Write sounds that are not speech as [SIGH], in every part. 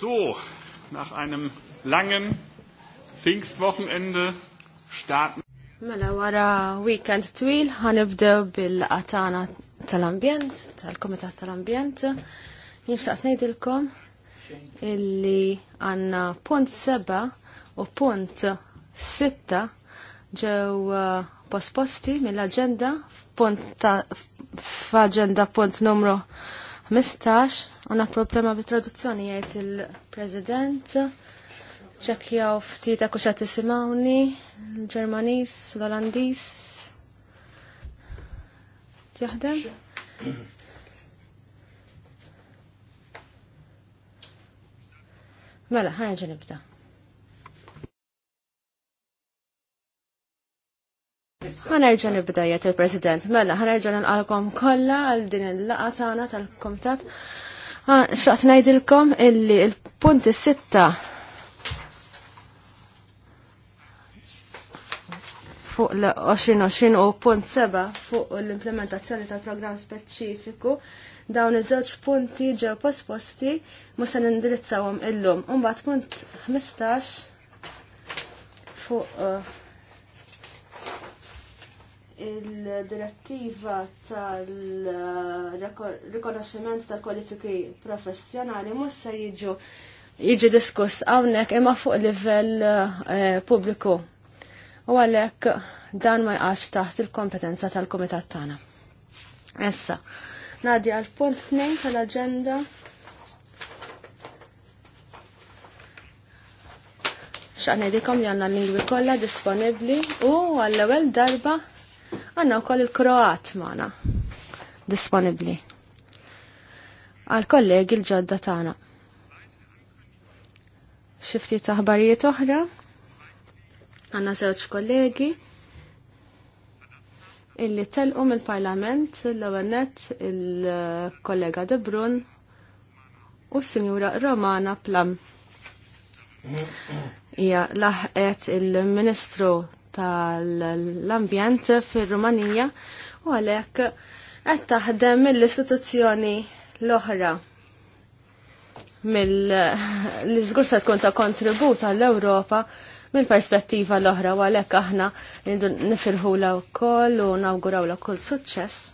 So, nach einem langen Pfingstwochenende starten. Mela wara weekend twil ħanibdew bil-qatana tal-ambjent, tal-komitat tal-ambjent. Jinxaqt ngħidilkom illi għandna punt seba u punt sitta ġew uh, posposti mill-aġenda f'punt ta' f'aġenda punt numru 15 Għanna problema bit-traduzzjoni jgħid il-President. Ċekjaw ftit kuxa tisimawni, l-Ġermanis, l-Olandis. Tjaħdem? Mela, ħarġa nibda. ħanerġa nibda jgħet il-President. Mela, ħanerġa nalqalkom kollha għal din il-laqa tagħna tal-Komitat Xaqt najdilkom illi il-punti sitta fuq l-2020 u punt 7 fuq l-implementazzjoni tal-programm speċifiku dawn iż-żewġ punti ġew posposti mhux se nindirizzawhom illum. Imbagħad punt 15 fuq uh, il-direttiva tal-rikonoxximent tal-kwalifiki professjonali mhux se jiġu jiġi diskuss hawnhekk imma fuq livell eh, pubbliku. U għalhekk dan ma jqax taħt il-kompetenza tal-kumitat tagħna. Issa, ngħaddi għal punt tnejn tal-aġenda xaqnedikom li l-lingwi kolla disponibli u għall-ewel darba Għanna u koll il-Kroat maħna disponibli. Għal kollegi l-ġodda tagħna. Xifti taħbarijiet oħra. Għanna żewġ kollegi illi telqu mill-Parlament l-ewwelnet il-kollega De Brun u s-Sinjura Romana Plam. Hija laħqet il-Ministru tal-ambjent fir-Rumanija u għalhekk qed taħdem mill-istituzzjoni l-oħra mill-żgur tkun ta' kontribut għall-Ewropa mill-perspettiva l-oħra u għalhekk aħna nifirħu wkoll u nawgurawla kull suċċess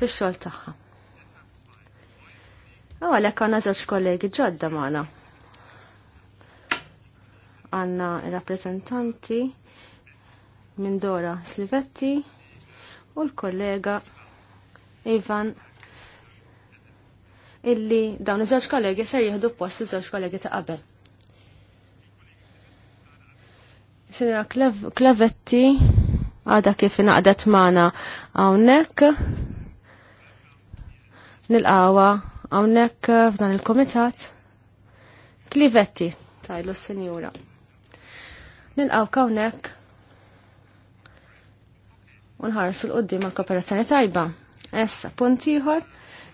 fil-xol xogħol tagħha. Għalhekk għandna żewġ kollegi ġodda magħna għanna rappresentanti minn Dora Slivetti u l-kollega Ivan illi dawn iż-żewġ kollegi ser jieħdu post iż-żewġ kollegi ta' qabel. Sinra Klevetti għada kif naqdet Mana hawnhekk nil hawnhekk f'dan il-komitat Klivetti tajlu s-senjura nil hawnhekk. kawnek unħarsu l-qoddim għal-kooperazzjoni tajba. Essa, punt ieħor,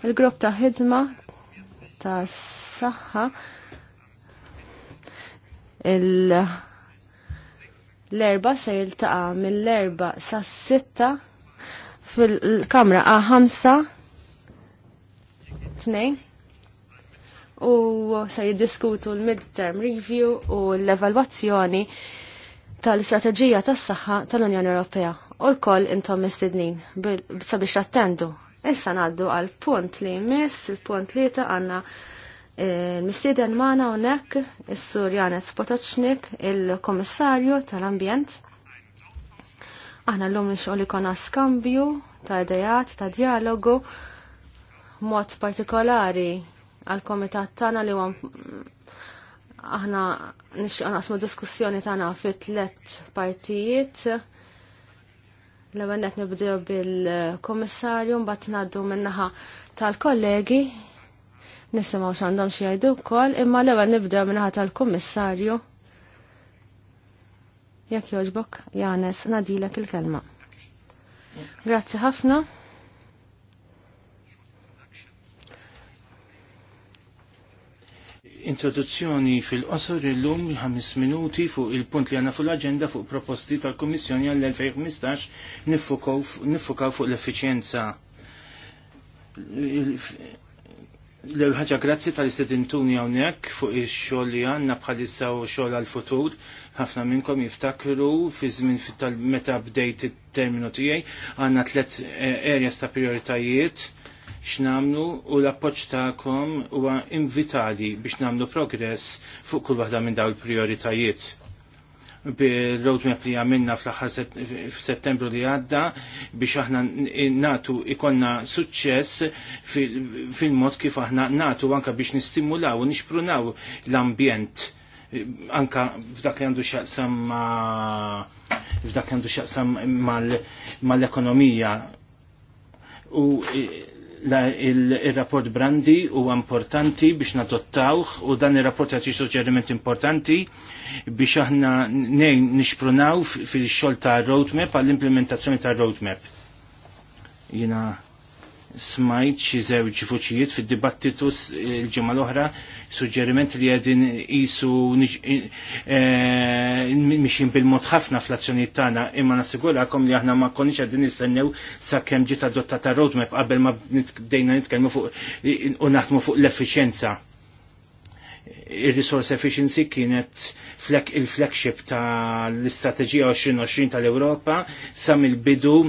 il-grupp ta' ħidma ta' saħħa l-erba se jiltaqa mill-erba sa' sitta fil-kamra A5 tnejn u se jiddiskutu l-midterm review u l-evalwazzjoni tal-istrateġija tas-saħħa tal-Unjoni Ewropea u l-koll intom mistednin sabiex attendu. Issa naddu għal punt li jmiss, il-punt li ta' għanna il-mistieden eh, mana unnek, il-sur Janet Potocznik, il-komissarju tal-ambjent. Aħna l-lum li kona skambju ta' idejat, ta' dialogu, mod partikolari għal-komitat tana li għan aħna nixqa naqsmu diskussjoni tagħna fi tliet partijiet. L-ewwel qed nibdew bil-kummissarju mbagħad ngħaddu min-naħa tal-kollegi nisimgħu x'għandhom xi jgħidu wkoll, imma l-ewwel nibdew min-naħa tal-kummissarju. Jekk jogħġbok, Janes, ngħadilek il-kelma. Grazzi ħafna. introduzzjoni fil-qosor illum il-5 minuti fuq il-punt li għanna fuq l-agenda fuq proposti tal-Komissjoni għall-2015 nifukaw fuq l-effiċjenza. L-ħagġa grazzi tal-istedintuni għonek fuq il-xol li għanna bħalissa u xol għal-futur ħafna minnkom jiftakru fi żmien tal-meta bdejt it-terminu tiegħi għandna tliet eh, areas ta' prioritajiet x'namlu u l-appoġġ tagħkom huwa invitali biex namlu progress fuq kull waħda minn dawn il-prioritajiet bil-roadmap li għamilna fl settembru li għadda biex aħna natu ikonna suċċess fil-mod kif aħna natu anka biex nistimulaw u nixprunaw l-ambjent anka f'dak li għandu xaqsam f'dak li għandu xaqsam mal-ekonomija u il-rapport Brandi u importanti biex nadottawh u dan il-rapport għati suġġeriment importanti biex aħna nejn nixprunaw fil-xol ta' roadmap għall-implementazzjoni ta' roadmap. Jina smajt xi żewġ fuċijiet fid-dibattitu l-ġimgħa l-oħra suġġeriment li qegħdin qisu e, mixin bil-mod ħafna fl-azzjonijiet tagħna imma nassigurakom li aħna ma konniex qegħdin nistennew sakemm ġiet adottata roadmap qabel ma bdejna nitkellmu fuq u naħdmu fuq l-effiċjenza. Il-resource efficiency kienet il-flagship tal-istrateġija 2020 tal-Ewropa sa mill-bidu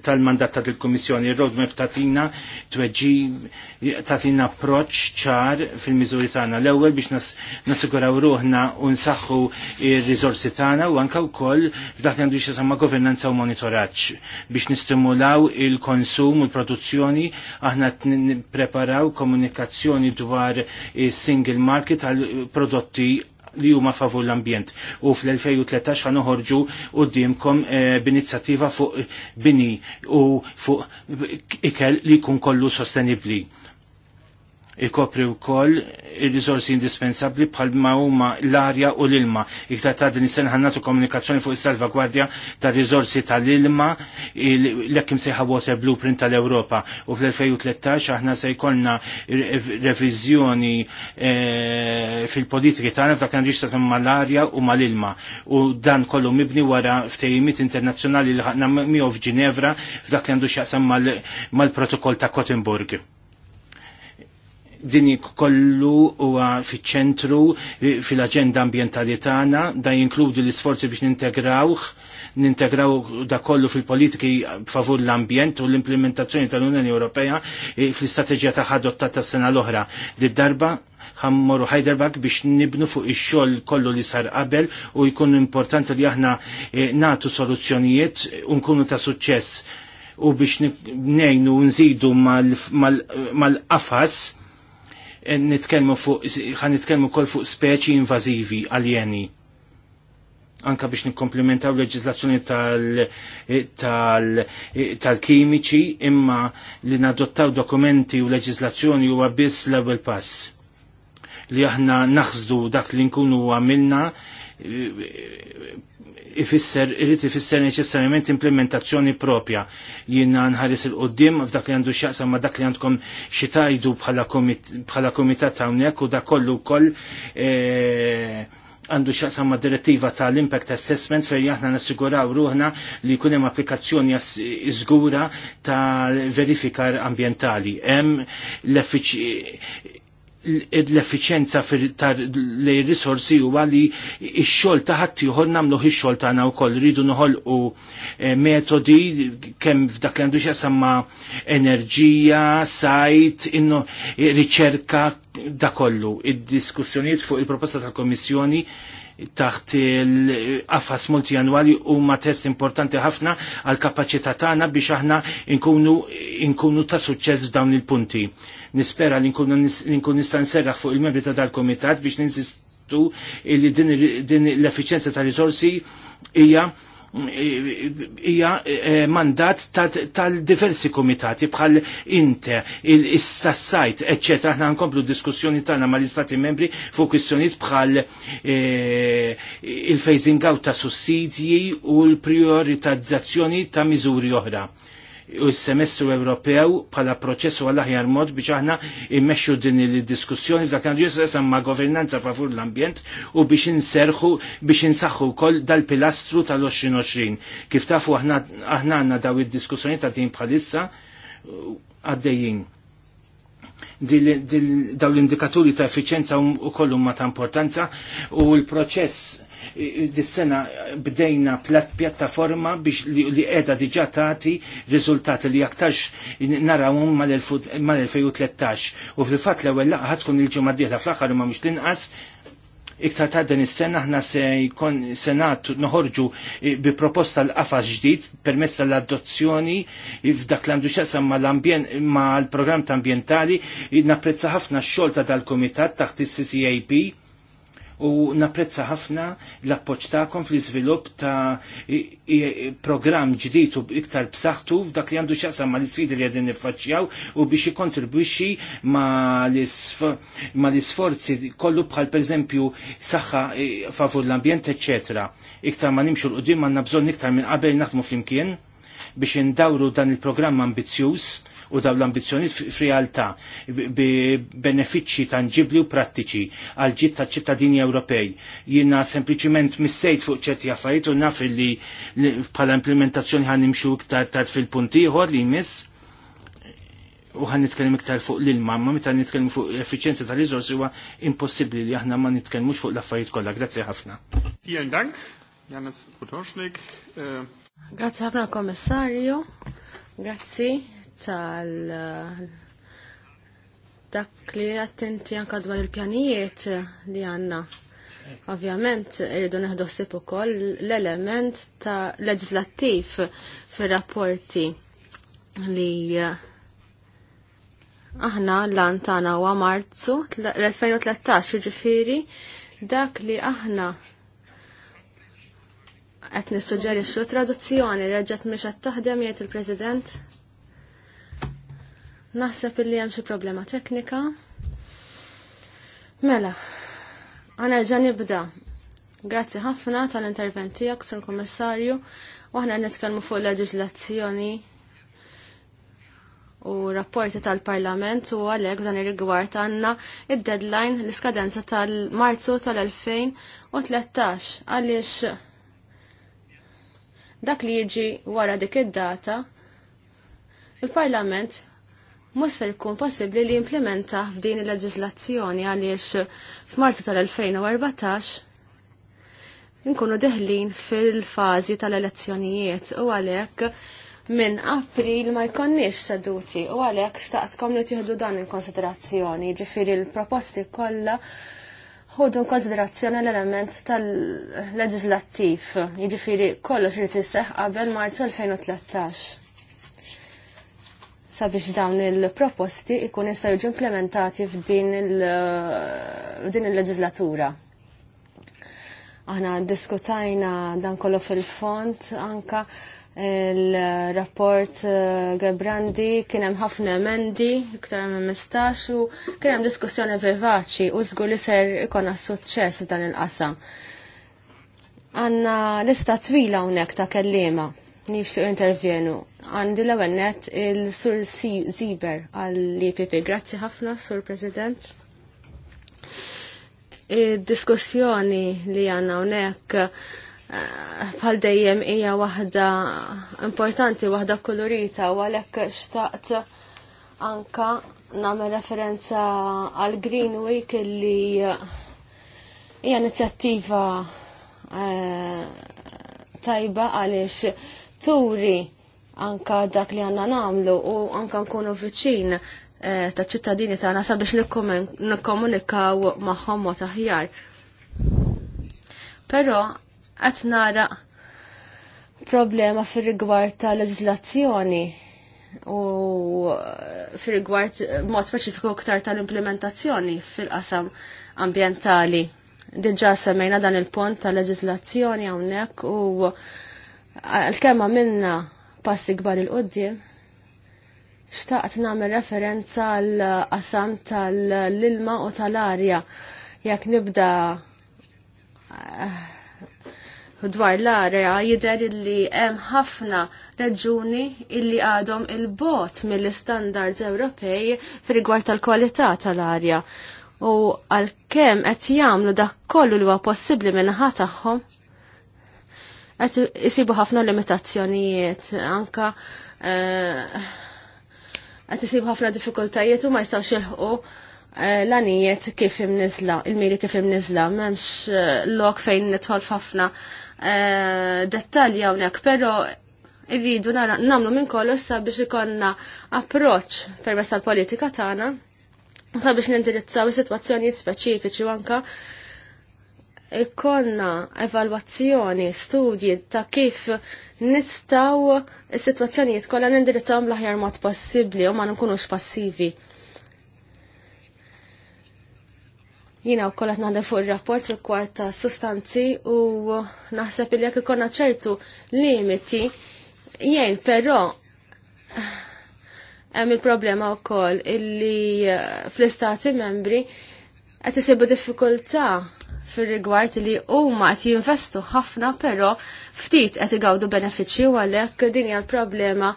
tal-mandat tal il-Komissjoni, il-roadmap tatina tweġi tatina approċ ċar fil-miżuri tagħna. L-ewwel biex nassiguraw ruħna u nsaħħu ir-riżorsi tagħna u anke wkoll f'dak li għandu jisama governanza u monitoraġġ biex nistimulaw il-konsum u l-produzzjoni aħna preparaw komunikazzjoni dwar single market għal prodotti li huma favur l-ambjent. U fl-2013 ħan uħorġu dimkom eh, b'inizjattiva fuq bini u fuq ikel li jkun kollu sostenibli ikopri wkoll ir-riżorsi indispensabbli bħal ma huma l-arja u l-ilma. Iktar ta' din is-sena ħannatu komunikazzjoni fuq is-salvagwardja tar-riżorsi tal-ilma l-hekk imsejħa Water Blueprint tal-Ewropa u fl-2013 aħna se jkollna reviżjoni eh, fil-politiki tagħna f'dak għandix ta' l arja u mal-ilma u dan kollu mibni wara ftehimiet internazzjonali li mi miegħu f'Ġinevra f'dak li għandu x'jaqsam mal-protokoll ta' Gothenburg din kollu huwa fiċ-ċentru eh, fil-aġenda ambjentali tagħna, da jinkludi l-isforzi biex nintegrawh, nintegraw da kollu fil-politiki favur l-ambjent u l-implementazzjoni tal-Unjoni Ewropea eh, fl-istrateġija ta' adottata s-sena l-oħra. Lid-darba ħammoru Heidelberg biex nibnu fuq ix-xogħol kollu li sar qabel u jkun importanti li aħna eh, nagħtu soluzzjonijiet u nkunu ta' suċċess u biex nejnu nżidu mal-qafas mal, mal Eh, nitkelmu fuq ħan nitkellmu wkoll fuq speċi invażivi aljeni. Anka biex nikkomplimentaw leġiżlazzjoni eh, eh, tal-kimiċi imma li nadottaw dokumenti u leġiżlazzjoni huwa biss l-ewwel pass li aħna naħsdu dak li nkunu għamilna ifisser, irrit ifisser neċessarjament implementazzjoni propja. Jina nħaris il-qoddim f'dak li għandu xaqsa ma dak li għandkom xitajdu bħala komitat komita hawnhekk u da kollu koll e, għandu x'jaqsam xaqsa ma direttiva tal-impact assessment fejn aħna nassiguraw ruħna li jkun hemm applikazzjoni żgura ta' verifikar ambientali. Hemm l-effiċi l-efficienza li risorsi u għalli il-xol taħatti uħor namlu il-xol taħna u koll rridu nħol u eh, metodi kem f'dak l-għandu samma enerġija, sajt, inno riċerka da kollu. Id-diskussjoniet fuq il-proposta tal-Komissjoni taħt il-qafas multijanwali u ma test importanti ħafna għal kapacità tagħna biex aħna inkunu, inkunu ta' suċċess f'dawn il-punti. Nispera li nkunu nista' nserraħ fuq il-membri ta' dal-komitat biex ninsistu li din l efficienza ta' risorsi hija hija eh, eh, mandat tal-diversi komitati bħal inte, il-istassajt, ecc. Aħna nkomplu diskussjoni tagħna mal-istati membri fuq kwistjonijiet bħal eh, il-phasing out ta' sussidji u l-prioritizzazzjoni ta' miżuri oħra u s-semestru Ewropew bħala proċessu għall-aħjar mod biex aħna immexxu din il-diskussjoni dak għandu jisesam ma' governanza favur l-ambjent u biex inserħu biex insaħħu wkoll dal-pilastru tal-2020. Kif tafu aħna għandna daw id-diskussjoni ta' din bħalissa għaddejjin. Daw l-indikaturi ta' effiċenza u kollum ma ta' importanza u l-proċess dis-sena bdejna pjattaforma biex li qiegħda diġà tagħti riżultati li aktarx narawhom mal-2013 u fil-fatt l-ewwel laqgħa tkun il-ġimgħa dieħla fl-aħħar ma mhux tinqas iktar ta' din is-sena aħna se jkun senat noħorġu e, bi proposta l-qafas ġdid permezz tal-adozzjoni f'dak l-għandu x'jaqsam mal-programm ta' ambjentali napprezza ħafna x-xogħol ta' tal kumitat taħt is-CCAP u napprezza ħafna l-appoċ tagħkom fl-iżvilupp ta' program ġdid u iktar b'saħħtu f'dak li għandu x'jaqsam ma' l-isfidi li qegħdin niffaċċjaw u biex ikontribwixxi ma' l-isforzi kollu bħal pereżempju saħħa favur l-ambjent, eċċetera. Iktar ma nimxu l-qudiem għandna bżonn iktar minn qabel naħdmu flimkien biex indawru dan il-programm ambizzjuż u daw l-ambizzjonijiet f'realtà bi benefiċċji tangibbli u prattiċi għal ġid tal-ċittadini Ewropej. Jiena sempliċiment missejt fuq ċerti affarijiet u naf li bħala implementazzjoni ħan nimxu iktar tard fil-punt ieħor li jmiss u ħan nitkellem iktar fuq l-ilma, ma meta nitkellem fuq effiċjenza tal-riżorsi huwa impossibbli li aħna ma nitkellmux fuq l-affarijiet kollha. Grazzi ħafna. Vielen Dank, Janis Potocznik. Äh, Grazzi ħafna Kommissarju. Grazzi tal dak li attenti anka dwar il-pjanijiet li għanna. Ovvjament, irridu neħdossib ukoll l-element ta' leġislattiv fir-rapporti li eh, aħna lan tagħna huwa Marzu l-2013, jiġifieri dak li aħna qed nissuġġerixxu traduzzjoni li reġgħet mhix qed taħdem jgħid il-President. Naħseb illi hemm xi problema teknika. Mela, għana ġa nibda. Grazzi ħafna tal-intervent tiegħek, Sur Kummissarju, u aħna nitkellmu fuq leġiżlazzjoni u rapporti tal-Parlament u għalhekk dan ir-rigward għandna id-deadline l-iskadenza tal-Marzu tal-2013 għaliex dak li jiġi wara dik id-data il-Parlament mhux se jkun possibbli li implementa f'din il-leġiżlazzjoni għaliex f'Marzu tal-2014 nkunu deħlin fil-fażi tal-elezzjonijiet u għalhekk minn April ma jkonniex seduti u għalhekk xtaqtkom li tieħdu dan il konsiderazzjoni ġifieri l-proposti kollha ħodu konsiderazzjoni l-element tal-leġislattiv, jiġifieri kollox li tisseħ qabel Marzu 2013 sabiex dawn il-proposti ikun jista' jiġu implementati f'din il-leġislatura. Aħna diskutajna dan kollu fil-font anka il-rapport eh, Gebrandi kien hemm ħafna emendi, iktar minn mistaxu, u kien hemm diskussjoni vivaċi u żgur li ser ikona suċċess f'dan il-qasam. Għanna lista twila hawnhekk ta' kellima li jixtiequ intervjenu għandi l għennet il-Sur Ziber għall-IPP. Grazzi ħafna, Sur President. Diskussjoni li għanna unek eh, bħal dejjem hija waħda importanti, waħda kolorita, u għalhekk xtaqt anka nagħmel referenza għal Green Week li hija inizjattiva eh, tajba għaliex turi anka dak li għanna namlu u anka nkunu viċin eh, ta' ċittadini ta' nasa biex nikkomunikaw maħħom ma' taħjar. Pero, għat nara problema fir rigward ta' leġislazzjoni u fir rigward mod speċifiku ktar tal-implementazzjoni fil-qasam ambientali. Diġa semmejna dan il-pont ta' leġislazzjoni għawnek u l kema minna passi gbar il-qoddim. Xtaqt nagħmel referenza għal qasam tal-ilma u tal-arja. Jak nibda eh, dwar l arja jider li hemm ħafna raġuni illi għadhom il-bot mill-istandards Ewropej fir-rigward tal-kwalità tal-arja. U għal-kem qed jagħmlu dak kollu li huwa possibbli minnaħa tagħhom qed ħafna limitazzjonijiet anka eh, għet jisibu ħafna diffikultajiet u ma jistgħux jilħqu eh, l-għanijiet kif imnizla, il-miri kif imnizla, memx eh, lok fejn nitħol ħafna dettalji hawnhekk, però irridu namlu minn kollu sabiex ikonna approċ permess tal-politika tagħna sabiex nindirizzaw is-sitwazzjonijiet speċifiċi u anka konna evalwazzjoni, studji ta' kif nistaw is-sitwazzjonijiet kollha nindirizzawhom l-aħjar mod possibbli u ma nkunux passivi. Jina u kollat naħdem fuq il-rapport rigward ta' sustanzi u naħseb li jekk ikonna ċertu limiti jien però hemm il-problema wkoll illi eh, fl-istati membri qed isibu diffikultà fil-rigward li huma qed jinvestu ħafna però ftit qed igawdu benefiċċju għalhekk din hija l-problema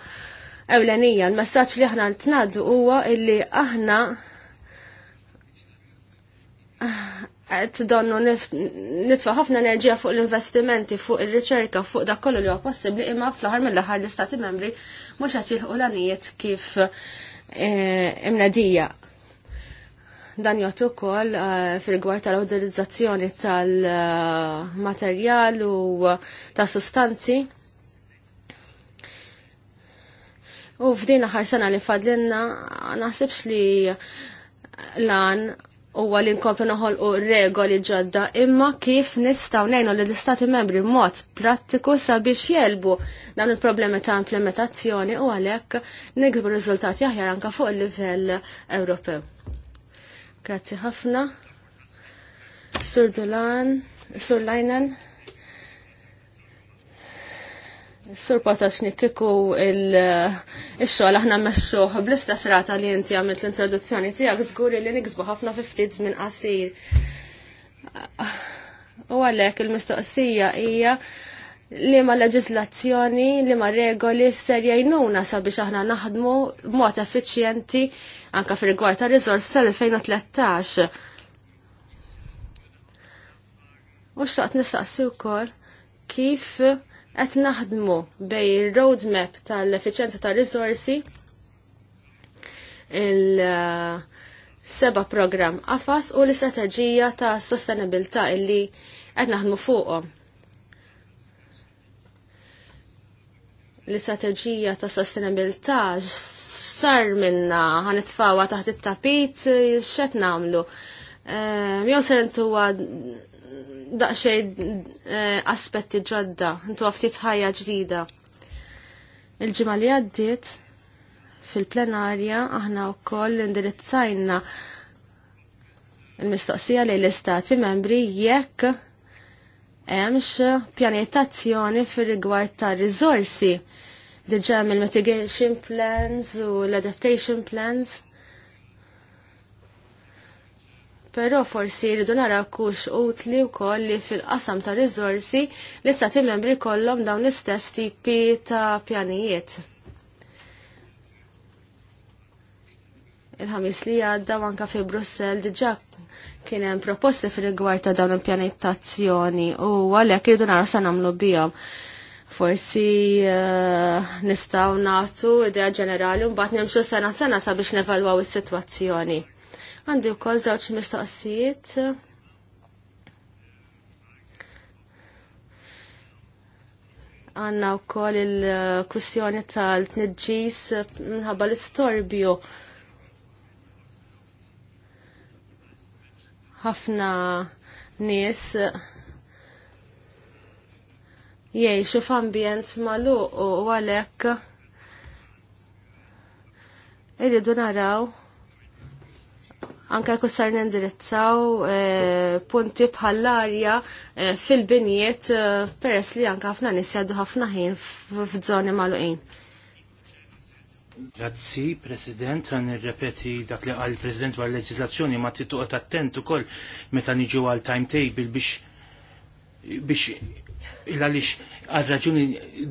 ewlenija. Il-messaġġ li aħna ntnaddu huwa illi aħna qed donnu nitfa' ħafna enerġija fuq l-investimenti, fuq ir-riċerka, fuq dak kollu li huwa possibbli imma fl-aħħar mill-aħħar l-istati membri mhux qed jilħu l-għanijiet kif eh, imnadija Dan jgħat ukoll uh, eh, fil-gwar tal-awtorizzazzjoni tal-materjal u eh, ta' sustanzi. U f'din aħar sena li fadlinna naħsibx li lan huwa li noħol u regoli ġodda imma kif nistgħu ngħinu li l-istati membri mod prattiku sabiex jelbu dan il-problemi ta' implementazzjoni u għalhekk niksbu rizultati aħjar anke fuq il-livell Ewropew. Grazzi ħafna. Sur Dulan, Sur Lajnan. Sur Pataxni, kiku il-xol aħna meċxuħ bl-istess rata li inti għamilt l-introduzzjoni tijak zguri li nikzbu ħafna 50 minn qasir. U għalek il-mistoqsija hija li ma leġislazzjoni, li ma regoli ser jajnuna sabiex aħna naħdmu mod effiċjenti anka fil rigward ta' rizors sal-2013. U xaqt nistaqsi wkoll kif qed naħdmu bej il-roadmap tal-effiċjenza ta' rizorsi il-seba program AFAS u l-istrateġija ta' sostenibilità illi qed naħdmu fuqhom l-istrateġija ta' sostenibilità sar minna ħanitfawa taħt it-tapit x'qed nagħmlu. Eh, jew ser intuwa daqsxejn eh, aspetti ġodda, intuwa ftit ħajja ġdida. Il-ġimgħa li għaddiet fil-plenarja aħna wkoll indirizzajna il-mistoqsija lejn l-istati membri jekk hemmx pjanetazzjoni fir-rigward ta' riżorsi diġà mill-mitigation plans u l-adaptation plans. Però forsi rridu nara kux utli wkoll li fil-qasam ta' riżorsi li stati membri kollhom dawn l-istess tipi ta' pjanijiet. Il-ħamis li għadda manka fi Brussel diġà kien hemm proposti fil-rigward ta' dawn il-pjanijiet ta' azzjoni u għalhekk irridu naraw sa nagħmlu bihom. Forsi eh, nistgħu nagħtu idea ġenerali u mbagħad nimxu sena sena sabiex nevalwaw is-sitwazzjoni. Għandi wkoll żewġ mistoqsijiet. Għanna wkoll il-kwistjoni tal-tniġġis minħabba l-istorbju. ħafna nies jiexu f'ambjent malu u għalek irridu naraw anka kussar nindirizzaw eh, punti bħall-arja eh, fil-binjiet eh, peress li anka ħafna nies jgħaddu ħafna ħin f'żoni maluqin. Grazzi, President, għan nirrepeti dak li għal President għal leġislazzjoni ma tituqot attent u koll meta niġu għal timetable biex biex il-għalix għal raġuni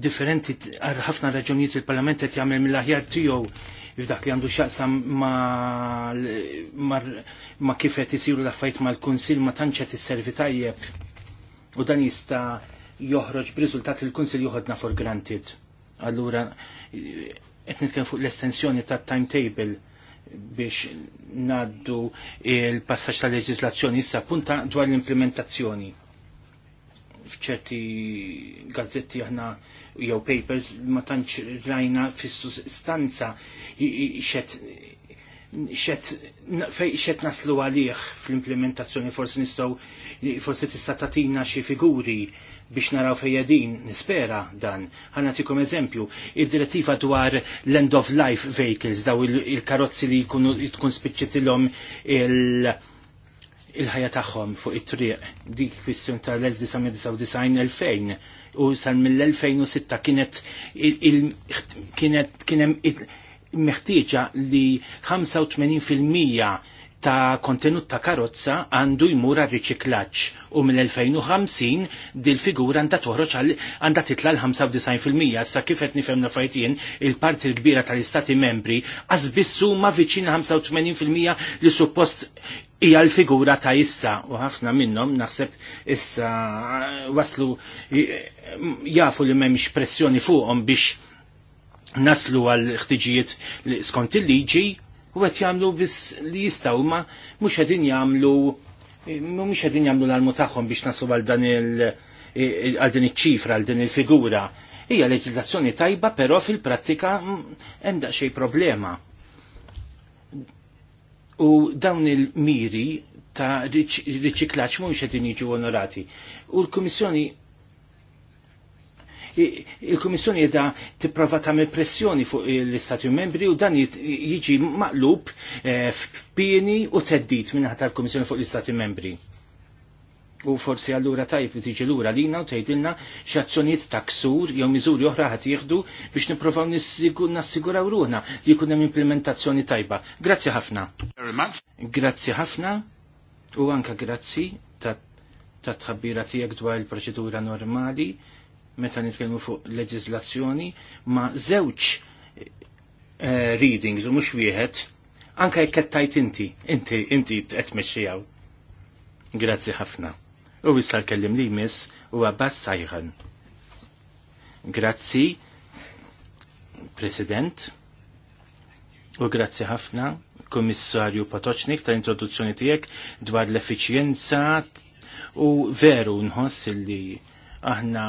differenti, għal ħafna raġunijiet il-Parlament għet jgħamil mill-aħjar tijow f'dak li għandu xaqsam ma, ma, ma isiru l laffajt ma l-Kunsil ma tantx qed isservi tajjeb u dan jista joħroġ b'riżultat il-Kunsil joħodna for granted. Allura, qed nitkellem fuq l-estensjoni tat-timetable biex naddu il-passaġġ ta' leġislazzjoni issa punta dwar l-implementazzjoni. F'ċerti gazzetti aħna jew papers ma tantx rajna fis-sustanza xed xet naslu għalih fl-implementazzjoni forsi nistgħu forsi tista' tagħtina xi figuri biex naraw fejja din, nispera dan. Ħanatikom eżempju, id-direttiva dwar l-end of life vehicles, daw il-karozzi li jitkun spiċċitilhom il-ħajja tagħhom fuq it-triq. Dik kwistjoni tal-1999-2000 u sal mill-2006 kienet kienet kienem meħtieġa li 85% ta' kontenut ta' karozza għandu jmur għal riċiklaġġ u mill-2050 dil-figura għandha toħroġ għandha titla l-95% sa kif qed nifhem nafajtien il-parti l-kbira tal-Istati membri għazbissu ma' viċin 85% li suppost hija l-figura ta' issa u ħafna minnhom naħseb issa uh, waslu jafu li m'hemmx pressjoni fuqhom biex naslu għal ħtiġijiet skont il-liġi u għet jamlu biss li jistaw, ma mux għedin jamlu, mux għedin jamlu l-almu taħħom biex naslu għal dan il- din iċ-ċifra, għal din il-figura. Hija leġislazzjoni tajba, però fil-prattika mm, hemm daqsxejn problema. U dawn il-miri ta' riċiklaċ mhux qed jiġu onorati. U l-Kummissjoni il-Komissjoni jeda tipprova tagħmel pressjoni fuq l-Istati Membri u dan jiġi maqlub eh, f'pieni u teddit minn ħatar l-Komissjoni fuq l-Istati Membri. U forsi allura tajb li tiġi lura lina u tgħidilna xazzjoniet ta' ksur jew miżuri oħra ħad jieħdu biex nippruvaw nassiguraw ruħna li jkun hemm implementazzjoni tajba. Grazzi ħafna. Grazzi ħafna u anka grazzi ta' tħabbira tiegħek dwar il-proċedura normali meta nitkellmu fuq l-leġislazzjoni ma' żewġ uh, readings u mhux wieħed anke jekk qed tajt inti, inti inti qed tmexxijaw. Grazzi ħafna. U issa kellim li miss u Bass Sajħan. Grazzi, President, u grazzi ħafna Komissarju Patoċnik ta' introduzzjoni tiegħek dwar l-effiċjenza u veru nħoss li aħna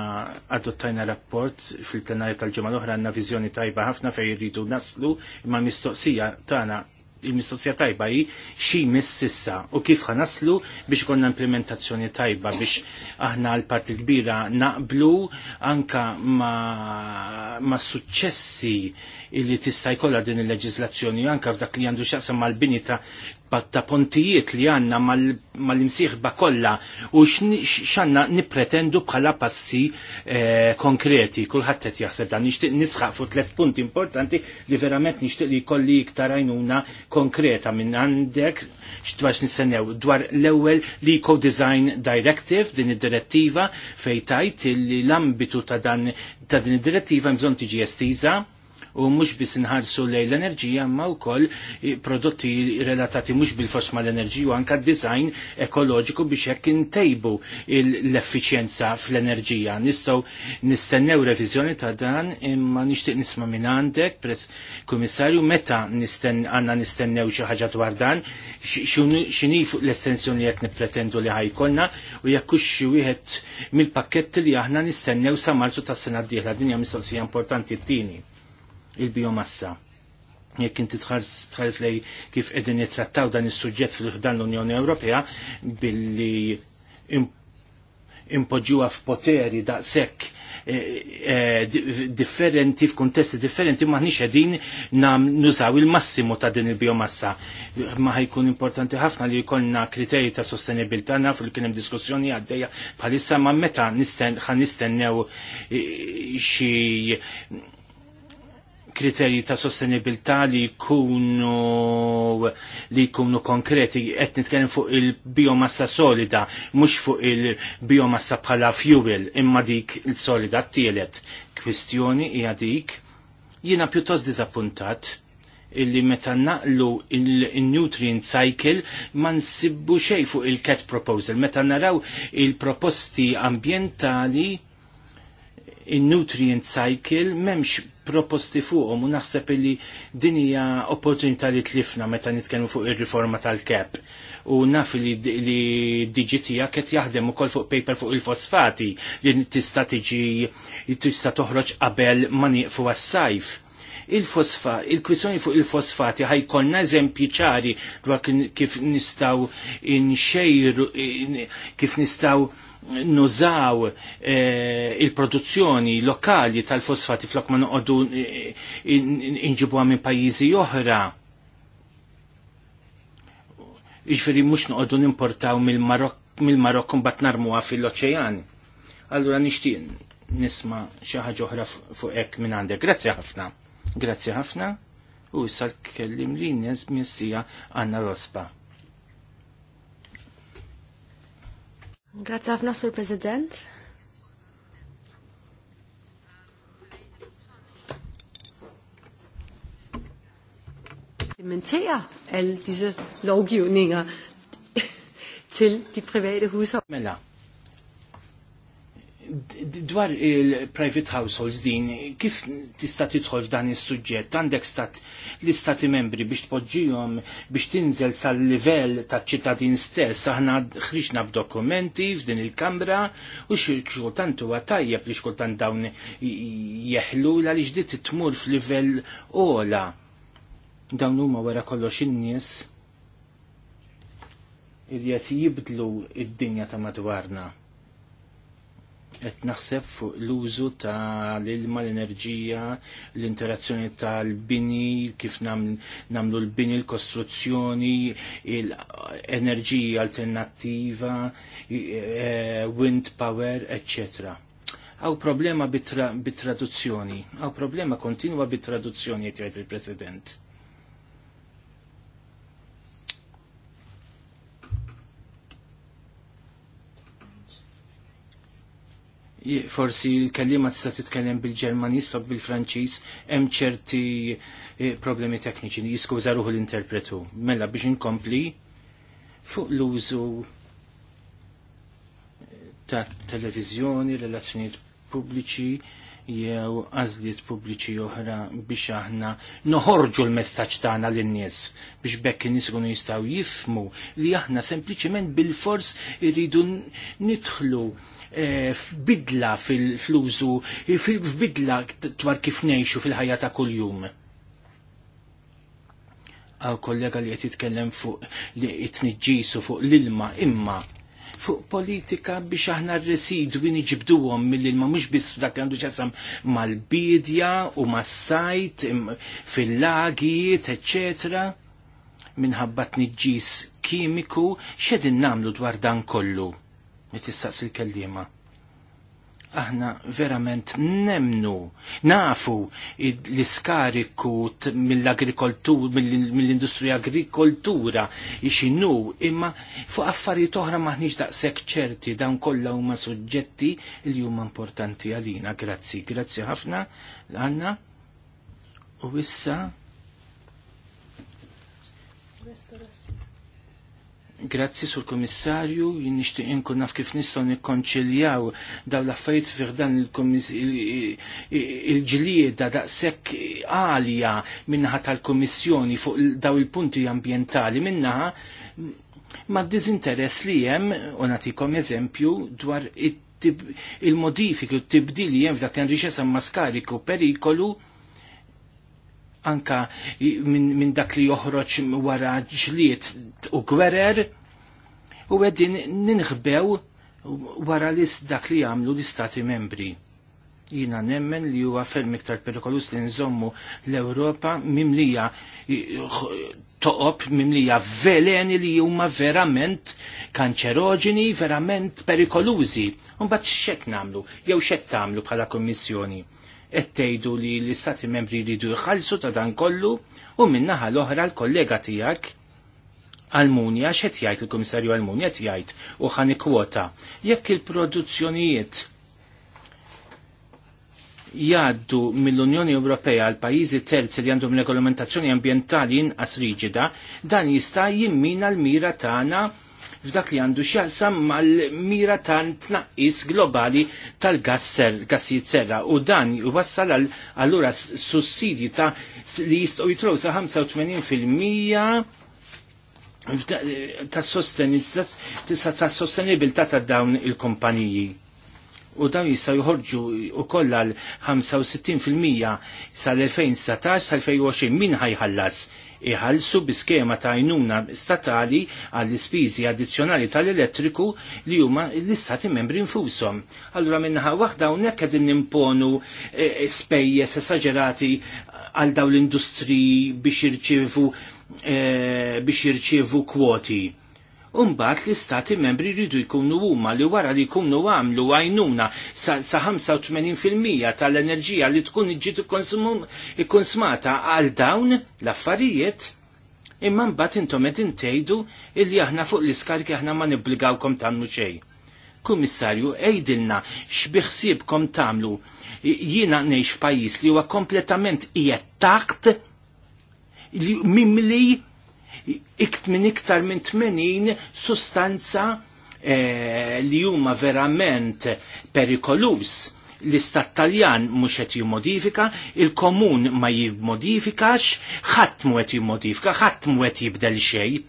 adottajna rapport fil plenari tal ġemal oħra għandna viżjoni tajba ħafna fejn rridu naslu imma mistoqsija tagħna il-mistoqsija tajba hi xi mississa u kif ħa naslu biex konna implementazzjoni tajba biex aħna l-parti kbira naqblu anka ma, ma suċċessi illi tista' jkollha din il-leġiżlazzjoni anke f'dak li għandu x'aqsa mal-bini ta' ta' pontijiet li għanna mal-imsieħba kollha u x'għandna nippretendu bħala passi eh, konkreti. Kulħadd qed jaħseb dan nixtieq nisħaq fuq tliet punti importanti li verament nixtieq li jkolli iktar għajnuna konkreta minn għandek x'tbax nistennew dwar l-ewwel li co-design directive din id-direttiva fejn tajt li l-ambitu ta' dan ta' din id-direttiva bżonn tiġi estiża u mhux biss inħarsu lejn l-enerġija imma wkoll prodotti relatati mhux bil-fors mal-enerġija u anka design ekoloġiku biex jekk intejbu l-effiċjenza fl-enerġija. Nistgħu nistennew reviżjoni ta' dan imma nixtieq nisma' minn għandek press kummissarju meta nisten għandna nistennew xi ħaġa dwar dan x'ini fuq l-estensjoni qed nippretendu li ħajkolna u jekk xi wieħed mill-pakketti li aħna nistennew sa marzu tas-sena d-dieħla dinja mistoqsija importanti t-tieni il-biomassa. Jekk inti tħares lej kif qegħdin jitrattaw dan is-suġġett fil-ħdan l-Unjoni Ewropea billi impoġġuha f'poteri daqshekk eh, eh, differenti, f'kuntesti differenti, ma nix nam nużaw il-massimu ta' din il-biomassa. Ma ħajkun importanti ħafna li jkollna kriterji ta' sostenibilità nafu li kienem diskussjoni għaddejja bħalissa ma meta nisten ħanistennew eh, xi kriterji ta' sostenibilità li jkunu li jkunu konkreti qed nitkellem fuq il-biomassa solida mhux fuq il-biomassa bħala fuel imma dik il-solida tielet kwistjoni hija dik jiena pjuttost diżappuntat illi meta naqlu il-nutrient cycle ma nsibbu xej fuq il-cat proposal. Meta naraw il-proposti ambientali il-nutrient cycle memx proposti fuqhom u naħseb li din hija opportunità li tlifna meta nitkellmu fuq ir-riforma tal-kep. U naf li, li diġitija kiet jaħdem ukoll fuq paper fuq il-fosfati li tista' tiġi tista' toħroġ qabel ma nieqfu għas-sajf il-fosfat, il-kwissjoni fuq il-fosfati ħajkonna eżempji ċari dwar kif nistaw inxejru, kif nistaw nużaw eh, il-produzzjoni lokali tal-fosfati flok ma noqogħdu eh, inġibuha minn pajjiżi oħra. Jiġifieri mhux noqogħdu nimportaw mill-Marokk mbagħad narmuha fil-oċean. Allura nixtieq nisma' xi ħaġa oħra fuq hekk minn għandek. Grazzi ħafna. Grazzi ħafna. U issa kellim li nes missija Anna Rospa. Grazie ħafna, nostro Presidente. implementere alle disse lovgivninger til de private hushold. Mela, dwar il-private households din, kif tista' tidħol f'dan is-suġġett? Għandek stat l-istati membri biex tpoġġihom biex tinżel sal-livell taċ-ċittadin stess, aħna ħriġna b'dokumenti f'din il-Kamra u xultant huwa tajjeb li xkultant dawn jeħlu li ġdiet tmur f'livell ola. Dawn huma wara kollox in-nies li jibdlu id-dinja ta' madwarna qed naħseb fuq l-użu tal-ilma, l-enerġija, l-interazzjoni tal-bini, kif namlu l-bini, l-kostruzzjoni, l-enerġija alternattiva, e, wind power, etc. Għaw problema bit-traduzzjoni, għaw problema kontinua bit-traduzzjoni, jtjajt il-President forsi l-kellima tista' titkellem bil-Ġermaniż fa bil-Franċiż hemm ċerti eh, problemi tekniċi li jiskuża ruħu l-interpretu. Mela biex inkompli fuq l-użu eh, ta' televiżjoni, relazzjonijiet pubbliċi jew għażliet pubbliċi oħra biex aħna noħorġu l-messaġġ tagħna lin-nies biex bekk in-nies ikunu jistgħu jifmu li aħna sempliċement bil-fors irridu nidħlu Eh, f'bidla fil-flużu, f'bidla dwar kif ngħixu fil-ħajja ta' kuljum. Għaw kollega li qed jitkellem fuq li jitniġġisu fuq l-ilma imma fuq politika biex aħna r iġibdu niġibduhom mill-ilma mhux biss dak għandu ċasam mal-bidja u mas-sajt fil-lagijiet, etc. minħabba tniġġis kimiku xedin namlu dwar dan kollu li tistaqs il-kellima. Aħna verament nemnu, nafu l-iskariku mill-agrikoltura, mill-industrija agrikoltura ixinu, imma fuq affarijiet oħra maħniġ daqshekk ċerti dan kollha huma suġġetti li huma importanti għalina. Grazzi, grazzi ħafna Anna. U issa Grazzi sur jien nixtieq inkun naf kif nistgħu nikkonċiljaw daw l-affarijiet fih dan il-ġlieda daqshekk għalja minnaħa tal-Kummissjoni fuq daw il-punti ambjentali minnaħa ma' diżinteress li hemm u nagħtikom eżempju dwar il-modifiki u t-tibdili hemm f'dak li maskariku perikolu anka minn min dak li joħroġ wara ġliet u gwerer u għedin ninħbew wara li dak li għamlu l-istati membri. Jina nemmen li huwa ferm iktar perikolus li nżommu l-Ewropa mimlija toqob mimlija veleni li huma verament kanċeroġeni, verament perikolużi. bat xek namlu, jew xek tamlu bħala komissjoni qed tgħidu li l-istati membri jridu jħallsu ta' dan kollu u minnaħa l-oħra l-kollega tiegħek Almunja x'qed jgħid il komissarju Almunja qed jgħid u ħani kwota jekk il-produzzjonijiet jaddu mill-Unjoni Ewropea għal pajjiżi terzi li għandhom regolamentazzjoni ambjentali inqas riġida, dan jista' jimmina l-mira tagħna f'dak li għandu x'jaqsam mal-mira ta' tnaqqis globali tal-gassel, gassijiet serra, u dan jwassal allura sussidji ta' li jistgħu jitrow sa' 85% ta' sostenibilità ta' dawn il-kumpaniji u dawn jistaw joħorġu u koll għal 65 sal 2017 sal-2020 min ħajħallas iħalsu bi skema ta' għajnuna statali għall ispiżi addizzjonali tal-elettriku li huma l-istati membri infushom. Allura minnaħa waħda hawnhekk qegħdin nimponu e, e, spejjeż esaġerati għal dawn l-industri biex jirċievu e, biex jirċievu kwoti Umbat l-istati membri rridu jkunu huma li wara li jkunu għamlu għajnuna sa, 85% tal-enerġija li tkun ġiet ikkonsmata għal dawn l-affarijiet. Imma mbagħad intom qed intgħidu illi aħna fuq l-iskarki aħna ma nibbligawkom tagħmlu xejn. Kummissarju, ejdilna x'biħsiebkom tagħmlu jiena ngħix f'pajjiż li huwa kompletament qiegħed taħt li mimli ikt minn iktar minn 80 sustanza eh, li huma verament perikolus l-istat taljan mux qed jimmodifika, il-komun ma jimmodifikax, ħadd mu qed jimmodifika, ħadd mu qed jibdel xejn.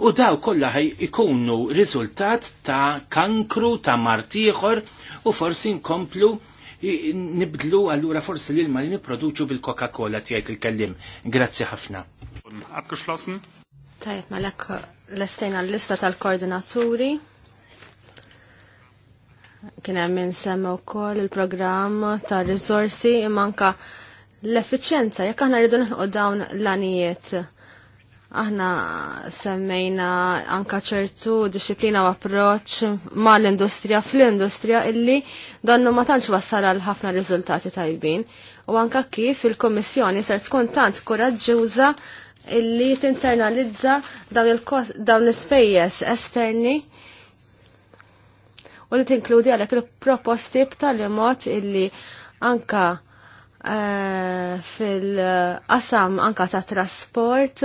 U daw kollha ikunu riżultat ta' kankru, ta' martiħor u forsi nkomplu nibdlu allura forsi l-ilma li niproduċu bil-Coca-Cola tijajt il-kellim. Grazzi ħafna. Abgeschlossen. Tajt, lekk mela l-estejna l-lista tal-koordinaturi. Kien hemm insemma wkoll il-programm tar-riżorsi imma anke l-effiċjenza jekk aħna rridu nħuq dawn l-anijiet. Aħna semmejna anka ċertu disciplina u approċ ma l-industrija fl-industrija illi donnu ma tantx wassal għal ħafna riżultati tajbin. U anka kif il-Kommissjoni ser tkun tant koraġġuża illi tinternalizza dawn l-spejjes esterni u li tinkludi għalek il-proposti b'tali mod illi anka eh, fil-qasam anka ta' trasport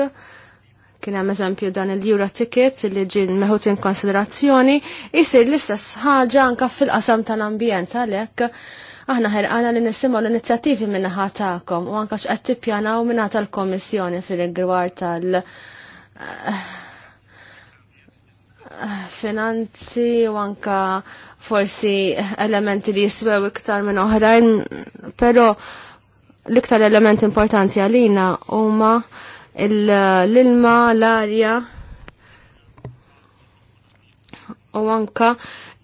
kien hemm eżempju dan il-jura tickets li ġin meħut in konsiderazzjoni, jisir l-istess ħaġa anka fil-qasam tal-ambjent għalhekk Aħna ħerqana li nisimaw l-inizjattivi min-naħa u anke x'qed tippjanaw minna tal-Kommissjoni fil gwar tal- eh, eh, finanzi u anka forsi elementi li jiswew iktar minn oħrajn, però l-iktar element importanti għalina huma l-ilma, l-arja, u anka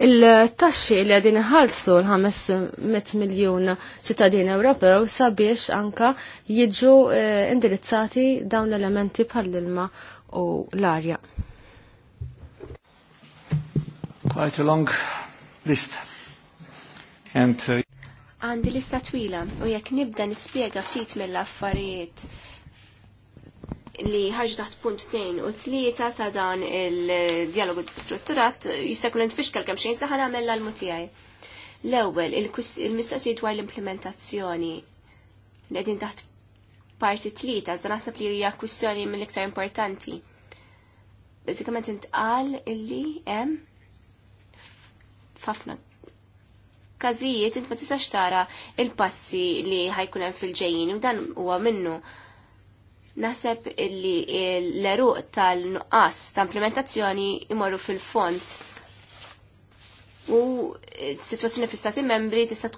il-taxxi li għadin ħalsu l-500 miljon ċittadin Ewropew sabiex anka jiġu eh, indirizzati dawn l-elementi bħall-ilma u l-arja. Quite a long list. And, uh... Għandi lista twila u jekk nibda nispjega ftit mill-affarijiet li ħarġu taħt punt 2 u 3 ta' dan il-dialogu strutturat jistakun n-tfixkal kem jinsaħan għamella l-mutijaj. L-ewel, il-mistoqsijiet dwar l-implementazzjoni li għedin taħt parti 3, ta' naħseb li hija kwistjoni mill-iktar importanti. Bazzikament intqal illi hemm f'ħafna każijiet int ma tistax tara il-passi li ħajkun hemm fil-ġejjin u dan huwa minnu Naħseb illi l-eruq tal-nuqqas ta' implementazzjoni imorru fil-font. U s-situazzjoni fi stati membri tista'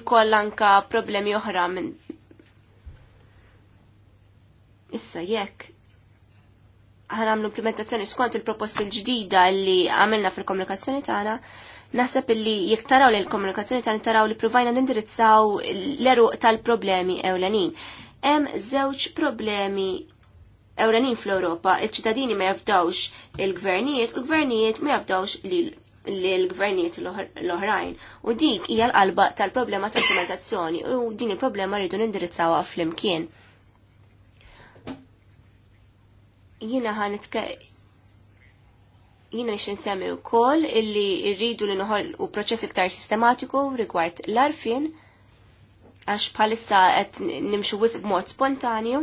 ikoll anka problemi oħra minn. Issa jekk ħan għamlu implementazzjoni skont il-proposti l-ġdida li għamilna fil-komunikazzjoni tagħna, naħseb illi jekk taraw li l-komunikazzjoni tagħna taraw li provajna nindirizzaw l-eruq tal-problemi ewlenin. Hemm żewġ problemi ewlenin fl-Ewropa, il-ċittadini ma jafdawx il-gvernijiet u l-gvernijiet ma jafdawx l-gvernijiet l-oħrajn. U dik hija l-qalba tal-problema tal-implementazzjoni u din il-problema rridu nindirizzawha fl-imkien. Jiena ħan jina nix nsemmi u koll illi rridu li nħol u proċess iktar sistematiku rigward l-arfin għax bħalissa qed nimxu wisq b'mod spontanju.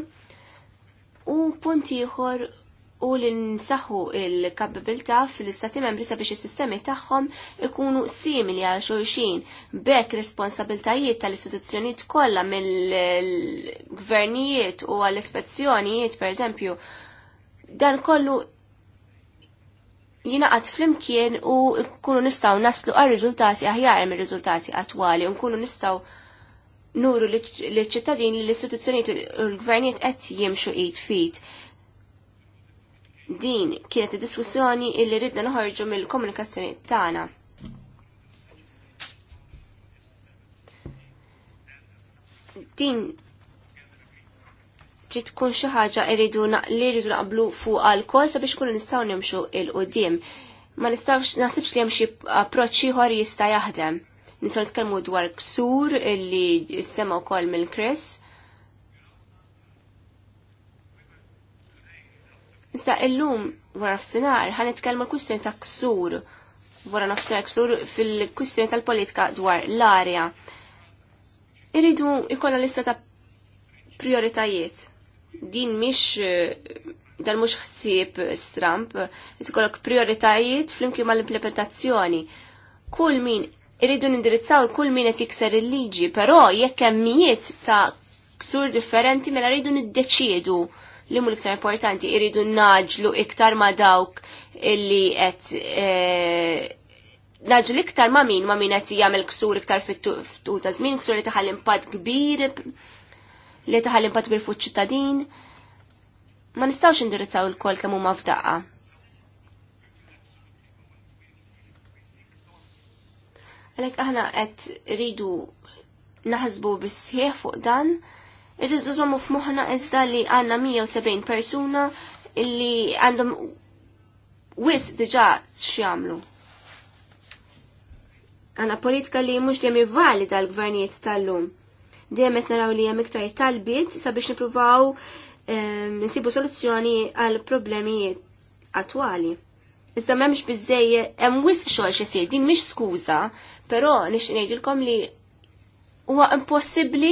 U punti ieħor u li nsaħu il-kapabilta fil-istati membri sabiex is-sistemi tagħhom ikunu simili għal xulxin bekk responsabiltajiet tal-istituzzjonijiet kollha mill-gvernijiet u għall-ispezzjonijiet pereżempju dan kollu għat flimkien u kunu nistaw naslu għal riżultati aħjar mir riżultati attwali u nkunu nistaw nuru li ċittadin li l-istituzzjonijiet u l-gvernijiet qed jimxu id fit. Din kienet id-diskussjoni illi ridna noħorġu mill-komunikazzjoni tagħna. Din trid tkun xi ħaġa rridu li rridu naqblu fuq għal-kol sabiex kunu nistgħu nimxu il-qudiem. Ma nistgħux naħsibx li hemm xi approċċ ieħor jista' jaħdem. Nisaw tkellmu dwar ksur illi sema wkoll mill-Kris. Issa illum wara f'sinar ħan nitkellmu l-kwistjoni ta' ksur wara nofsinhar ksur fil-kwistjoni tal-politika dwar l-arja. Irridu ikolla lista ta' prioritajiet. Din mhix eh, dan mhux ħsieb stramp, tkollok prioritajiet flimkien mal-implementazzjoni. Kull min irridu nindirizzaw kull min qed jikser il-liġi, però jekk hemm ta' ksur differenti mela rridu niddeċiedu li mu l-iktar importanti irridu naġlu iktar ma dawk illi qed eh, naġlu iktar ma min ma min qed jagħmel ksur iktar fit-tu ta' żmien, ksur li taħal impatt kbir li taħal impatt kbir fuq ċittadin. Ma nistgħux indirizzaw l kol kemm huma f'daqqa. Għalek aħna qed ridu naħsbu bisħieħ fuq dan, irridu żommu f'moħħna iżda li għandna 170 persuna illi għandhom wis diġà x'jamlu. Għanna politika li mux dem valid għal gvernijiet tal-lum. Dem qed naraw li hemm iktar talbiet sabiex nippruvaw eh, nsibu soluzzjoni għal problemi attwali. Iżda m'hemmx biżej hemm wisq xogħol xisir, din mhix skuża, però nixtieq ngħidilkom li huwa impossibbli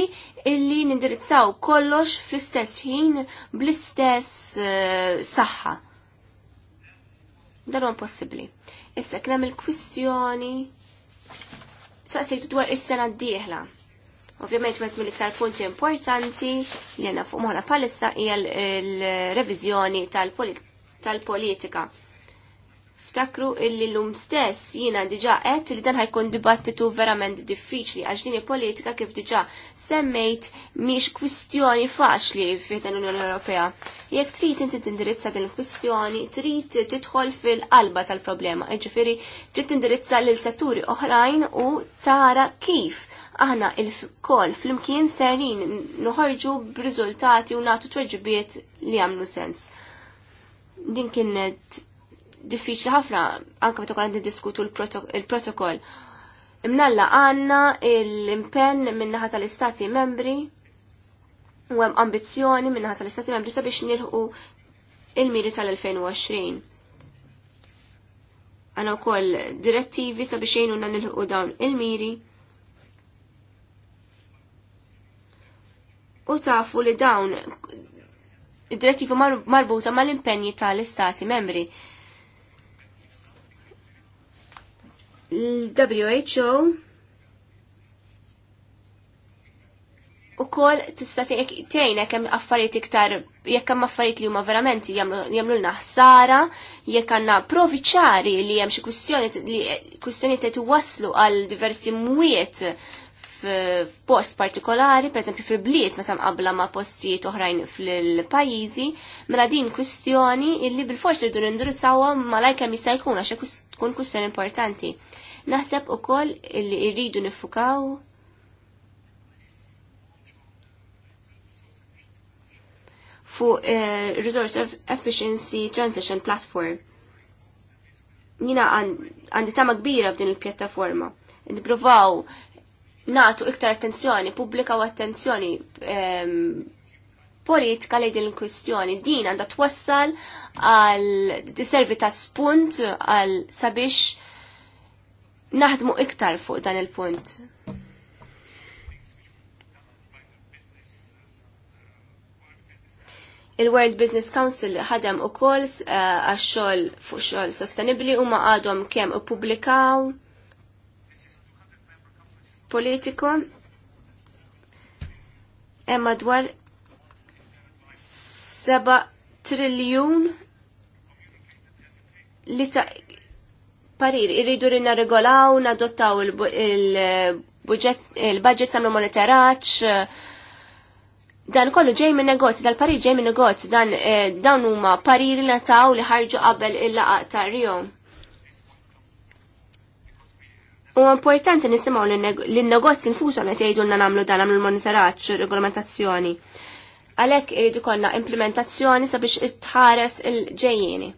illi nindirizzaw kollox fl-istess ħin bl-istess eh, saħħa. Dan huwa impossibbli. Issa kien hemm il-kwistjoni saqsejtu dwar is-sena d-dieħla. Ovvjament wieħed mill-iktar punti importanti li għandna fuq moħna palissa hija l-reviżjoni tal-politika niftakru illi l-lum stess jina diġa għet li dan ħajkun dibattitu verament diffiċli għax din politika kif diġa semmejt miex kwistjoni faċli fiħdan l-Unjoni Ewropea. Jekk trid inti tindirizza din il-kwistjoni, trid tidħol fil-qalba tal-problema, jiġifieri trid tindirizza lil setturi oħrajn u tara kif aħna il-kol fl-imkien serin nħarġu b'riżultati u natu tweġbiet li għamlu sens. Din kienet diffiċli ħafna anke meta kont niddiskutu l-protokoll. Imnalla għandna l-impenn min-naħa tal-istati membri u hemm ambizzjoni min-naħa tal-istati membri sabiex nilħu il-miri tal-2020. u koll direttivi sabiex jgħinuna nilħu dawn il-miri. U tafu li dawn id-direttivi marbuta mal impenni tal-istati membri l-WHO u kol tista' tgħinek hemm affarijiet iktar jekk hemm affarijiet li huma verament jagħmlu lna ħsara, jekk għandna provi ċari li hemm xi kwistjoni li kwistjonijiet qed iwasslu għal diversi mwiet f'post partikolari, per esempio fil-bliet meta mqabla ma' postijiet oħrajn fil-pajjiżi, mela din kwistjoni illi bil-forsi rridu nindirizzawha malajr kemm jista' jkun għax tkun kustjoni importanti. Naħseb ukoll li rridu nifukaw fuq uh, Resource Efficiency Transition Platform. Nina għandi tama kbira f'din il-pjattaforma. Nipruvaw natu iktar attenzjoni, pubblika u attenzjoni um, politika li din il-kwistjoni. Din għandha twassal għal tiservi ta' spunt għal sabiex naħdmu iktar fuq dan il-punt. il-World Business Council ħadem u koll eh, għax-xogħol fuq xogħol sostenibbli u ma għadhom kemm ippubblikaw politiko Emma madwar Seba' triljun li ta' parir irridu rinna regolaw, nadottaw il-budget samlu monetaraċ, dan kollu ġej minn negozju, dal-parir ġej minn negozju, dan eh, dawn huma parir li nataw li ħarġu qabel il laqa ta' rjom. U importanti nisimgħu lin negozji nfushom qed n nagħmlu dan għamlu l regolamentazzjoni. regolamentazzjoni Għalhekk irid ikollna implementazzjoni sabiex itħares il ġejjini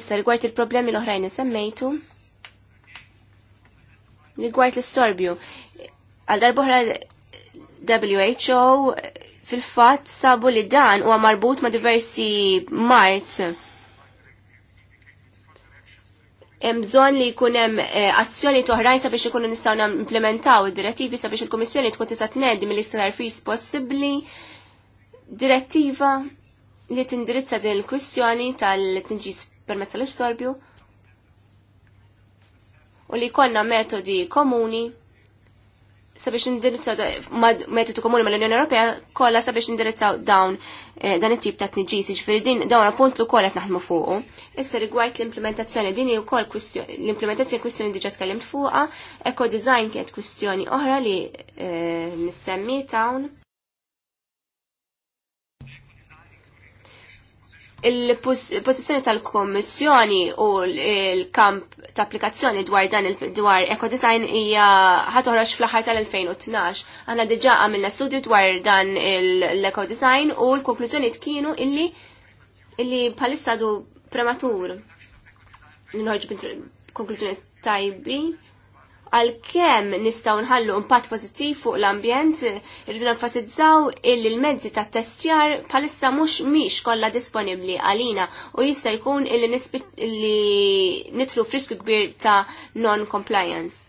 Issa rigward il-problemi l-oħrajn semmejtu. Rigward l-istorbju. Għal darbohra WHO fil-fatt sabu li dan huwa marbut ma' diversi mart bżonn li hemm eh, azzjoni toħrajn sabiex ikunu nistgħu implementaw id-direttivi sabiex il-Komissjoni tkun tista' tnedi mill istgħar fis possibbli direttiva li tindirizza din il-kwistjoni tal-tinġis permezz tal-istorbju u li konna metodi komuni sabiex indirizzaw metodu komuni mal-Unjoni Ewropea kollha sabiex indirizzaw dawn eh, dan it-tip ta' tniġis, jiġifieri din dawn appunt li wkoll qed naħdmu fuqu. Issa rigward l-implementazzjoni din hi wkoll l-implementazzjoni kwistjoni diġà tkellimt fuqha, eco design kienet kwistjoni oħra li eh, nissemmi dawn. il-pozizjoni tal-Kommissjoni u l-kamp ta' applikazzjoni dwar dan dwar eco-design hija ħatoħroġ fl-aħħar tal-2012. Għandna diġà għamilna studju dwar dan l-eco-design u l-konklużjoni kienu illi illi bħalissa du prematur. Nħorġ konklużjoni tajbi għal kem nistaw nħallu impatt pozittiv fuq l-ambjent, irridu nenfasizzaw illi l-mezzi ta' testjar palissa mux miex kollha disponibli għalina u jista' jkun illi li nitlu frisku kbir ta' non-compliance.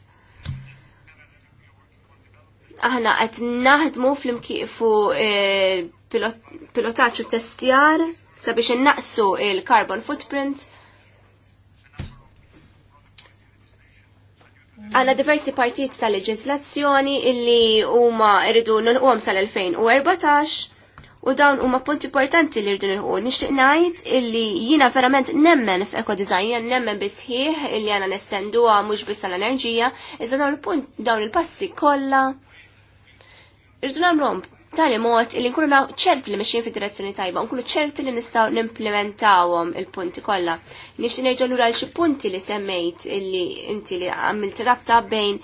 Aħna qed naħdmu fu e, pilotaċċju testjar sabiex innaqsu il-carbon footprint għanna diversi partijiet tal-leġislazzjoni illi huma rridu nilqom sal-2014 u dawn huma punti importanti li rridu nilqu. Nixtieq ngħid illi jiena verament nemmen f'eco design, nemmen bisħieħ illi għana nestenduha mhux biss tal-enerġija, iżda dawn il-punt dawn il-passi kollha. Irridu nagħmluhom T'ali mod li nkunu naw ċert li mexxin fi direzzjoni tajba, nkunu ċert li nistaw nimplementawhom il-punti kollha. Nix nerġa' lura l xi punti li semmejt illi inti li għamilt rabta bejn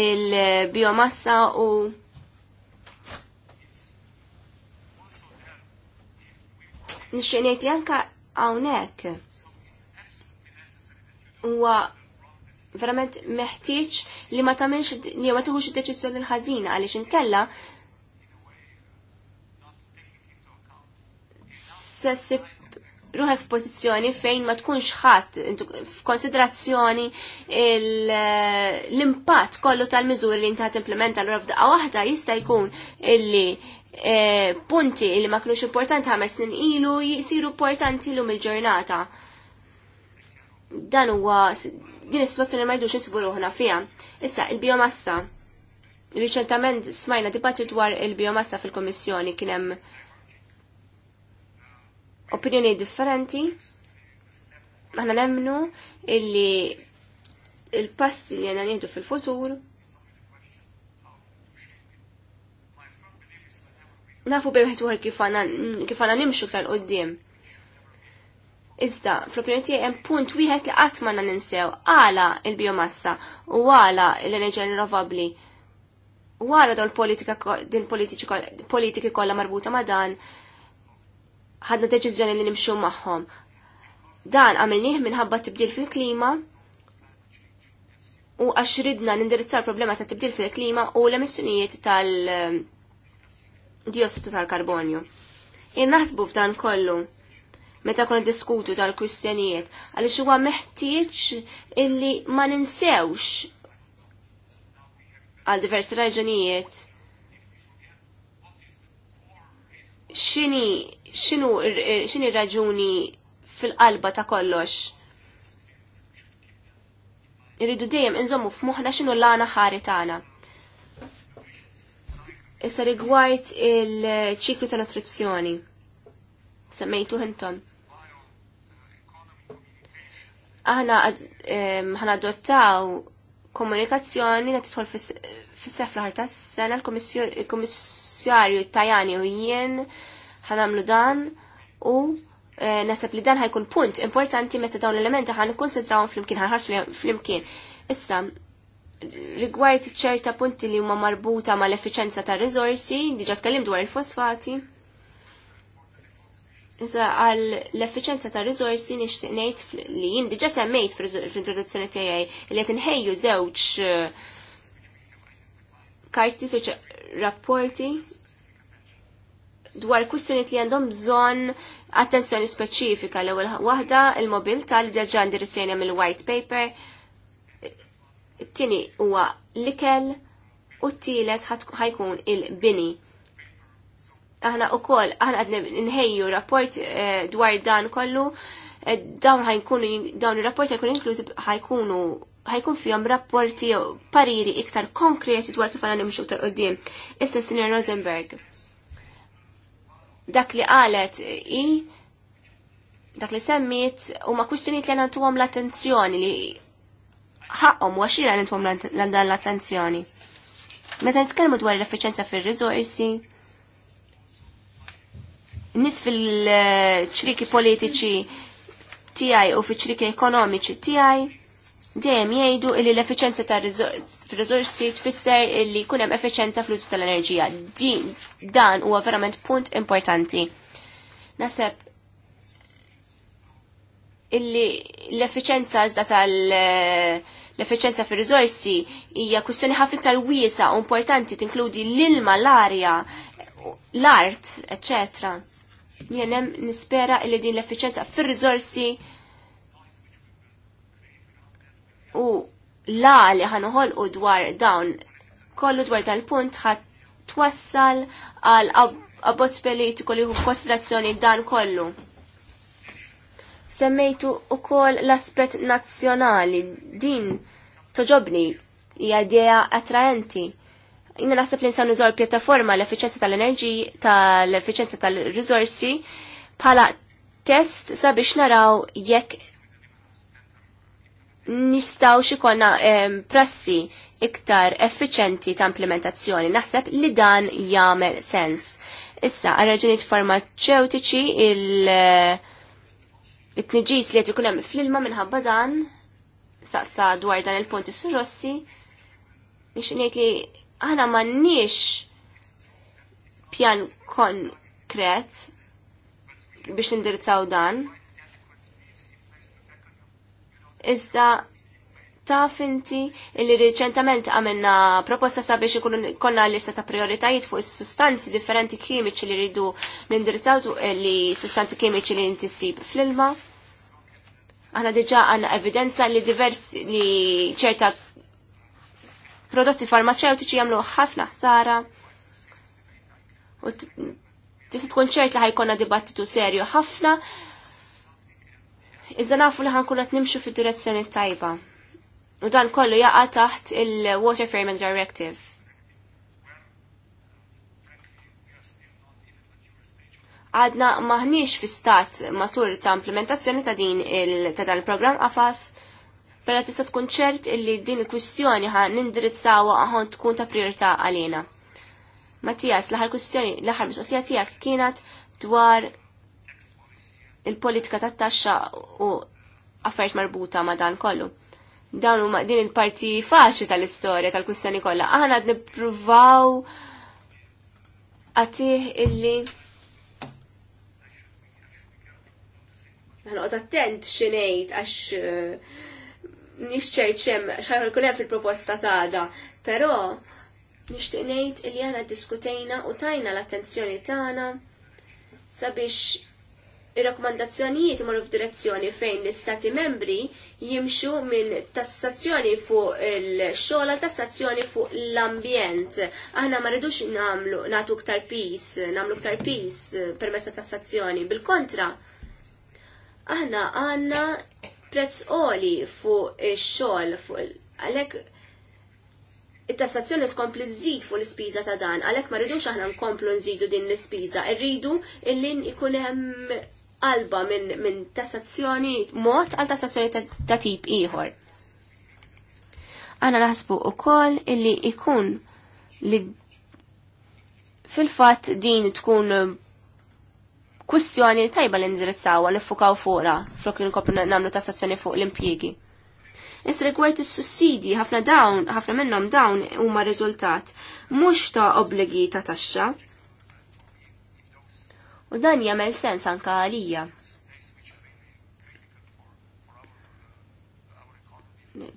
il-biomassa u Nixxin ngħid li anke hawnhekk huwa verament meħtieġ li ma tagħmilx li ma tuħux id-deċiżjoni l-ħażina għaliex inkella ruħe f f'pożizzjoni fejn ma tkunx ħadd f'konsiderazzjoni eh, l-impatt kollu tal-miżuri li inti implementa l f'daqqa waħda jista' jkun illi eh, punti li ma kienux importanti ħames snin ilu jisiru importanti lum il-ġurnata. Dan huwa din is-sitwazzjoni ma rridux nisbu ruħna fiha. Issa il-biomassa. Riċentament smajna dibattit dwar il-biomassa fil-Kommissjoni kien hemm opinjoni differenti, aħna nemnu illi il-passi li għana nieħdu fil-futur nafu bejn ħetwar kif għana nimxu ktar qoddim. Iżda, fl-opinjoni tiegħi hemm punt wieħed li qatt ma ninsew għala il-biomassa u għala l-enerġija rinnovabbli u għala dawn politika din politiċi kollha marbuta ma' dan ħadna deċiżjoni li nimxu magħhom. Dan għamilnieh minħabba tibdil fil-klima u għax ridna nindirizza l-problema ta' tibdil fil-klima u l-emissjonijiet tal diossitu tal-karbonju. Innaħsbu f'dan kollu meta kuna diskutu tal-kwistjonijiet għaliex huwa meħtieġ illi ma ninsewx għal diversi raġunijiet xini xinu xini raġuni fil-qalba ta' kollox. Irridu dejjem inżommu f'moħħna xinu l-għana ħari tagħna. Issa rigward il-ċiklu ta' nutrizzjoni. Semmejtu hintom. Aħna ħana adottaw komunikazzjoni li tidħol fis-sefraħar tas-sena il-Kummissarju Tajani u jien ħanamlu dan u eh, nasab li dan ħajkun punt importanti meta dawn l-elementi ħan konsidrawhom flimkien ħarħarx flimkien. Issa, rigward ċerta punti li huma marbuta mal effiċenza ta' rizorsi, diġa tkellim dwar il-fosfati. Issa għal l-effiċenza ta' rizorsi nixtieq ngħid li jien diġa semmejt fl-introduzzjoni tiegħi li qed inħejju żewġ eh, karti rapporti dwar kwistjoniet li għandhom bżonn attenzjoni speċifika l ewwel waħda il-mobilità li diġà ndirizzjoni mill-white paper. It-tieni huwa l-ikel u t-tielet ħajkun il-bini. Aħna wkoll aħna għadne nħejju rapport eh, dwar dan kollu eh, dawn ħajkunu dawn ir-rapporti ħajkun inklużi ħajkunu ħajkun fihom rapporti pariri iktar konkreti dwar kif għandna nimxu tal-qoddim. Issa Sinir Rosenberg dak li qalet i dak li semmit u ma kwistjoniet li nantuhom l-attenzjoni li ħaqqom u għaxira għan l l-attenzjoni. Meta nitkellmu dwar l-effiċenza fir-riżorsi, nis fil-ċriki politiċi tiegħi u fil-ċriki ekonomiċi tiegħi dejjem jgħidu illi l-effiċenza ta' rizorsi tfisser illi kunem hemm effiċenza fl-użu tal-enerġija. Din dan huwa verament punt importanti. Naseb illi l-effiċenza iżda tal- l-effiċenza fir riżorsi hija kwistjoni ħafna iktar wiesa u importanti tinkludi l-ilma, l-arja, l-art, eccetera. Jien nispera li din l-effiċenza fir rizorsi u la li ħanuħol u dwar dawn kollu dwar tal-punt ħat twassal għal abbozz politiku li konsiderazzjoni dan kollu. Semmejtu u koll l-aspet nazzjonali din toġobni hija idea attraenti. Inna naħseb li nsan niżol pjattaforma l-efficienza tal-enerġi, tal-efficienza tal-rizorsi bħala test sabiex naraw jekk nistaw xikonna um, prassi iktar effiċenti ta' implementazzjoni. Naħseb li dan jagħmel sens. Issa, għal-raġunijiet farmaceutiċi il-tniġis eh, li qed ikun hemm fl-ilma minħabba dan saqsa dwar dan il-punt is-surossi nix ngħid li aħna m'għandniex pjan konkret biex nindirizzaw dan. Iżda taf inti illi riċentament għamilna proposta sabiex ikunu konna lista ta' prioritajiet fuq is-sustanzi differenti kimiċi li rridu nindirizzaw eh, li sustanzi kimiċi li intisib fl-ilma. Aħna diġa għanna evidenza li diversi li ċerta prodotti farmaceutiċi jagħmlu ħafna ħsara. U tista' tkun ċert li ħajkonna dibattitu serju ħafna Iżda nafu li ħankun qed nimxu fid-direzzjoni tajba. U dan kollu jaqa taħt il-Water Framing Directive. Għadna maħniex fi stat matur ta' implementazzjoni ta' din ta' dan il-programm qafas, pera tista' tkun ċert illi din il-kwistjoni ħan nindirizzawa ħon tkun ta' priorità għalina. Mattias, l-ħar kwistjoni, l-ħar mistoqsija tiegħek kienet dwar il-politika tat-taxxa u affarijiet marbuta ma' dan kollu. Dawn huma din il-parti faċli tal-istorja tal-kwistjoni kollha. Aħna qed nippruvaw għatih illi Għanqot attent xinejt għax eh, nixċerċem xaħru kunem fil-proposta però pero ngħid illi għana diskutejna u tajna l-attenzjoni tagħna sabiex Ir-rakkomandazzjonijiet imorru f'direzzjoni fejn l-Istati membri jimxu minn tassazzjoni fuq il-xogħol għal tassazzjoni fuq l-ambjent. Aħna ma rridux nagħmlu nagħtu ktar pis, nagħmlu ktar pis eh, permezz ta' tassazzjoni. Bil-kontra, aħna għandna prezz oli fuq ix-xogħol fuq għalhekk it-tassazzjoni tkompli żid fuq l-ispiża ta' dan, għalhekk ma rridux aħna nkomplu nżidu din l-ispiża, irridu illin ikun hemm qalba minn min tassazzjoni mod għal tassazzjoni ta', ta tip ieħor. Għana naħsbu ukoll illi ikun li fil-fatt din tkun kwistjoni tajba li indirizzawa nifukaw fuqra flok l nkopru nagħmlu tassazzjoni fuq l-impjiegi. Issa rigward is-sussidi ħafna dawn, ħafna minnhom dawn huma riżultat mhux ta' obbligi ta' taxxa, U dan jagħmel sens anka għalija.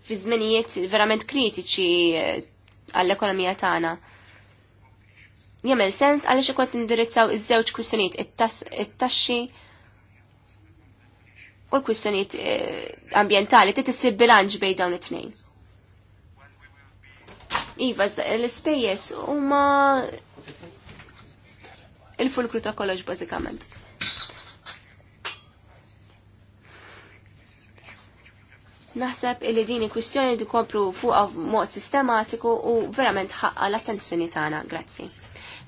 Fi żminijiet verament kritiċi eh, għall-ekonomija tagħna. Jagħmel sens għaliex ikont indirizzaw iż-żewġ kwistjonijiet it-taxxi u l-kwistjonijiet eh, ambjentali trid issib bilanċ bejn dawn it-tnejn. Iva, l-ispejjeż huma il-fulkru ta' kollox bażikament. Naħseb illi dini kwistjoni di komplu fuq mod sistematiku u verament ħaqqa l-attenzjoni tagħna. Grazzi.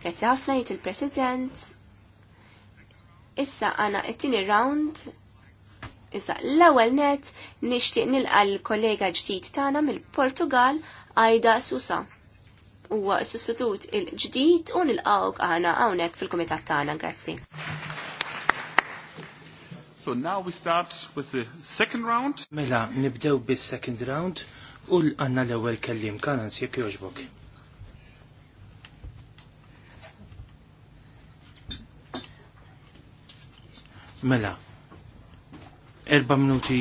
Grazzi ħafna jit il-President. Issa għana it-tieni round. Issa l-ewwel net nixtieq nilqa l-kollega ġdid tagħna mill-Portugal Ajda Susa huwa s-sostitut il-ġdid u nil-qawk għana għawnek fil-komitat tagħna. Grazzi. So now we start with the second round. Mela, nibdew bis-second round u l-għanna l-ewel kellim kanan sjek joġbok. Mela, erba minuti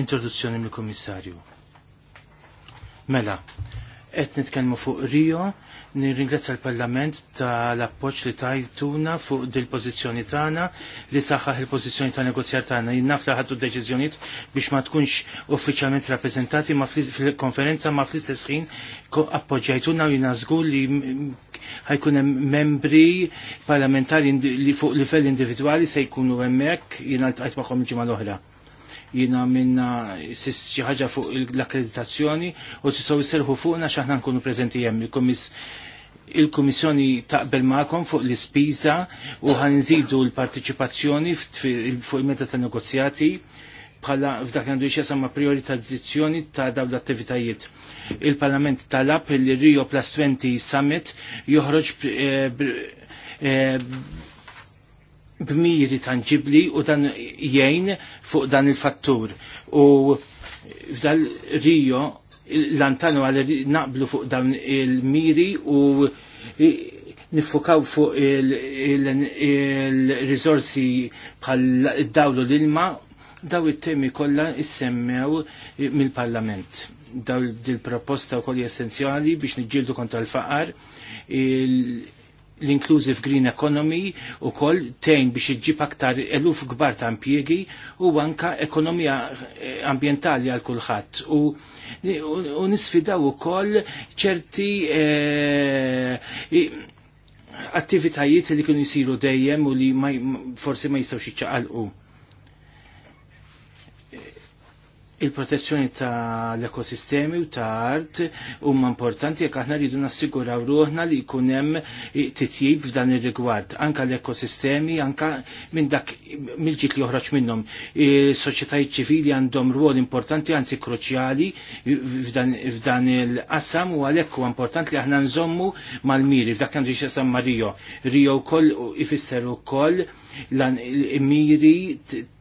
introduzzjoni mill komissarju Mela, qed nitkellmu fuq Rio, nirringrazzja l-Parlament tal-appoġġ li tajtuna fuq dil-pożizzjoni tagħna li saħħaħ il-pożizzjoni ta' negozjar tagħna. Jinnaf li ħaddu deċiżjonijiet biex ma tkunx uffiċjalment rappreżentati ma fil-konferenza ma fl-istess ħin appoġġjajtuna u jiena żgur li ħajkun hemm membri parlamentari li fuq livell individwali se jkunu hemmhekk jiena ltqajt magħhom il-ġimgħa l-oħra jina minna xi ħaġa fuq l-akkreditazzjoni u tistgħu jserħu fuqna x'aħna nkunu preżenti hemm il komissjoni il-Kummissjoni taqbel ma'kom fuq l-ispiża u nżidu l-partiċipazzjoni fuq il-meta ta' negozjati bħala f'dak li għandu jxesam ma' prioritizzazzjoni ta' dawn l-attivitajiet. Il-Parlament talab il-Rio Plus 20 Summit joħroġ b'miri tangibli u dan jgħin fuq dan il-fattur. U f'dal Rio l-antanu għal naqblu fuq dan il-miri u nifukaw fuq il-rizorsi bħal dawlu l-ilma daw it-temi kollha issemmew mill-Parlament. Daw il proposta wkoll essenzjali biex niġġieldu kontra l-faqar l-Inclusive Green Economy u koll tejn biex iġġib aktar eluf gbar ta' impjiegi u anka ekonomija eh, ambientali għal kulħadd. U, u nisfidaw ukoll ċerti e, attivitajiet li kienu jisiru dejjem u li ma, forsi ma jistgħux jiċċaqalqu il-protezzjoni ta' l-ekosistemi u ta' art huma importanti jekk aħna rridu nassiguraw ruħna li jkun hemm titjib f'dan ir-rigward. Anka l-ekosistemi, anka minn dak mill-ġit li joħroġ minnhom. Is-soċjetajiet ċivili għandhom rwol importanti anzi kruċjali f'dan il-qassam u għalhekk huwa importanti li aħna nżommu mal-miri f'dak għandu jxesam ma' Rio. Rio wkoll ifisser ukoll l-miri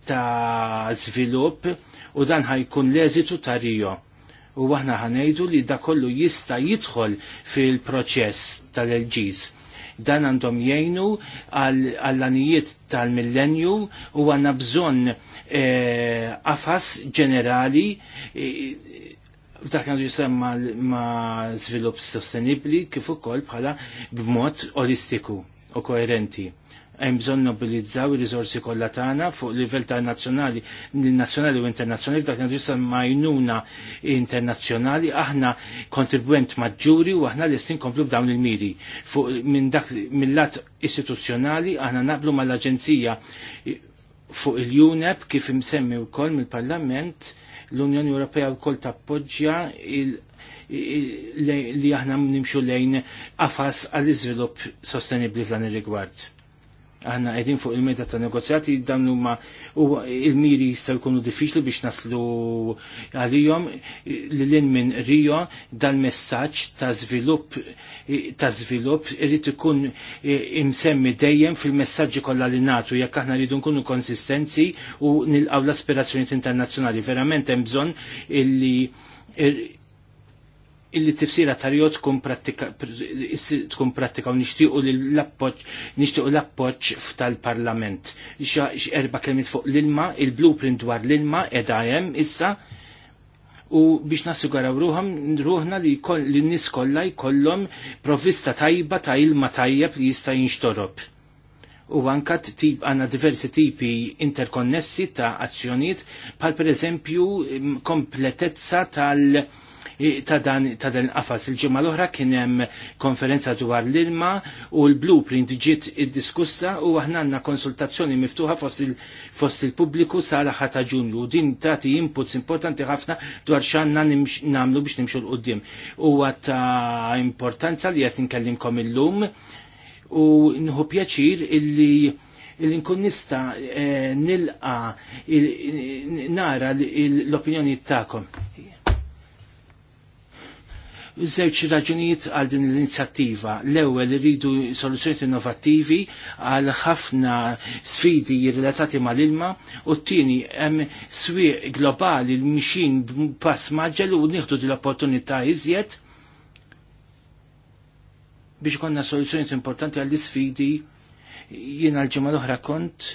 ta' żvilupp u dan ħajkun l-eżitu ta' U aħna ħanajdu li da kollu jista' jidħol fil-proċess tal-LGs. Dan għandhom jgħinu għall-anijiet tal-millenju u għanna bżon għafas eh, ġenerali e, f'dak għandu jisemma ma' svilupp sostenibli kif ukoll bħala b'mod olistiku u koerenti hemm bżonn nobilizzaw ir rizorsi kollha tagħna fuq livell ta' nazzjonali, nazzjonali u internazzjonali dak nirrisa majnuna internazzjonali aħna kontribwent maġġuri u aħna lesti nkomplu b'dawn il-miri. Fuq minn dak mill-lat istituzzjonali aħna naqblu mal-Aġenzija fuq il-UNEP kif imsemmi wkoll mill-Parlament l-Unjoni Ewropea wkoll tappoġġja il- li aħna nimxu lejn afas għall-iżvilupp sostenibbli f'dan ir-rigward Aħna qegħdin fuq il-meta ta' negozjati dawn huma il-miri jista' jkunu diffiċli biex naslu għalihom lin minn Rio dal-messaġġ ta' żvilupp ta' żvilupp irid ikun imsemmi dejjem fil-messaġġi kollha li nagħtu jekk aħna rridu nkunu konsistenzi u nilqgħu l-aspirazzjonijiet internazzjonali. Verament hemm bżonn illi illi tifsira tarjot tkun pratika u nixtiequ l-appoċ nixtiequ l-appoċ f'tal-parlament. Erba' kelmiet fuq l-ilma, il-blueprint dwar l-ilma edha hemm issa u biex nassiguraw ruħam ruħna li l-nies kollha jkollhom provvista tajba ta' ilma tajjeb li jista' jinxtorob u anka tip għanna diversi tipi interkonnessi ta' azzjoniet, pal per eżempju kompletezza tal- ta' dan qafas. Il-ġimgħa l-oħra kien hemm konferenza dwar l-ilma u l-blueprint ġiet iddiskussa u aħna għandna konsultazzjoni miftuħa fost il-pubbliku sa l ta' Ġunju. Din tagħti inputs importanti ħafna dwar x'għandna nagħmlu biex nimxu l-qudiem. Huwa ta' importanza li qed inkellimkom illum u nħu pjaċir illi il nkun nista eh, nilqa nara l-opinjoni ta'kom żewġ raġunijiet għal din l-inizjattiva. L-ewwel iridu soluzzjonijiet innovattivi għal ħafna sfidi relatati mal-ilma u t-tieni hemm swieq globali l mixin pass maġġel u nieħdu l-opportunità iżjed biex konna soluzzjonijiet importanti għall sfidi jiena l-ġimgħa l-oħra kont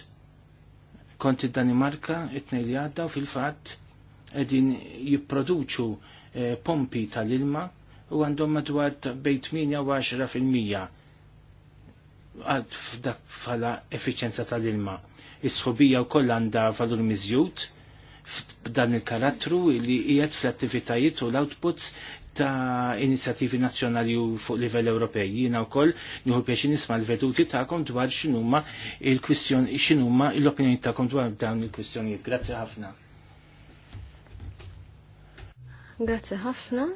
kont id-Danimarka it-tnejn li għadda u fil-fatt qegħdin jipproduċu eh, pompi tal-ilma u għandhom madwar bejt 8 u 10 fil-mija għad f'dak fala effiċenza tal-ilma. Is-sħobija u koll għanda valur miżjut f'dan il-karattru li qiegħed fl-attivitajiet u l-outputs ta' inizjativi nazzjonali u fuq livell Ewropej. Jiena wkoll njuhu pjaċi nisma' l-veduti tagħkom dwar x'inhuma il kwistjoni x'inhuma l-opinjoni tagħkom dwar dawn il-kwistjonijiet. Grazzi ħafna. Grazzi ħafna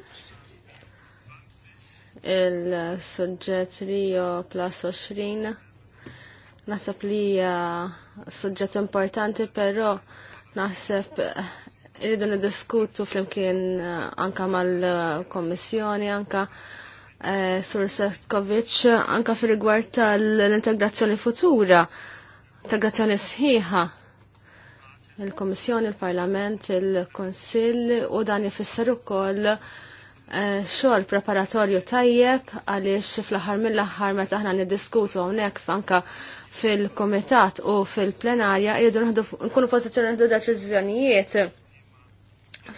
il-sujġet jo plus 20. Nasab li suġġet importanti, pero naħseb irridu niddiskutu flimkien eh, anka mal-Kommissjoni, anka eh, Sur Sefkovic, anka fil-rigward tal-integrazzjoni futura, integrazzjoni sħiħa il-Komissjoni, il-Parlament, il-Konsil u dan jifisser ukoll Eh, xogħol preparatorju tajjeb għaliex fl-aħħar mill-aħħar meta aħna niddiskutu hawnhekk fanka fil-komitat u fil-plenarja irridu naħdu nkunu pożizzjoni naħdu deċiżjonijiet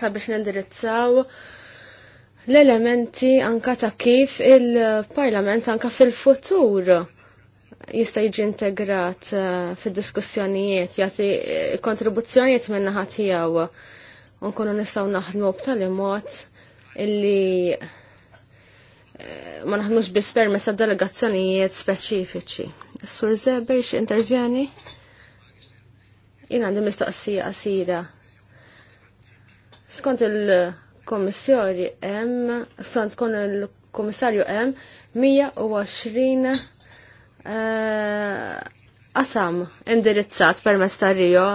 sabiex nindirizzaw l-elementi anka ta' kif il-parlament anka fil-futur jista' jiġi integrat eh, fid-diskussjonijiet jagħti eh, kontribuzzjonijiet minn naħa tiegħu nkunu nistgħu naħdmu b'tali mod illi eh, ma naħnux biss permess għad delegazzjonijiet speċifiċi. Sur Zeber xie intervjani? Jien għandi mistoqsija għasira. Skont il komissjori M, skont kon il komissarju M, 120 eh, qasam indirizzat per ta' Rio.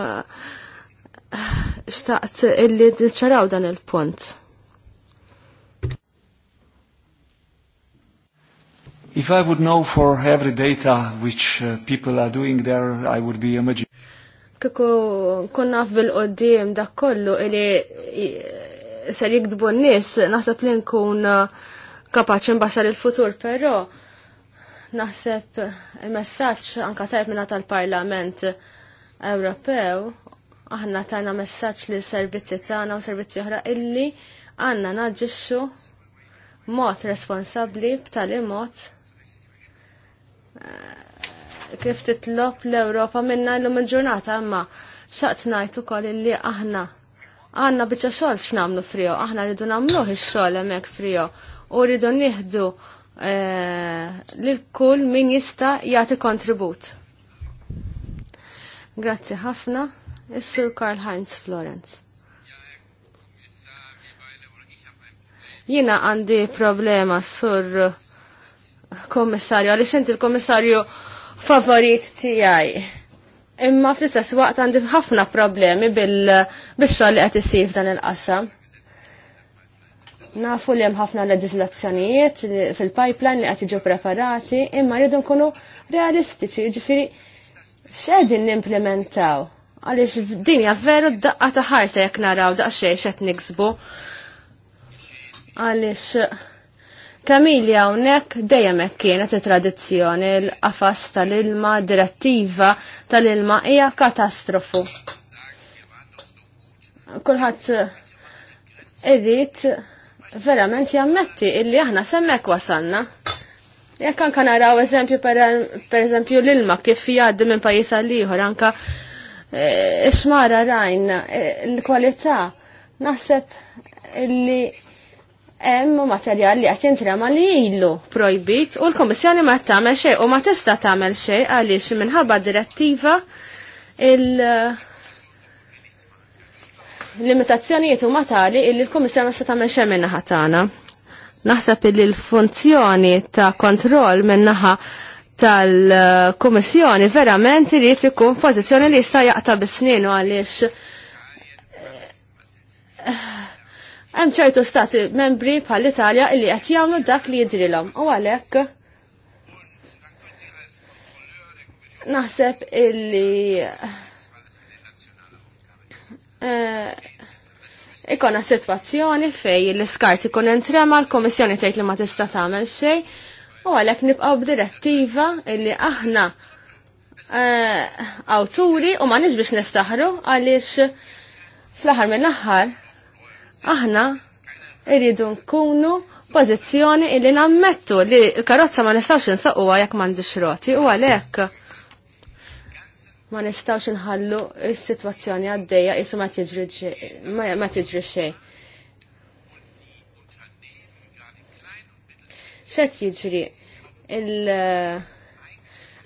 Eh, xtaqt illi ċaraw dan il-punt. If I would know for every data which uh, people are doing there, I would be a magician. Kiku konna fil-qoddim dak kollu li ser jikdbu n-nis, naħseb li nkun uh, kapaċi nbasar il-futur, pero naħseb il-messaċ anka tajb minna tal-Parlament Ewropew, aħna tajna messaċ li servizzi tagħna u servizzi oħra illi għanna naġġixxu mod responsabbli b'tali mod kif titlob l-Ewropa minna l-lum il-ġurnata, imma xaqt najtu kol li aħna għanna bieċa xol x'namlu frio, aħna rridu namlu ix-xol hemmhekk frio u rridu nieħdu eh, l kull min jista' jagħti kontribut. Grazzi ħafna, is-Sur Karl Heinz Florence. Jina għandi problema, Sur kommissarju, għaliex inti l-kommissarju favorit tiegħi. Imma fl-istess waqt għandi ħafna problemi bil-xogħol li qed isir f'dan il-qasam. Nafu li hemm ħafna leġislazzjonijiet fil-pipeline li qed jiġu preparati, imma rridu nkunu realistiċi, jiġifieri x'qegħdin nimplementaw. Għaliex dinja veru d-daqqa ta' ħarta jekk naraw daqs daqsxejn x'qed niksbu. Għaliex Kamilja unnek dejjem hekk kienet it-tradizzjoni l-qafas tal-ilma direttiva tal-ilma hija katastrofu. Kulħadd irrid verament jammetti illi aħna semmek wasanna. Jekk anka naraw eżempju per eżempju l-ilma kif jgħaddi minn pajjiż għal ieħor anka ixmara e, rajn e, l-kwalità naħseb illi hemm materjal li qed jintrema li ilu projbit u l-Kommissjoni ma tagħmel xejn u ma tista' tagħmel xejn għaliex minħabba direttiva il- limitazzjonijiet huma tali illi l-Kummissjoni se tagħmel xejn minnaħa tagħna. Naħseb illi l-funzjoni ta' kontroll minnaħa tal-Kummissjoni verament irid ikun pożizzjoni li jista' jaqta' bis-snin għaliex eh, Hemm ċertu stati membri bħall-Italja illi qed jagħmlu dak li jidrilhom u għalhekk naħseb illi eh, ikona sitwazzjoni fej l-iskart ikun entrema l-Komissjoni tgħid li ma tista' tagħmel xejn u għalhekk nibqgħu b'direttiva illi aħna eh, awturi u ma nix biex niftaħru għaliex fl-aħħar mill-aħħar Aħna irridu nkunu pożizzjoni illi nammettu li karozza ma nistawx insaqquha jekk m'għandix roti u għalhekk ma nistawx nħallu s-sitwazzjoni għaddejja isu ma tiġri xejn. ċet jiġri il-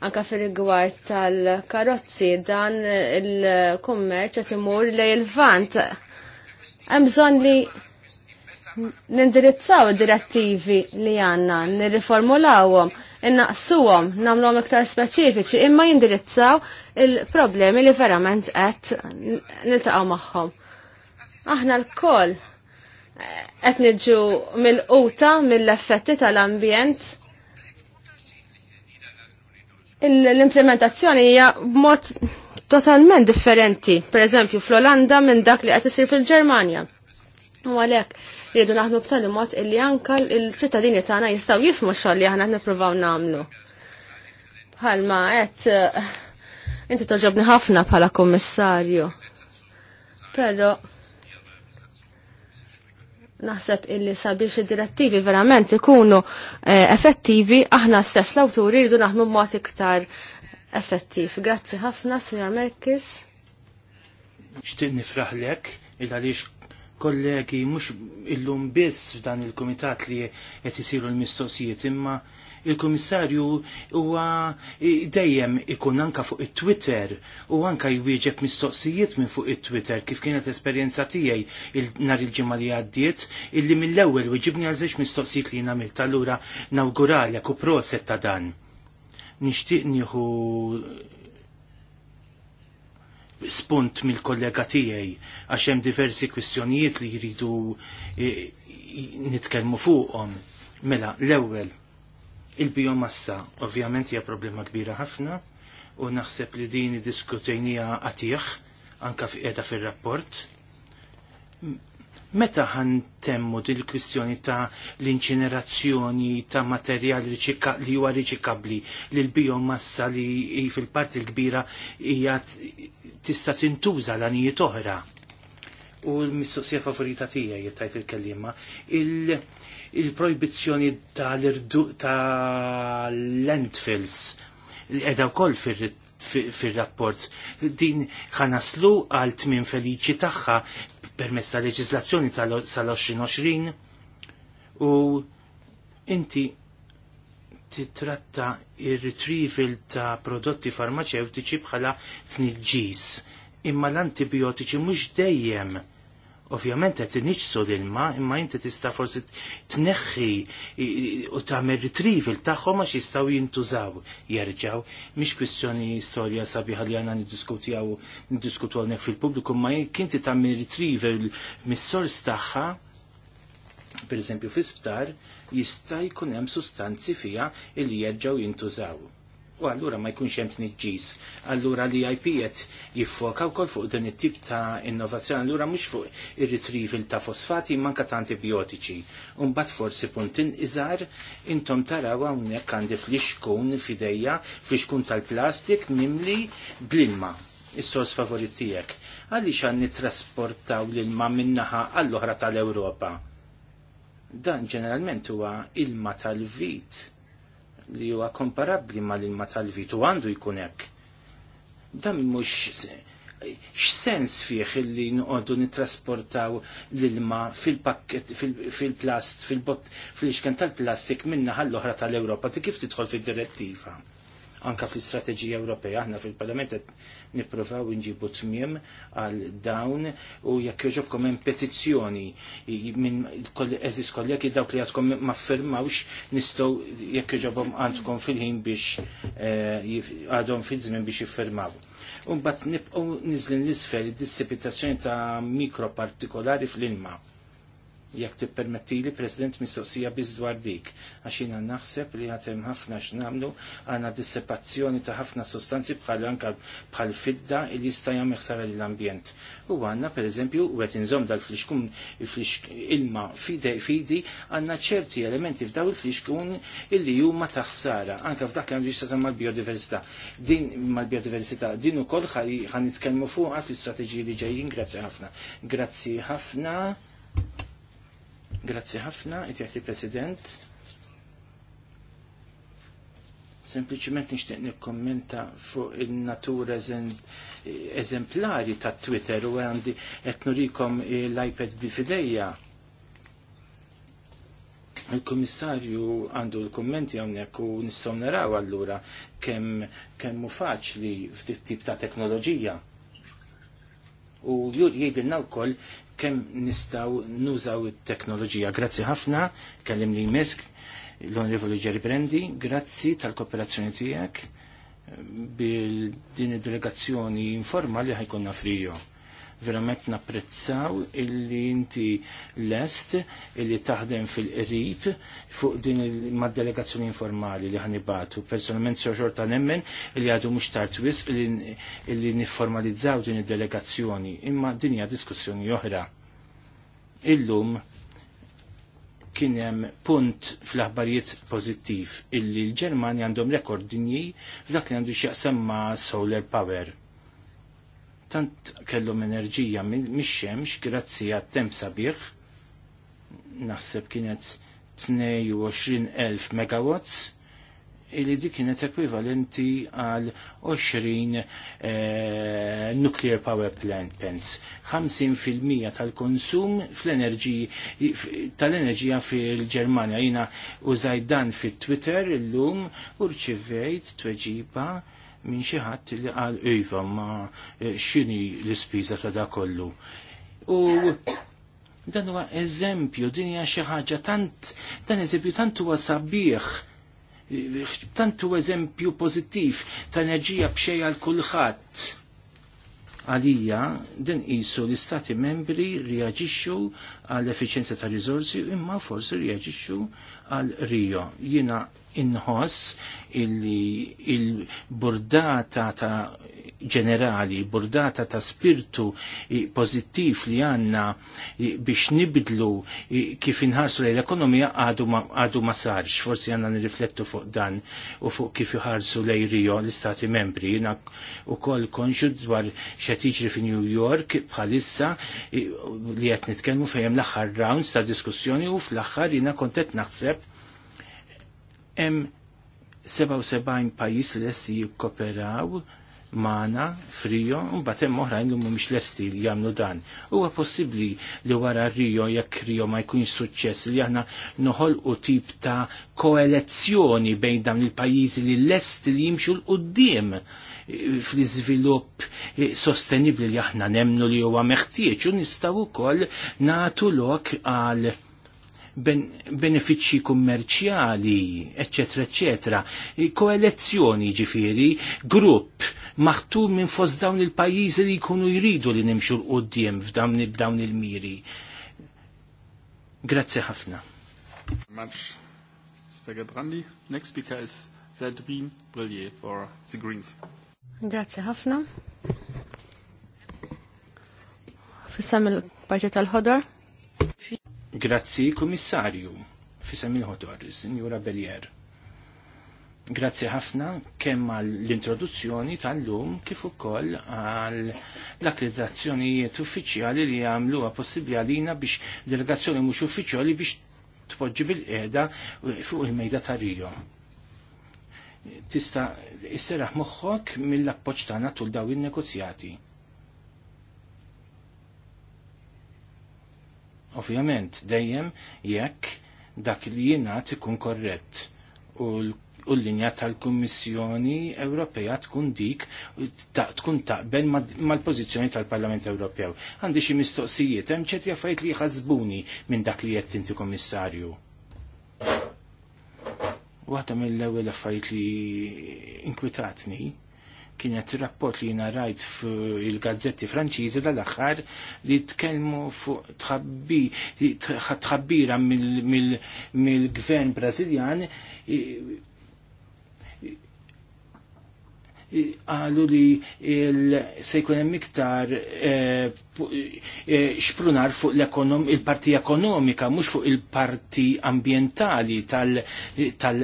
anka fil rigward tal-karozzi dan il-kummerċ qed imur lej il-vant Hemm bżonn li nindirizzaw direttivi li għandna nirriformulawhom, innaqsuhom, nagħmluhom iktar speċifiċi, imma jindirizzaw il-problemi li verament qed niltaqgħu magħhom. Aħna l-koll qed niġu mill-quta mill-effetti tal-ambjent. L-implementazzjoni hija b'mod totalment differenti, per eżempju fl-Olanda minn dak li qed fil-Ġermanja. U għalhekk rridu naħdmu b'tali mod illi anka l-ċittadini tagħna jistgħu jifhmu xogħol li aħna nippruvaw nagħmlu. Bħalma qed eh, inti toġobni ħafna bħala kummissarju. Però naħseb illi sabiex id-direttivi verament ikunu eh, effettivi aħna stess l-awturi rridu naħdmu b'mod iktar effettiv. Grazzi ħafna, Sinjar Merkis. nifraħ nifraħlek il-għaliex kollegi mux illum biss f'dan il-komitat li qed isiru l-mistoqsijiet imma il-komissarju huwa dejjem ikun anka fuq it-Twitter u anka jwieġeb mistoqsijiet minn fuq it-Twitter kif kienet esperjenza tiegħi il-nar il-ġimgħa li għaddiet illi mill-ewwel wieġibni għal mistoqsijiet li nagħmel tal nawguralek u proset ta' dan nixtieq nieħu spunt mill-kollega tiegħi għax hemm diversi kwistjonijiet li jridu e, nitkellmu fuqhom. Mela, l-ewwel il-biomassa ovvjament hija problema kbira ħafna u naħseb li din iddiskutejnija għatih anka qiegħda fir-rapport Meta ħan temmu dil kwistjoni ta' l-inċinerazzjoni ta' materjal li huwa riċikabli li l-biomassa li fil-parti l-kbira hija tista' tintuża l-anijiet oħra. U l-mistoqsija favorita tiegħi jittajt il-kellima, il-projbizzjoni l landfills edha wkoll fir-rapport din ħanaslu għal tmien feliċi tagħha permezz ta' leġislazzjoni tal-2020 u inti titratta ir-retrieval ta' prodotti farmaceutiċi bħala snilġis imma l-antibiotiċi mhux dejjem Ovvjament qed iniġsu l-ilma, imma inti tista' forsi tneħħi u tagħmel retrieval tagħhom għax jistgħu jintużaw jerġgħu. Mhix kwistjoni storja sabiħa li għandna niddiskutjaw niddiskutu hawnhekk fil-pubbliku, ma jekk inti tagħmel retrieval mis-sors tagħha, pereżempju fi sptar, jista' jkun hemm sustanzi fiha li jerġgħu jintużaw u allura ma jkunx hemm tniġġis. Allura li IP qed jiffoka wkoll fuq din it-tip ta' innovazzjoni allura mhux fuq ir-retrieval ta' fosfati manka ta' antibiotiċi. Imbagħad forsi puntin iżgħar intom taraw hawnhekk għandi fl-ixkun f'idejja, fl-ixkun tal-plastik mimli bl-ilma is-sors favorit tiegħek. Għaliex għan nittrasportaw l-ilma minnaħa għall-oħra tal-Ewropa? Dan ġeneralment huwa ilma tal-vit li huwa komparabbli mal-ilma tal-vitu għandu jkun hekk. Dan mhux x'sens fih li nqogħdu nittrasportaw l-ilma fil-pakket fil-plast fil-bot fil-ixken tal-plastik minna ħall-oħra tal-Ewropa ti kif tidħol fid-direttiva anka fl-istrateġija Ewropea. Aħna fil-Parlament qed nippruvaw inġibu tmiem għal dawn u jekk joġobkom hemm petizzjoni minn eżis kollegi dawk li għadkom ma ffirmawx nistgħu jekk joġobhom għandkom fil-ħin biex eh, għadhom fil-żmien biex jiffirmaw. Umbat nibqgħu niżlin l-isfel id-dissipitazzjoni ta' mikropartikolari fl-ilma jekk tippermettili President mistoqsija bizdwar dwar dik, għaxin jiena naħseb li għatem ħafna x'namlu għandna dissipazzjoni ta' ħafna sostanzi bħal anka bħal fidda li jista' jagħmel ħsara lill-ambjent. U għandna pereżempju qed inżomm dal-fliexkun ilma fide fidi għandna ċerti elementi f'daw il-fliexkun illi huma ta' ħsara anke f'dak li għandu jista' mal-biodiversità. Din mal-biodiversità din ukoll ħanitkellmu fuqha fl-istrateġiji li ġejjin, grazzi ħafna. Grazzi ħafna. Grazzi ħafna, it-jgħati President. Sempliciment nishtiq nikkommenta fuq il-natura eżemplari ta' Twitter u għandi etnurikom l-iPad bifideja. Il-komissarju għandu l-kommenti għonek u nistom naraw għallura kemm kem faċli ftit tip ta' teknoloġija. U jur jgħidilna wkoll kemm nistaw nużaw it-teknoloġija. Grazzi ħafna, kellim li mesk l-Onorevoli Ġeri Brendi, grazzi tal-kooperazzjoni tiegħek bil din id-delegazzjoni informali ħajkunna frijo verament napprezzaw illi inti lest illi taħdem fil-qrib fuq din mad maddelegazzjoni informali li ħanibatu. Personalment soġor ta' nemmen illi għadu mux tard wis illi niformalizzaw din id-delegazzjoni. Imma din hija diskussjoni oħra. Illum kienem punt fl-aħbarijiet pozittiv illi l-Ġermani għandhom rekord dinji f'dak li għandu x'jaqsam ma' solar power tant kellhom enerġija mix-xemx grazzi għat-temp sabiħ naħseb kienet 22,000 megawatts illi di kienet ekvivalenti għal 20 eh, nuclear power plant pens. 50% tal-konsum fl-enerġija tal-enerġija fil-Ġermanja. Jina użajt dan fit-Twitter illum u rċivejt tweġiba minn xi ħadd li qal iva ma eh, x'inhi l-ispiża ta' da kollu. U dan huwa eżempju, din hija xi ħaġa tant dan eżempju tant huwa sabiħ tantu eżempju pożittiv ta' enerġija bxej għal kulħadd. Għalija, din qisu l-istati membri reaġixxu għall efficienza ta' riżorsi imma forsi reaġixxu għal Rio. Jiena inħoss illi il-burdata ta' ġenerali, burdata ta' spirtu pozittiv li għanna biex nibdlu kif inħarsu l-ekonomija għadu ma sarx, forsi għanna nirriflettu fuq dan u fuq kif jħarsu l Rio l-Istati membri. Jina u koll konxu dwar xetiġri fi New York bħalissa li għet nitkelmu fejem l-axar rounds ta' diskussjoni u fl-axar jina kontet naħseb Hemm 77 pajjiż li lesti jikkoperaw mana frijo un batem oħrajn li mhumiex lesti li jagħmlu dan. Huwa possibbli li wara Rio jekk rijo ma jkunx suċċess li aħna noħolqu tip ta' koelezzjoni bejn dawn il-pajjiżi li lesti li jimxu l qudiem fl-iżvilupp sostenibli li aħna nemnu li huwa meħtieġ u nistgħu wkoll nagħtu lok għal benefiċċji kummerċjali, eccetera, eccetera. Koalizzjoni ġifiri, grupp maħtum minn fost dawn il-pajjiżi li jkunu jridu li nimxu l-qoddim f'dawn il il-miri. Grazie ħafna. Much. Mr. Gabrandi, next speaker is Zedrin Brillier for the Greens. Grazie ħafna. Fissam il-parti tal ħodar Grazzi, Komissarju, fissem il-ħodor, Signora Belier. Grazzi ħafna kemm għall l-introduzzjoni tal-lum kif ukoll għal l-akkreditazzjonijiet uffiċjali li għamluha possibbli għalina biex delegazzjoni mhux uffiċjali biex tpoġġi bil-qiegħda fuq il-mejda ta' Rio. Tista' isserraħ moħħok mill-appoġġ tagħna tul dawn in-negozjati. Ovvjament, dejjem jekk dak li jingħad ikun korrett u l-linja tal-Kummissjoni Ewropea tkun dik tkun taqbel mal-pożizzjoni tal-Parlament Ewropew. Għandi xi mistoqsijiet, hemm ċerti affarijiet li jħassbuni minn dak li qed inti Kummissarju. Waħda mill-ewwel affarijiet li inkwitatni kienet rapport li jina rajt fil-gazzetti franċiżi dal aħħar li tkellmu fuq tħabbira mill-gvern Braziljan għalu li se jkun hemm iktar e, e, xprunar fuq il-parti ekonomika mhux fuq il-parti ambientali tal-għalisessir. Tal,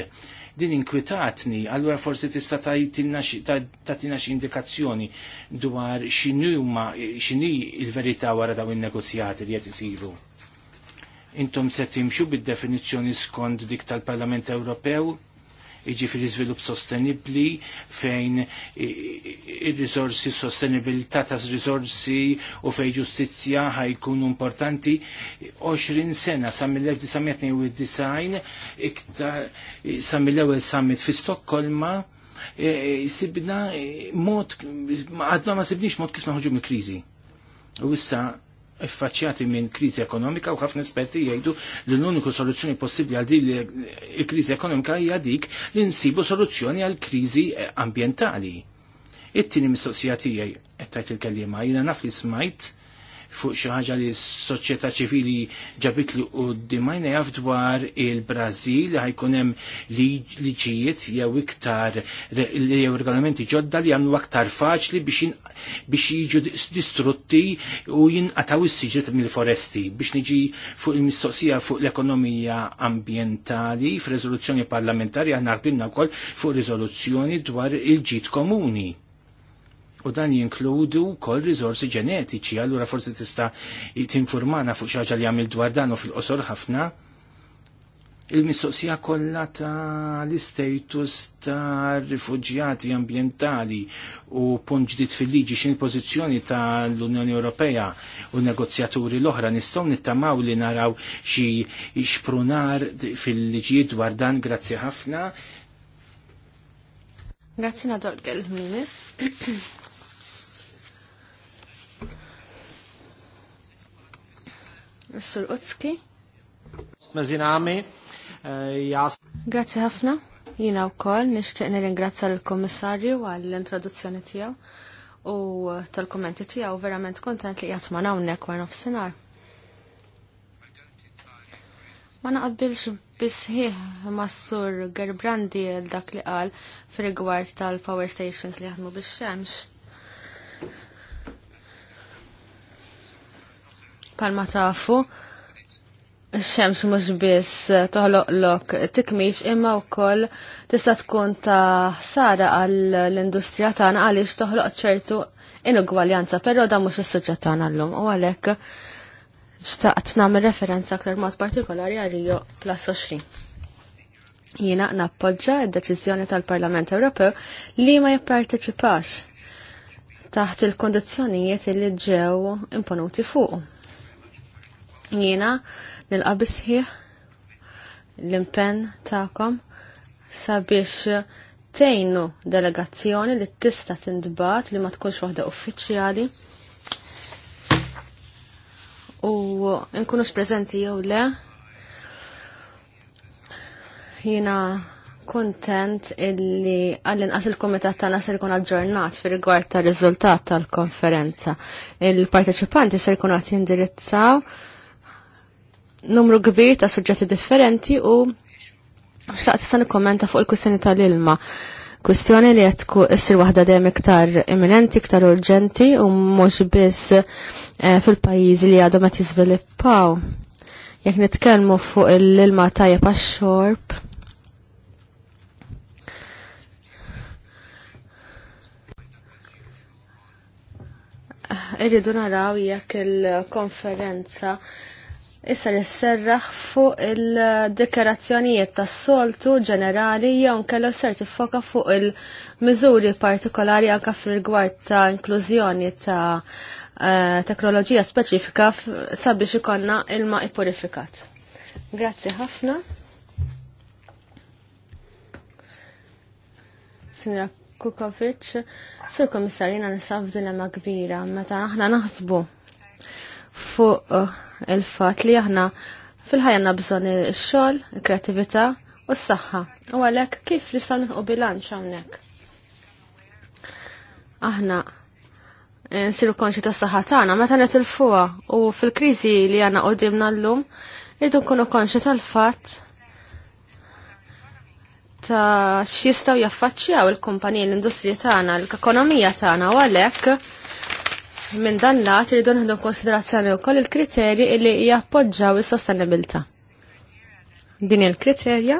tal, din inkwitatni, allura forsi tista' tagħtina xi indikazzjoni dwar x'inhuma x'inhi l-verità wara dawn in-negozjati li qed isiru. Intom se timxu bid-definizzjoni skont dik tal-Parlament Ewropew fil iżvilupp sostenibli fejn il-rizorsi, sostenibilità ta' rizorsi u fej ġustizja ħajkunu importanti 20 sena sa' mill-1992 iktar sa' mill ewwel summit fi Stokkolma e, sibna e, mod, għadna ma sibnix mod kif naħġu mill-krizi. U issa affaċċjati minn kriżi ekonomika u ħafna esperti jgħidu li l-uniku soluzzjoni possibbli għal din il-kriżi ekonomika hija dik li nsibu soluzzjoni għal kriżi ambjentali. It-tieni mistoqsija tiegħi qed tajt il-kelliema jiena naf li smajt fuq xi ħaġa li s-soċjetà ċivili ġabit li qudiemajna jaf dwar il-Brażil ħajkun hemm liġijiet jew iktar jew regolamenti ġodda li għamlu aktar faċli biex jiġu distrutti u jinqataw is-siġet mill-foresti biex niġi fuq il-mistoqsija fuq l-ekonomija ambjentali f'riżoluzzjoni parlamentari aħna ħdimna wkoll fuq riżoluzzjoni dwar il-ġid komuni u dan jinkludu kol rizorsi ġenetiċi, allura forsi tista' tinformana fuq xaġa li għamil dwar dan u fil-qosor ħafna. Il-mistoqsija kollha ta' l-istatus ta' rifuġjati ambientali u punt ġdid fil-liġi xin pożizzjoni ta' l-Unjoni Ewropea u negozjaturi l-oħra nistgħu nittamaw li naraw xi xprunar fil-liġijiet dwar dan grazzi ħafna. Grazzi nadol kelminis. Sur Utski. Mezinami, eh, jas. Grazie ħafna. Jina u koll, nishtiq nir-ingrazza l-Komissarju għall-introduzzjoni tijaw u tal-kommenti tijaw verament kontent li jgħatman għawnek għan nofsinar. Ma naqabilx bisħiħ s sur Gerbrandi l-dak li qal fil-rigward tal-power stations li jaħdmu bix-xemx Palma tafu, xemx mux biss toħloqlok tikmix imma u koll tista tkun ta' sara għall-industrija tagħna għaliex toħloq ċertu inugwaljanza, però da mhux is-suġġett l-lum u għalhekk xtaqt nagħmel referenza aktar mod partikolari għal Rio Plus 20. Jiena nappoġġa d-deċiżjoni tal-Parlament Ewropew li ma jipparteċipax taħt il-kondizzjonijiet li ġew imponuti fuq Jiena nilqa' bisħiħ l-impenn tagħkom sabiex tejnu delegazzjoni li tista' tindbat li ma tkunx waħda uffiċjali u nkunux preżenti jew le jiena kontent illi għall-inqas il-komitat tagħna ser ikun aġġornat firigward tar-riżultat tal-konferenza. Il-parteċipanti ser ikun qed jindirizzaw numru kbir ta' suġġetti differenti u xaqt san kommenta fuq il-kustjoni tal-ilma. Kustjoni li jatku issir wahda dejjem iktar imminenti, iktar urġenti u mhux biss eh, fil-pajjiżi li għadhom qed jiżviluppaw. Jekk nitkellmu fuq il ilma tajjeb għax-xorb. Irridu naraw jekk il-konferenza issa nisserraħ fuq il dekorazzjonijiet tas-soltu ġenerali jew kellu ser tiffoka fuq il-miżuri partikolari anke fil-rigward ta' inklużjoni ta' eh, teknoloġija speċifika sabiex ikonna ilma ipurifikat. Grazzi ħafna. Sinja Kukovic, sur komissarina nisaf dilema kbira, meta aħna naħsbu fuq uh, il-fat li aħna fil-ħajna bżon il-xol, il-kreativita u s-saxħa. U għalek kif li stan u bilanċ għamnek. Aħna eh, nsiru konxi ta' s-saxħa tagħna meta fuwa u fil-kriżi li għana l llum jiddu nkunu konxi tal-fatt ta' x'jistgħu jaffaċċjaw il-kumpaniji l-industrija tagħna, l-ekonomija tagħna u għalhekk minn dan lat irridu nħdu konsiderazzjoni wkoll il-kriterji li jappoġġaw is-sostenibilità. Din il-kriterja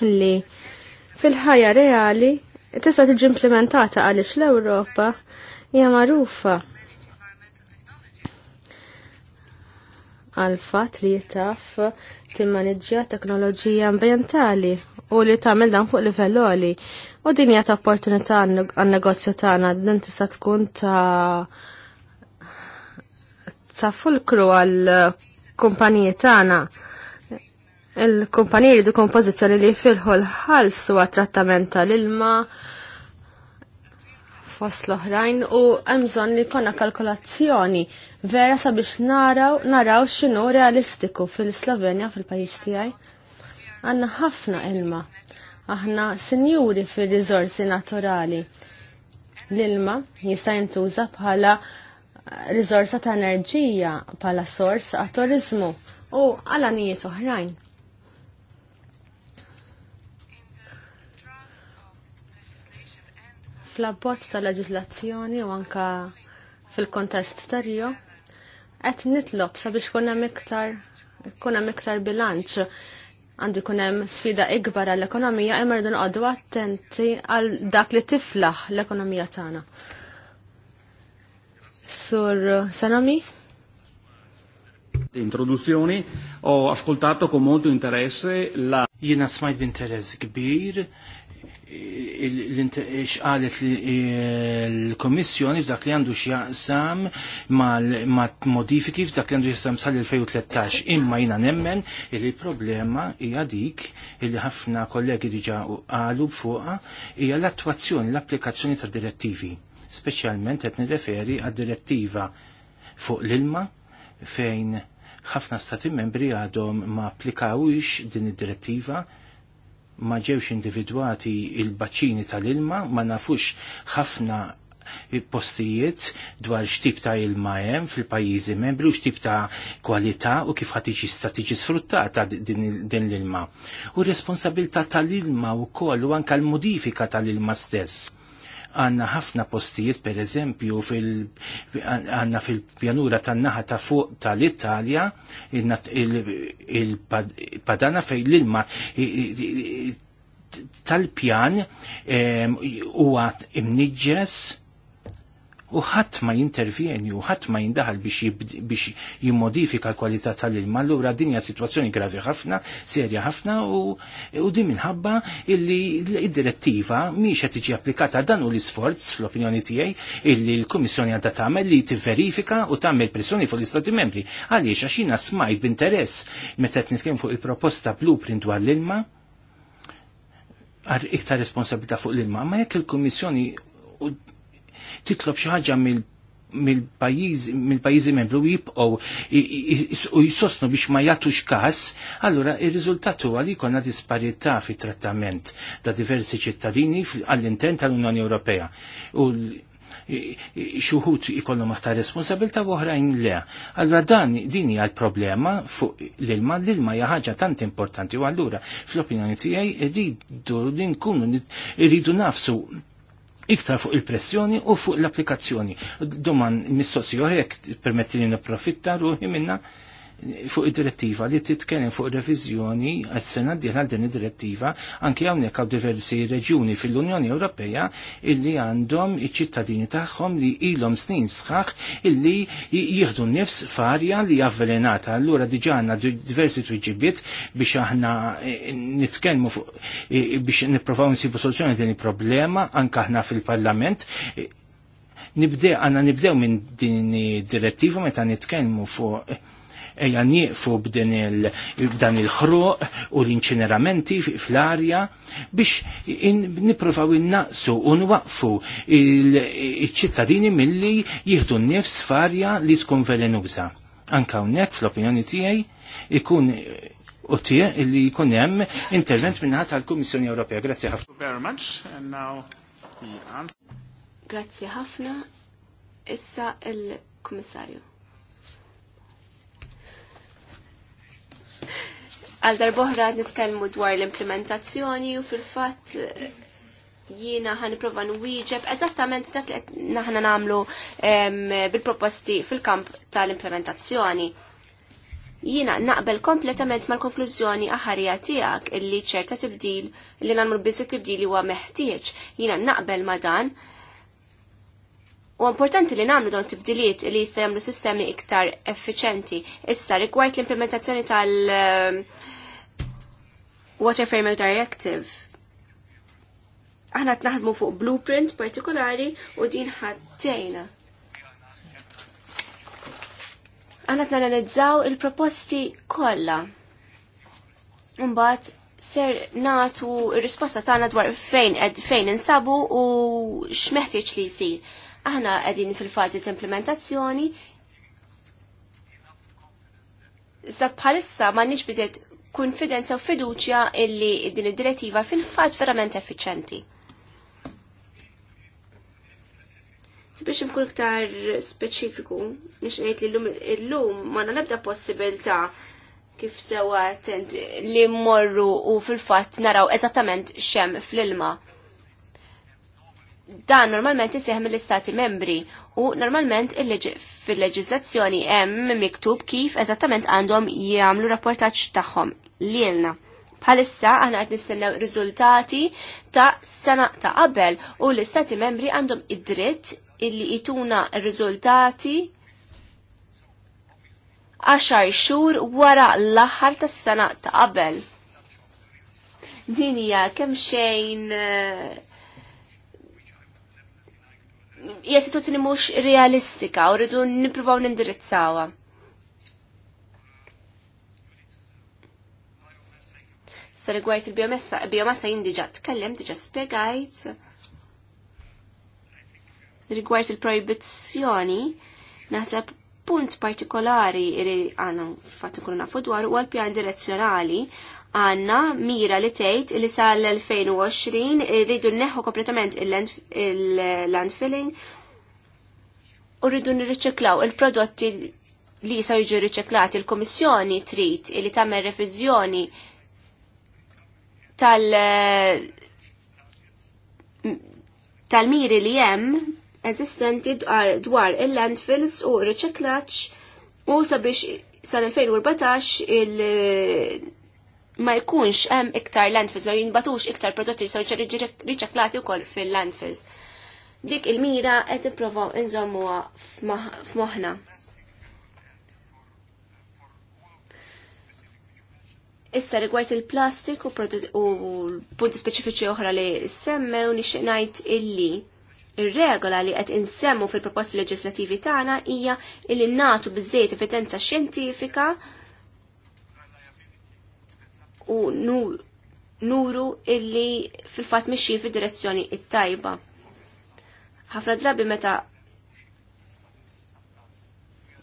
li fil-ħajja reali tista' tiġi implementata għaliex l-Ewropa hija magħrufa għal fatt li jitaf timmaneġġja teknoloġija ambjentali u li tagħmel dan fuq livell għoli. U din hija ta' opportunità għan-negozju tagħna din tista' tkun ta' ta' fulkru għal kumpaniji tagħna. Il-kumpaniji li kompożizzjoni li filħu l-ħalsu għat-trattament tal-ilma fost l-oħrajn u hemm bżonn li jkollna kalkolazzjoni vera sabiex naraw naraw x'inhu realistiku fil-Slovenja fil-pajjiż tiegħi. Għanna ħafna ilma. Aħna senjuri fil-rizorsi naturali. L-ilma jista' jintuża bħala rizorsa ta' enerġija bħala sors għat turizmu u għal anijiet oħrajn. Fl-abbozz ta' leġislazzjoni u anka fil-kontest tarjo qed nitlob sabiex kuna miktar kuna miktar bilanċ għandu jkun hemm sfida ikbar għall ekonomija imma rridu noqogħdu attenti għal dak li tiflaħ l-ekonomija tagħna. Sur Sanami? Introduzzjoni ho ascoltato con molto interesse la Jina smajt b'interess kbir xqalet l-Komissjoni f'dak li għandu x'jaqsam ma' modifiki f'dak li għandu x'jaqsam sal-2013. Imma jina nemmen li problema hija dik li ħafna kollegi diġa qalu b'fuqa hija l attuazzjoni l-applikazzjoni ta' direttivi. Speċjalment qed nirreferi għad-direttiva fuq l-ilma fejn ħafna stati membri għadhom ma applikawix din id-direttiva ma ġewx individwati il-baċċini tal-ilma, ma nafux ħafna postijiet dwar xtib ta' ilma hemm fil-pajjiżi membru, u xtib ta' kwalità u kif ħad tiġi tiġi sfruttata din l-ilma. U r tal-ilma wkoll u anke l-modifika tal-ilma stess għanna ħafna postijiet per eżempju għanna fil-pjanura tan-naħa ta' fuq tal-Italja il-padana fej l-ilma tal-pjan huwa imniġġes u ħadd ma jintervjeni u ħadd ma jindaħal biex, biex jimmodifika l-kwalità tal-ilma, allura din hija sitwazzjoni gravi ħafna, serja ħafna u, u din minħabba illi id-direttiva mhix qed tiġi applikata dan u l-isforz fl-opinjoni tiegħi illi l-Kummissjoni għadha tagħmel li tivverifika u tagħmel pressjoni fuq l-Istati Membri. Għaliex għax jiena smajt b'interess meta qed nitkellem fuq il-proposta blueprint dwar l-ilma għar iktar responsabilità fuq l-ilma, ma jekk il-Kummissjoni titlob xi ħaġa mill mill-pajizi mil membru jibqgħu u jisostnu biex ma jagħtux każ, allura r riżultat huwa li jkollna disparità fit-trattament ta' diversi ċittadini għall-intent tal-Unjoni Ewropea. U xuħut ikollu maħta responsabilta u oħrajn le. Allura dan din hija l-problema fuq l-ilma, l-ilma hija ħaġa tant importanti u allura fl-opinjoni tiegħi rridu nkunu rridu nafsu iktar fuq il-pressjoni u fuq l-applikazzjoni. Doman mistoqsi jek permetti n niprofitta ruħi minna fuq id-direttiva li titkellem fuq revizjoni għas sena d għal din id-direttiva anke hawnhekk għaw diversi reġuni fil-Unjoni Ewropea illi għandhom iċ-ċittadini tagħhom li ilhom snin sħaħ illi jieħdu nifs farja li avvelenata. Allura diġà għandna diversi twiġibiet biex aħna e, nitkellmu fuq e, e, biex nipprovaw nsibu soluzzjoni din il-problema anke aħna fil-Parlament nibdew għanna nibdew minn din direttiva meta nitkellmu fuq eja nieqfu b'dan il-ħruq u l-inċineramenti fl-arja biex niprofaw innaqsu u nwaqfu il-ċittadini milli jieħdu n-nifs f'arja li tkun velenuża. Anka hawnhekk fl-opinjoni tiegħi ikun u tie li jkun hemm intervent minnaħat tal-Kummissjoni Ewropea. Grazzi ħafna. Grazzi ħafna. Issa il-Kummissarju. Għal darboħra nitkellmu dwar l-implementazzjoni u fil-fatt eh, jiena ħan prova nwieġeb eżattament dak li naħna namlu bil-proposti fil-kamp tal-implementazzjoni. Jiena naqbel kompletament mal-konklużjoni aħarija tiegħek illi ċerta tibdil li nagħmlu bizzet tibdil huwa meħtieġ. Jiena naqbel ma' dan U importanti li namlu dawn tibdiliet li jista' jagħmlu sistemi iktar effiċenti. Issa rigward l-implementazzjoni tal um, Water Framework Directive. Aħna naħdmu fuq blueprint partikolari u din ħaddejna. Aħna t-nanalizzaw il-proposti kollha. Mbagħad ser natu r risposta tagħna dwar fejn qed fejn insabu u x'meħtieġ li jsir Aħna qegħdin fil-fażi ta' implementazzjoni. Iżda bħalissa m'għandniex bizet konfidenza u fiduċja illi din id-direttiva fil-fatt verament effiċenti. Sabiex nkun iktar speċifiku, nix ngħid li llum ma nalebda possibilità kif sewa li mmorru u fil-fatt naraw eżattament xem fl-ilma dan normalment isseħ mill-istati membri u normalment fil-leġizlazzjoni hemm miktub kif eżattament għandhom jagħmlu rapportaġġ tagħhom lilna. Bħalissa aħna qed nistennew riżultati ta' sena ta' qabel u l-istati membri għandhom id-dritt illi jituna riżultati għaxar xhur wara l-aħħar tas-sena ta' qabel. Din hija kemm xejn uh, hija situazzjoni mhux realistika u rridu nippruvaw nindirizzawha. Sa rigward il-biomassa, biomassa jien diġà tkellem, diġà spjegajt. Rigward il-proibizzjoni, naħseb punt partikolari li għanna fatt kuluna nafu dwar huwa l-pjan direzzjonali għanna mira li tgħid li sa l-2020 rridu nneħħu kompletament il-landfilling u rridu nirriċiklaw il-prodotti li jisaw jiġu riċiklati il-Komissjoni trid li tagħmel reviżjoni tal tal-miri li hemm eżistenti dwar il-landfills u riċiklaċ u sabiex sal-2014 il ma jkunx hemm iktar landfills, ma jinbatux iktar prodotti li jiġu riċaklati wkoll fil-landfills. Dik il-mira qed ipprovaw inżommuha f'moħħna. Issa rigward il-plastik u punti speċifiċi oħra li semmew nixtieq ngħid illi ir-regola li qed insemmu fil-proposti leġislativi tagħna hija li nagħtu biżejjed evidenza xjentifika u nuru illi fil-fat mixi fil direzzjoni it-tajba. ħafna drabi meta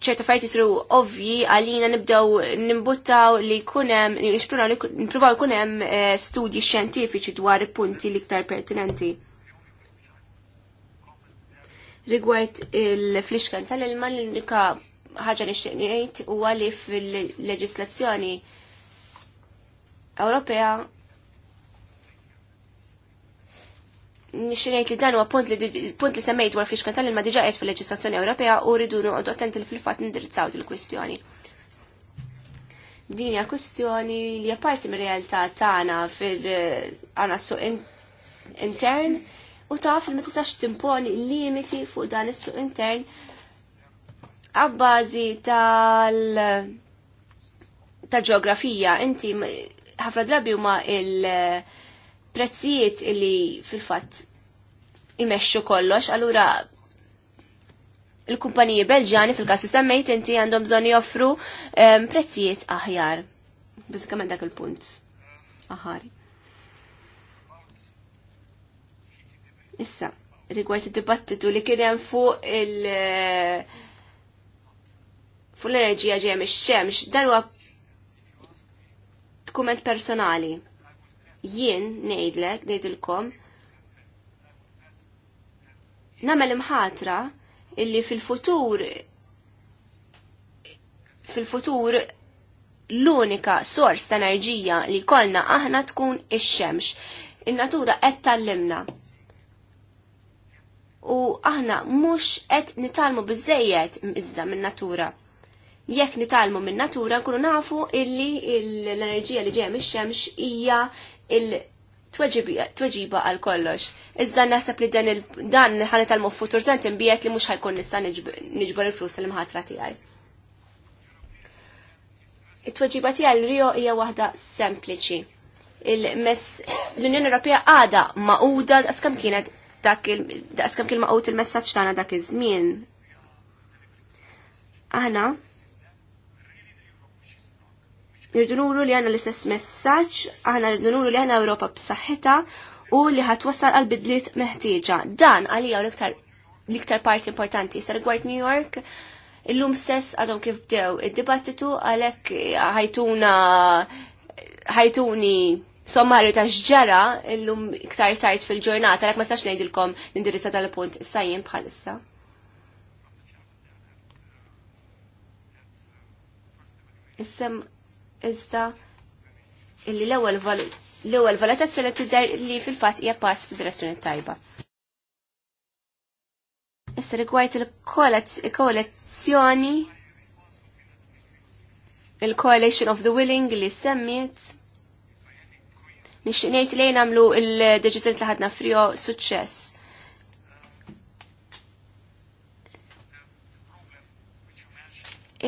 ċerta fajt jisru ovvi għalina nibdew nimbuttaw li kunem, nipruvaw kunem eh, studji xjentifiċi dwar punti ktar pertinenti. Rigward il-flixkan tal-ilma l-unika ħagġa nixtieq u huwa li fil-leġislazzjoni Ewropea nixinajt li dan huwa punt li punt li semmejt wara fiex kantal ma diġa qed fil-leġislazzjoni Ewropea u rridu noqgħodu attenti li fil-fatt nindirizzaw il kwistjoni Din hija kwistjoni li apparti mir-realtà tagħna fil-għana suq intern u taf li ma tistax timponi limiti fuq dan is-suq intern għabbażi tal ta' ġeografija inti ħafna drabi huma il-prezzijiet illi fil-fatt imexxu kollox, allura il-kumpaniji belġani fil-kas semmejt inti għandhom bżonn joffru ehm, prezzijiet aħjar. Biżikament dak il-punt aħari. Issa, rigward id-dibattitu li kien hemm fuq il- fuq l-enerġija ġejja mix-xemx, dan huwa dokument personali. Jien ngħidlek, ngħidilkom, nagħmel imħatra illi fil-futur fil-futur l-unika sors ta' enerġija li kolna aħna tkun ix-xemx. In-natura qed tallimna. U aħna mhux qed nitalmu biżejjed iżda min-natura jekk nitalmu minn natura nkunu nafu illi l-enerġija li ġejja mix-xemx hija il-tweġiba għal kollox. Iżda naħseb li dan dan ħan nitalmu futur tant imbiet li mhux ħajkun nista' niġbor il-flus li mħatra tiegħi. It-tweġiba tiegħi l-Rio hija waħda sempliċi. Il-mess l-Unjoni Ewropea għada maquda daqskam kienet daqskam kien maqut il-messaġġ tagħna dak iż-żmien aħna Nirdu nuru li għanna l-istess messaġġ, għanna nirdu nuru li għanna Ewropa b'saħħita u li ħatwassal għal bidliet meħtieġa. Dan għalija l-iktar l-iktar parti importanti sar rigward New York. Illum stess għadhom kif bdew id-dibattitu għalhekk ħajtuna ħajtuni sommarju ta' xġara illum iktar tard fil-ġurnata, għalhekk ma stax ngħidilkom l-indirizza tal-punt sajjin bħalissa. Issem iżda illi l-ewwel valutazzjoni tidher li fil-fatt hija pass fid-direzzjoni tajba. Issa rigward il-koalizzjoni il-Coalition of the Willing li semmiet nixtieq ngħid li nagħmlu il-deċiżjoni li ħadna frio suċċess.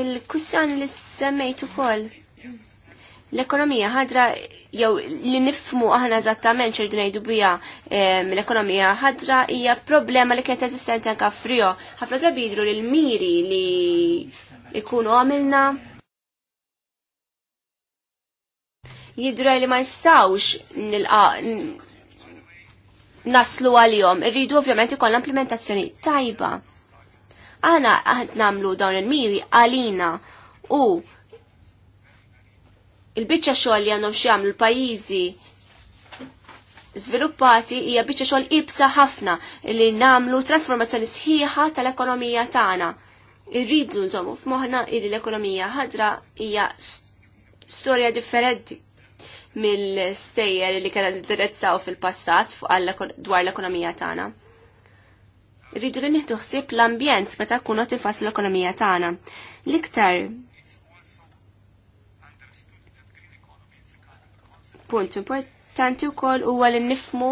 Il-kussjoni li semmejt ukoll l-ekonomija ħadra jew li nifmu aħna eżattament xirdu ngħidu biha l-ekonomija ħadra hija problema li kienet eżistenti anke frio. Ħafna drabi li l miri li jkunu għamilna Jidhru li ma nistgħux naslu għalihom. Irridu ovvjament ikollna implementazzjoni tajba. Aħna nagħmlu dawn il-miri għalina u il-biċċa xogħol li għandhom x'jagħmlu l-pajjiżi żviluppati hija biċċa xogħol ibsa ħafna li nagħmlu trasformazzjoni sħiħa tal-ekonomija tagħna. Irridu nżommu f'moħħna li l-ekonomija ħadra hija storja differenti mill-stejjer li kena direzzaw fil-passat dwar l-ekonomija tagħna. Irridu li nieħdu ħsieb l-ambjent meta kun qed l-ekonomija tagħna. L-iktar punt importanti wkoll huwa li nifmu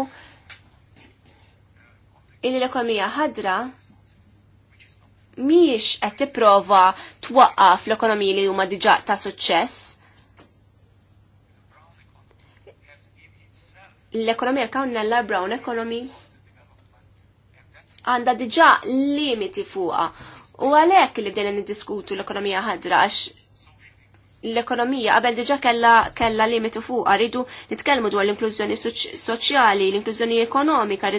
illi l-ekonomija ħadra miex qed tipprova twaqqaf l-ekonomiji li huma diġà ta' suċċess. L-ekonomija l-kawnella brown economy għandha diġà limiti fuqha u għalhekk li bdejna niddiskutu l-ekonomija ħadra għax l-ekonomija qabel diġa kella kella limitu fuq rridu nitkellmu dwar l-inklużjoni soċjali, l-inklużjoni ekonomika,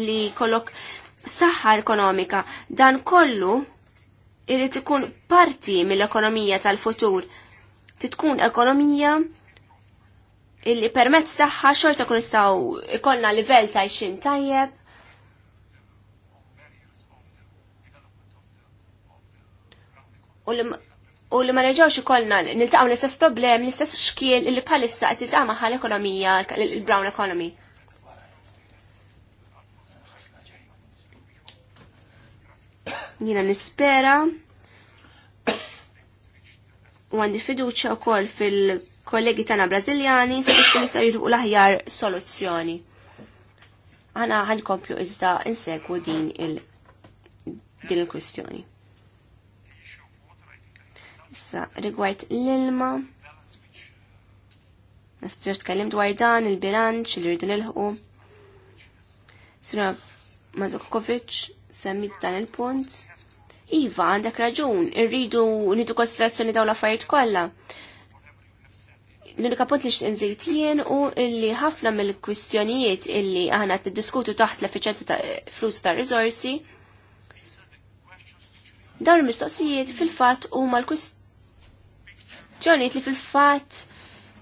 li kollok saħħa ekonomika. Dan kollu irrid ikun parti mill-ekonomija tal-futur. Titkun ekonomija illi permezz tagħha xorta kun nistgħu ikollna livell ta' xin tajjeb. U u li ma nerġawx ikollna niltaqgħu l-istess problemi, l-istess xkiel li bħalissa qed tiltaqa' maħal ekonomija il-brown economy. Jiena nispera u għandi fiduċa wkoll fil-kollegi tagħna Brażiljani se biex kun jistgħu jirħu l-aħjar soluzzjoni. Għana ħankomplu iżda insegwu din il-kwistjoni. Issa, rigward l-ilma, nasbġax tkellim dwar dan, il-bilanċ, li rridu nilħu. Sura Mazukovic, semmit dan il-punt. Iva, għandek raġun, irridu nidu konsiderazzjoni daw l-affarijiet kollha. L-unika punt li xtinżilt jien u illi ħafna mill-kwistjonijiet illi aħna tiddiskutu taħt l-effiċenza ta' flus ta' risorsi, dawn il-mistoqsijiet fil-fatt huma l-kwistjonijiet kwistjonijiet li fil-fatt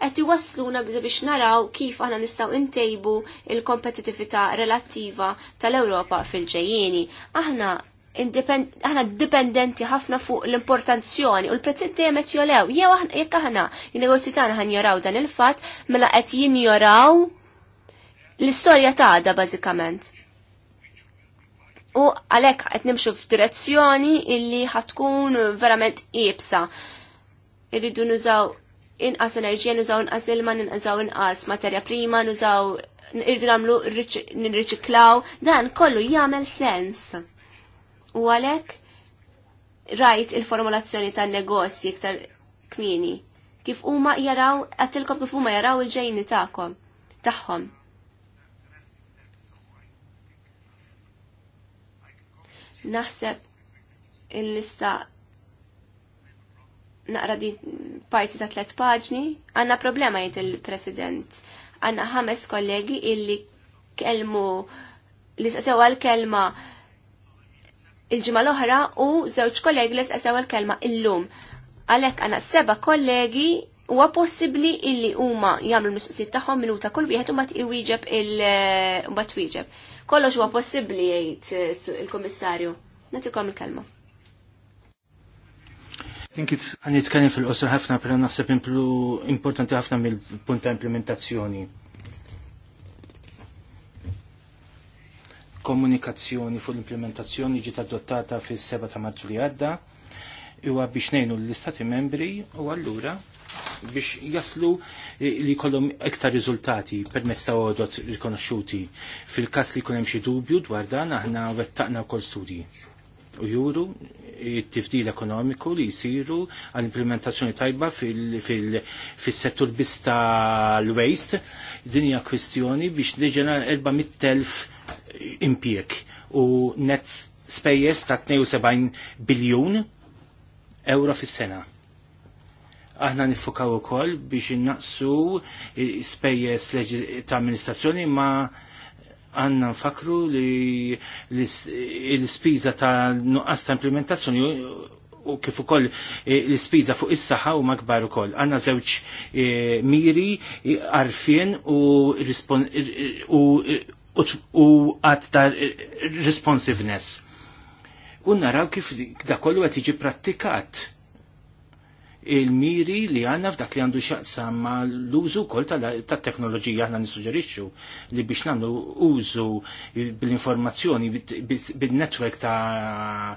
qed iwassluna biex naraw kif aħna nistgħu ntejbu il-kompetitività relattiva tal-Ewropa fil-ġejjieni. Aħna aħna dipendenti ħafna fuq l-importazzjoni u l-prezzijiet dejjem qed jolew. Jew jekk aħna in-negozji tagħna ħanjoraw dan il-fatt mela qed jinjoraw l-istorja tagħda bażikament. U għalhekk qed nimxu f'direzzjoni illi ħatkun verament iebsa irridu nużaw inqas enerġija, nużaw inqas ilma, nużaw inqas materja prima, nużaw irridu namlu nirriċiklaw, dan kollu jagħmel sens. U għalhekk rajt il-formulazzjoni tan-negozji iktar kmini. Kif huma jaraw, għattilkom kif huma jaraw il-ġejni tagħkom tagħhom. Naħseb il-lista naqra di parti ta' tlet paġni, għanna problema jgħid il-President. Għanna ħames kollegi illi kelmu li sew għal-kelma il-ġimgħa l-oħra u żewġ kollegi li sew għal-kelma illum. Għalhekk għandna seba' kollegi huwa possibbli illi huma jagħmlu l-mistoqsijiet tagħhom minuta kull wieħed u ma twieġeb il ma twieġeb. Kollox huwa possibbli jgħid eh, il-Kummissarju. Nagħtikom il-kelma think it's... Għan jitkellem fil-qosor ħafna, pero naħseb importanti ħafna mill-punt ta' implementazzjoni. Komunikazzjoni fuq l-implementazzjoni ġiet adottata fis-7 ta' Marzu li għadda u biex nejnu l-istati membri u allura biex jaslu li kollhom iktar riżultati permezz ta' għodot rikonoxxuti. Fil-każ li jkun hemm xi dubju dwar dan aħna wettaqna wkoll studji. U juru tifdil ekonomiku li jisiru għal implementazzjoni tajba fil-settur fil, bista l-waste, dinja kwistjoni biex liġena 400.000 impiek u net spejjes ta' 72 biljun euro fis-sena. Aħna nifukaw ukoll biex innaqsu spejjes ta' amministrazzjoni ma' għanna nfakru li l-spiża ta' nuqqas ta' implementazzjoni u kif ukoll eh, l-ispiża fuq is-saħħa u kbar ukoll. Għanna żewġ eh, miri eh, għarfien u għad ta' responsiveness. U naraw kif da kollu qed jiġi prattikat il-miri li għanna f'dak li għandu xaqsam ma l-użu kol ta' teknoloġija għanna nisuġerixxu li biex nagħmlu użu bil-informazzjoni, bil-network ta',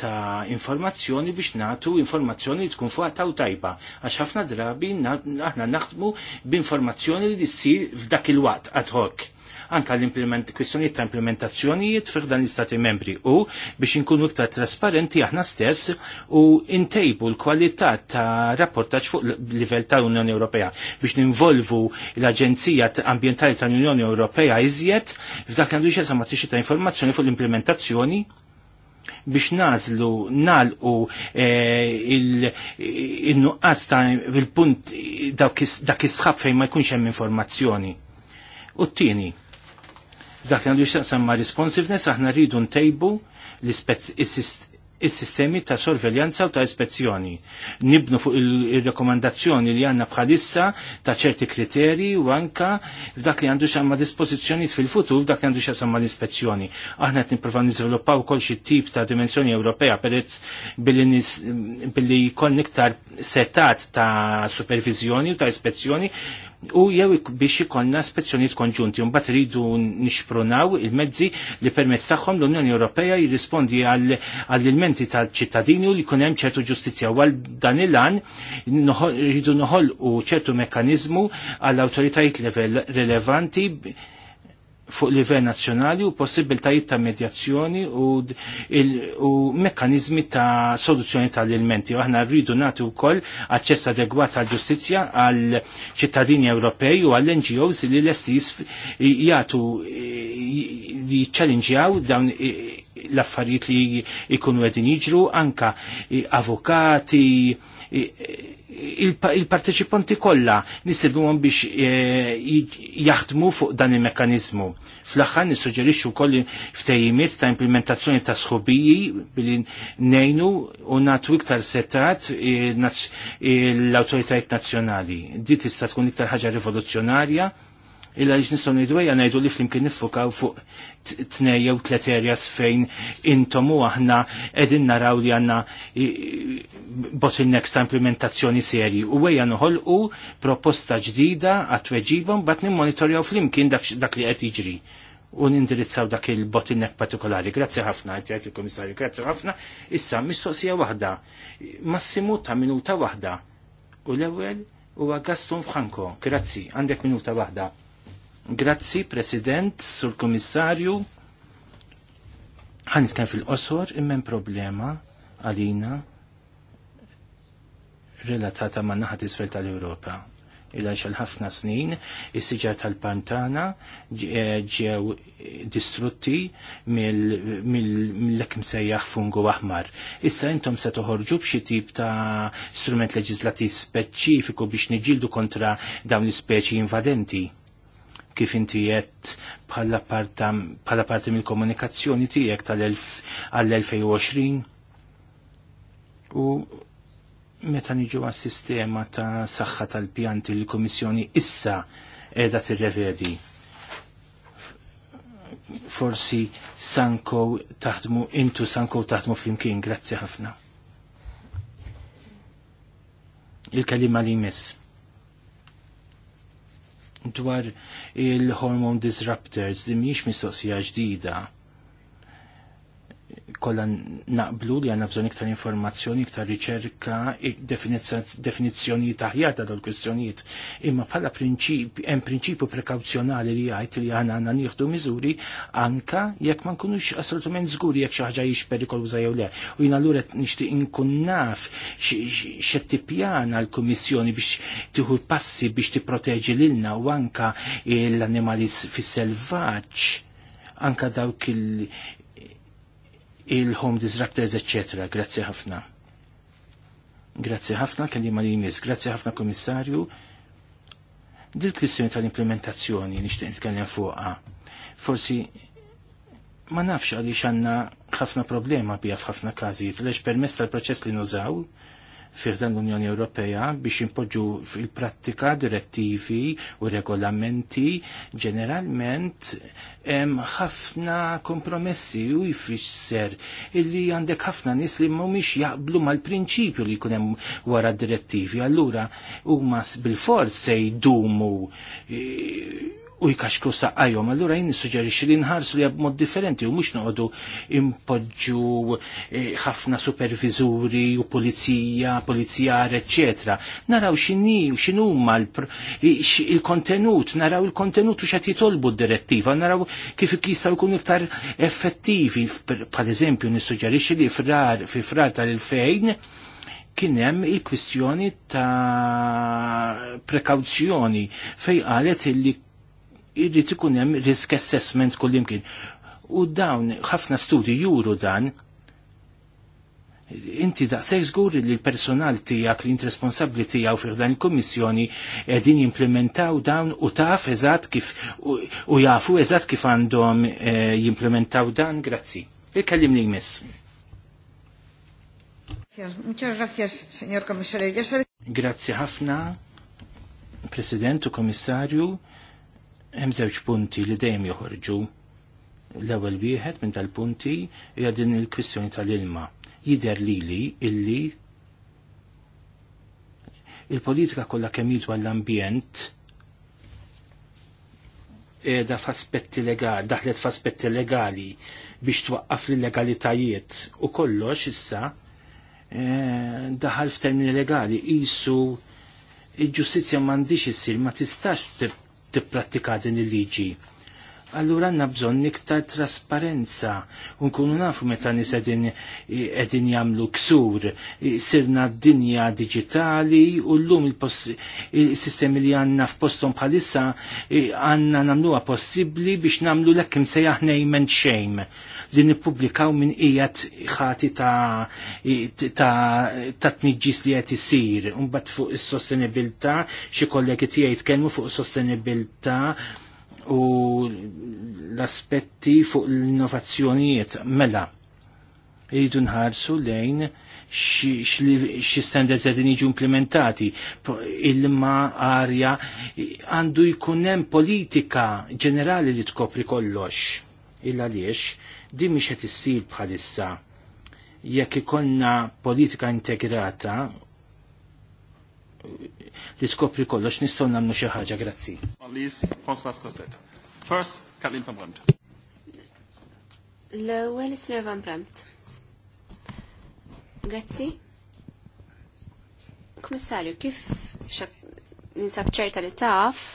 ta informazzjoni biex natu informazzjoni li tkun ta' u tajba. Għax ħafna drabi aħna naħdmu b'informazzjoni li tissir f'dak il-waqt ad hoc anka l-kwistjonijiet ta' implementazzjonijiet fir dan l-Istati membri u biex inkunu iktar trasparenti aħna stess u intejbu l-kwalità ta' rapportaġġ fuq livell tal-Unjoni Ewropea biex ninvolvu l-Aġenzija Ambientali tal-Unjoni Ewropea iżjed f'dak għandu xesa ma ta' informazzjoni fuq l-implementazzjoni biex nazlu, nalqu eh, il-nuqqas ta' il-punt dak isħab fejn ma jkunx hemm informazzjoni. U t-tieni, Dak li għandu xtaqsam ma' responsiveness aħna rridu ntejbu il-sistemi ta' sorveljanza u ta' ispezzjoni. Nibnu fuq il-rekomandazzjoni li għanna bħalissa ta' ċerti kriteri u anka f'dak li għandu xamma dispozizjoni fil-futur f'dak li għandu xamma l-ispezzjoni. Aħna qed nipprova niżviluppaw kol xi tip ta' dimensjoni Ewropea perezz billi jkollni iktar setat ta' supervizjoni u ta' ispezzjoni u jew biex ikollna spezzjonijiet konġunti u mbagħad iridu nixpronaw il-mezzi li permezz tagħhom l-Unjoni Ewropea jirrispondi għall-ilmenti tal-ċittadini u li jkun hemm ċertu ġustizzja u għal dan il-għan rridu noħolqu ċertu mekkaniżmu għall awtoritajiet level relevanti fuq livell nazzjonali u possibiltajiet ta' medjazzjoni u, u mekkanizmi ta' soluzzjoni tal-ilmenti. Aħna rridu natu wkoll aċċess adegwat għal ġustizzja għal ċittadini Ewropej u għall NGOs li l-estis jgħatu li ċallinġjaw dawn l-affarijiet li jkunu għedin jiġru anka avokati il-parteċipanti kollha għom biex eh, jaħdmu fuq dan il-mekkaniżmu. Fl-aħħar nissuġġerixxu wkoll ftejimiet ta' implementazzjoni ta' sħobiji billi ngħinu u natu iktar setat l-awtoritajiet nazzjonali. Dit tista' tkun iktar ħaġa rivoluzjonarja illa li nistaw nidu għajja najdu li flimkien nifukaw fuq t-tnej jew tlet areas fejn intom u aħna edin naraw li għanna bottlenecks ta' implementazzjoni seri u għajja nħol u proposta ġdida għat għat-weġibom bat nimmonitorjaw flimkien dak li għet jiġri u nindirizzaw dak il-bottleneck partikolari. Grazzi ħafna, għetjajt il-komissarju, grazzi ħafna. Issa, mistoqsija wahda, massimu ta' minuta wahda. U l-ewel, u għagastum franko. grazzi, għandek minuta wahda. Grazzi, President, Sur Komissarju. Ħan kan fil-qosor immen problema għalina relatata ma' naħat isfel tal-Europa. Illa xal ħafna snin, is-siġar tal-Pantana eh, ġew distrutti mill-lek msejjaħ fungu aħmar. Issa intom se toħorġu b'xi tip ta' strument leġislativ speċifiku biex niġildu kontra dawn l-speċi invadenti kif inti qed bħala parti mill-komunikazzjoni tiegħek tal-2020 u meta niġu għas-sistema ta' saħħa tal-pjanti l-Komissjoni issa qiegħda tirrevedi. Forsi sanko taħdmu intu sanko taħdmu flimkien, grazzi ħafna. Il-kalima li jmiss dwar il-hormone disruptors li mhijiex mistoqsija ġdida kollha naqblu li għandna bżonn iktar informazzjoni, iktar riċerka, definizjoni taħjar ta' dawn il-kwestjonijiet. Imma bħala prinċip, hemm prinċipju prekauzjonali li jgħid li għanna għandna nieħdu miżuri anka jekk ma nkunux assolutament zguri jekk xaħġa jiex perikoluza perikoluża jew le. U jiena allura nixtieq inkun naf x'qed l-Kummissjoni biex tieħu passi biex l lilna u anka l-annimali fis-selvaġġ anka dawk il il-home disruptors, etc. Grazzi ħafna. Grazzi ħafna, ma li jmiss. Grazzi ħafna, komissarju. Dil-kwistjoni tal-implementazzjoni nixtieq nitkellem fuqha. Forsi ma nafx għaliex għandna ħafna problema bija f'ħafna każijiet lex permess tal-proċess li nużaw fiħdan l-Unjoni Ewropea biex impoġġu fil-prattika direttivi u regolamenti ġeneralment hemm ħafna kompromessi u jfisser illi għandek ħafna nies li mhumiex jaqblu mal-prinċipju li jkun hemm wara direttivi. Allura huma bil-fors se jdumu eh, u jkaxklu saqqajom, Allura jien nissuġġerixxi li nħarsu li b'mod differenti u mhux noqogħdu impoġġu eh, ħafna superviżuri u pulizija, pulizjar, ecc. Naraw xinni u x'inhuma il-kontenut, naraw il-kontenut u x'qed jitolbu d-direttiva, naraw kif jistgħu kun iktar effettivi. Pereżempju nissuġġerixxi li frar fi frar tal fejn kien hemm il-kwistjoni ta' prekawzjoni fej qalet illi irrid ikun hemm risk assessment kullimkien. U dawn ħafna studji juru dan inti daqseg żgur li l-personal tiegħek li int responsabli tiegħu fih dan il-kummissjoni qegħdin jimplementaw dawn u taf eżatt kif u jafu eżatt kif għandhom eh, jimplementaw dan, grazzi. Il-kellim li jmiss. Grazzi ħafna, President u Komissarju Hemm żewġ punti li dejjem joħorġu. L-ewwel wieħed minn tal-punti hija din il-kwistjoni tal-ilma. Jidher lili illi il-politika kollha kemm jitwa l-ambjent edha f'aspetti legali, daħlet f'aspetti legali biex twaqqaf l-legalitajiet u kollox issa e, daħal f'termini legali qisu il-ġustizja mandiċ issir ma tistax tipprattika din il-liġi allura għanna bżon niktar trasparenza Unkunu nkunu nafu meta nis edin jamlu ksur sirna d-dinja digitali u l-lum il-sistemi li għanna f'postom bħalissa għanna namluwa possibli biex namlu l-ekkim sejjaħ name and shame li nipublikaw minn ijat ħati ta' ta' tniġġis li għet jisir un bat fuq il-sostenibilta xie kollegi tijaj jitkelmu fuq il-sostenibilta u l-aspetti fuq l-innovazzjonijiet mela rridu nħarsu lejn xi standards qegħdin jiġu implementati. Ilma arja għandu jkun hemm politika ġenerali li tkopri kollox. Illa għaliex din mhix qed issir bħalissa. Jekk ikollna politika integrata li tkopri kollox nistgħu nagħmlu xi ħaġa, grazzi. First, Karin van Brandt. L-ewwel is Van Brandt. Grazzi. Kummissarju, kif ninsab ċerta li taf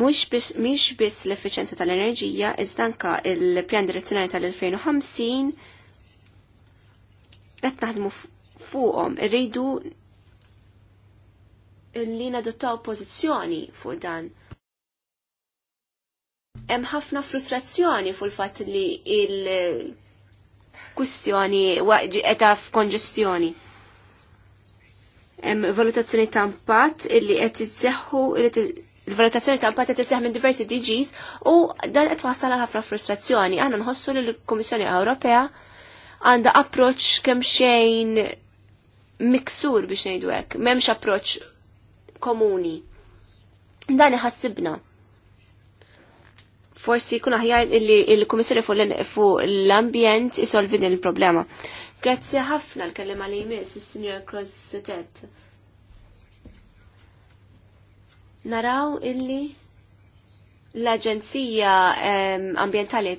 mhux biss l-effiċenza tal-enerġija iżda anke l pjan direzzjonali tal-2050 qed naħdmu fuqhom irridu li nadottaw pozizjoni fuq dan. Hemm ħafna frustrazzjoni fuq il-fatt li il-kwistjoni qed f'konġestjoni. Hemm valutazzjoni ta' impatt illi qed itseħħu il-valutazzjoni ta' impatt qed isseħħ minn diversi DGs u dan qed wasal għal ħafna frustrazzjoni. Aħna nħossu li l-Kummissjoni Ewropea għandha approċċ kemm xejn miksur biex ngħidu hekk, m'hemmx approċċ komuni. Dan iħassibna. Forsi kun aħjar li il komissarju fuq l-ambjent isolvi din il-problema. Grazzi ħafna l kellima li jmiss il-Sinjor Krozzetet. Naraw illi l-Aġenzija Ambientali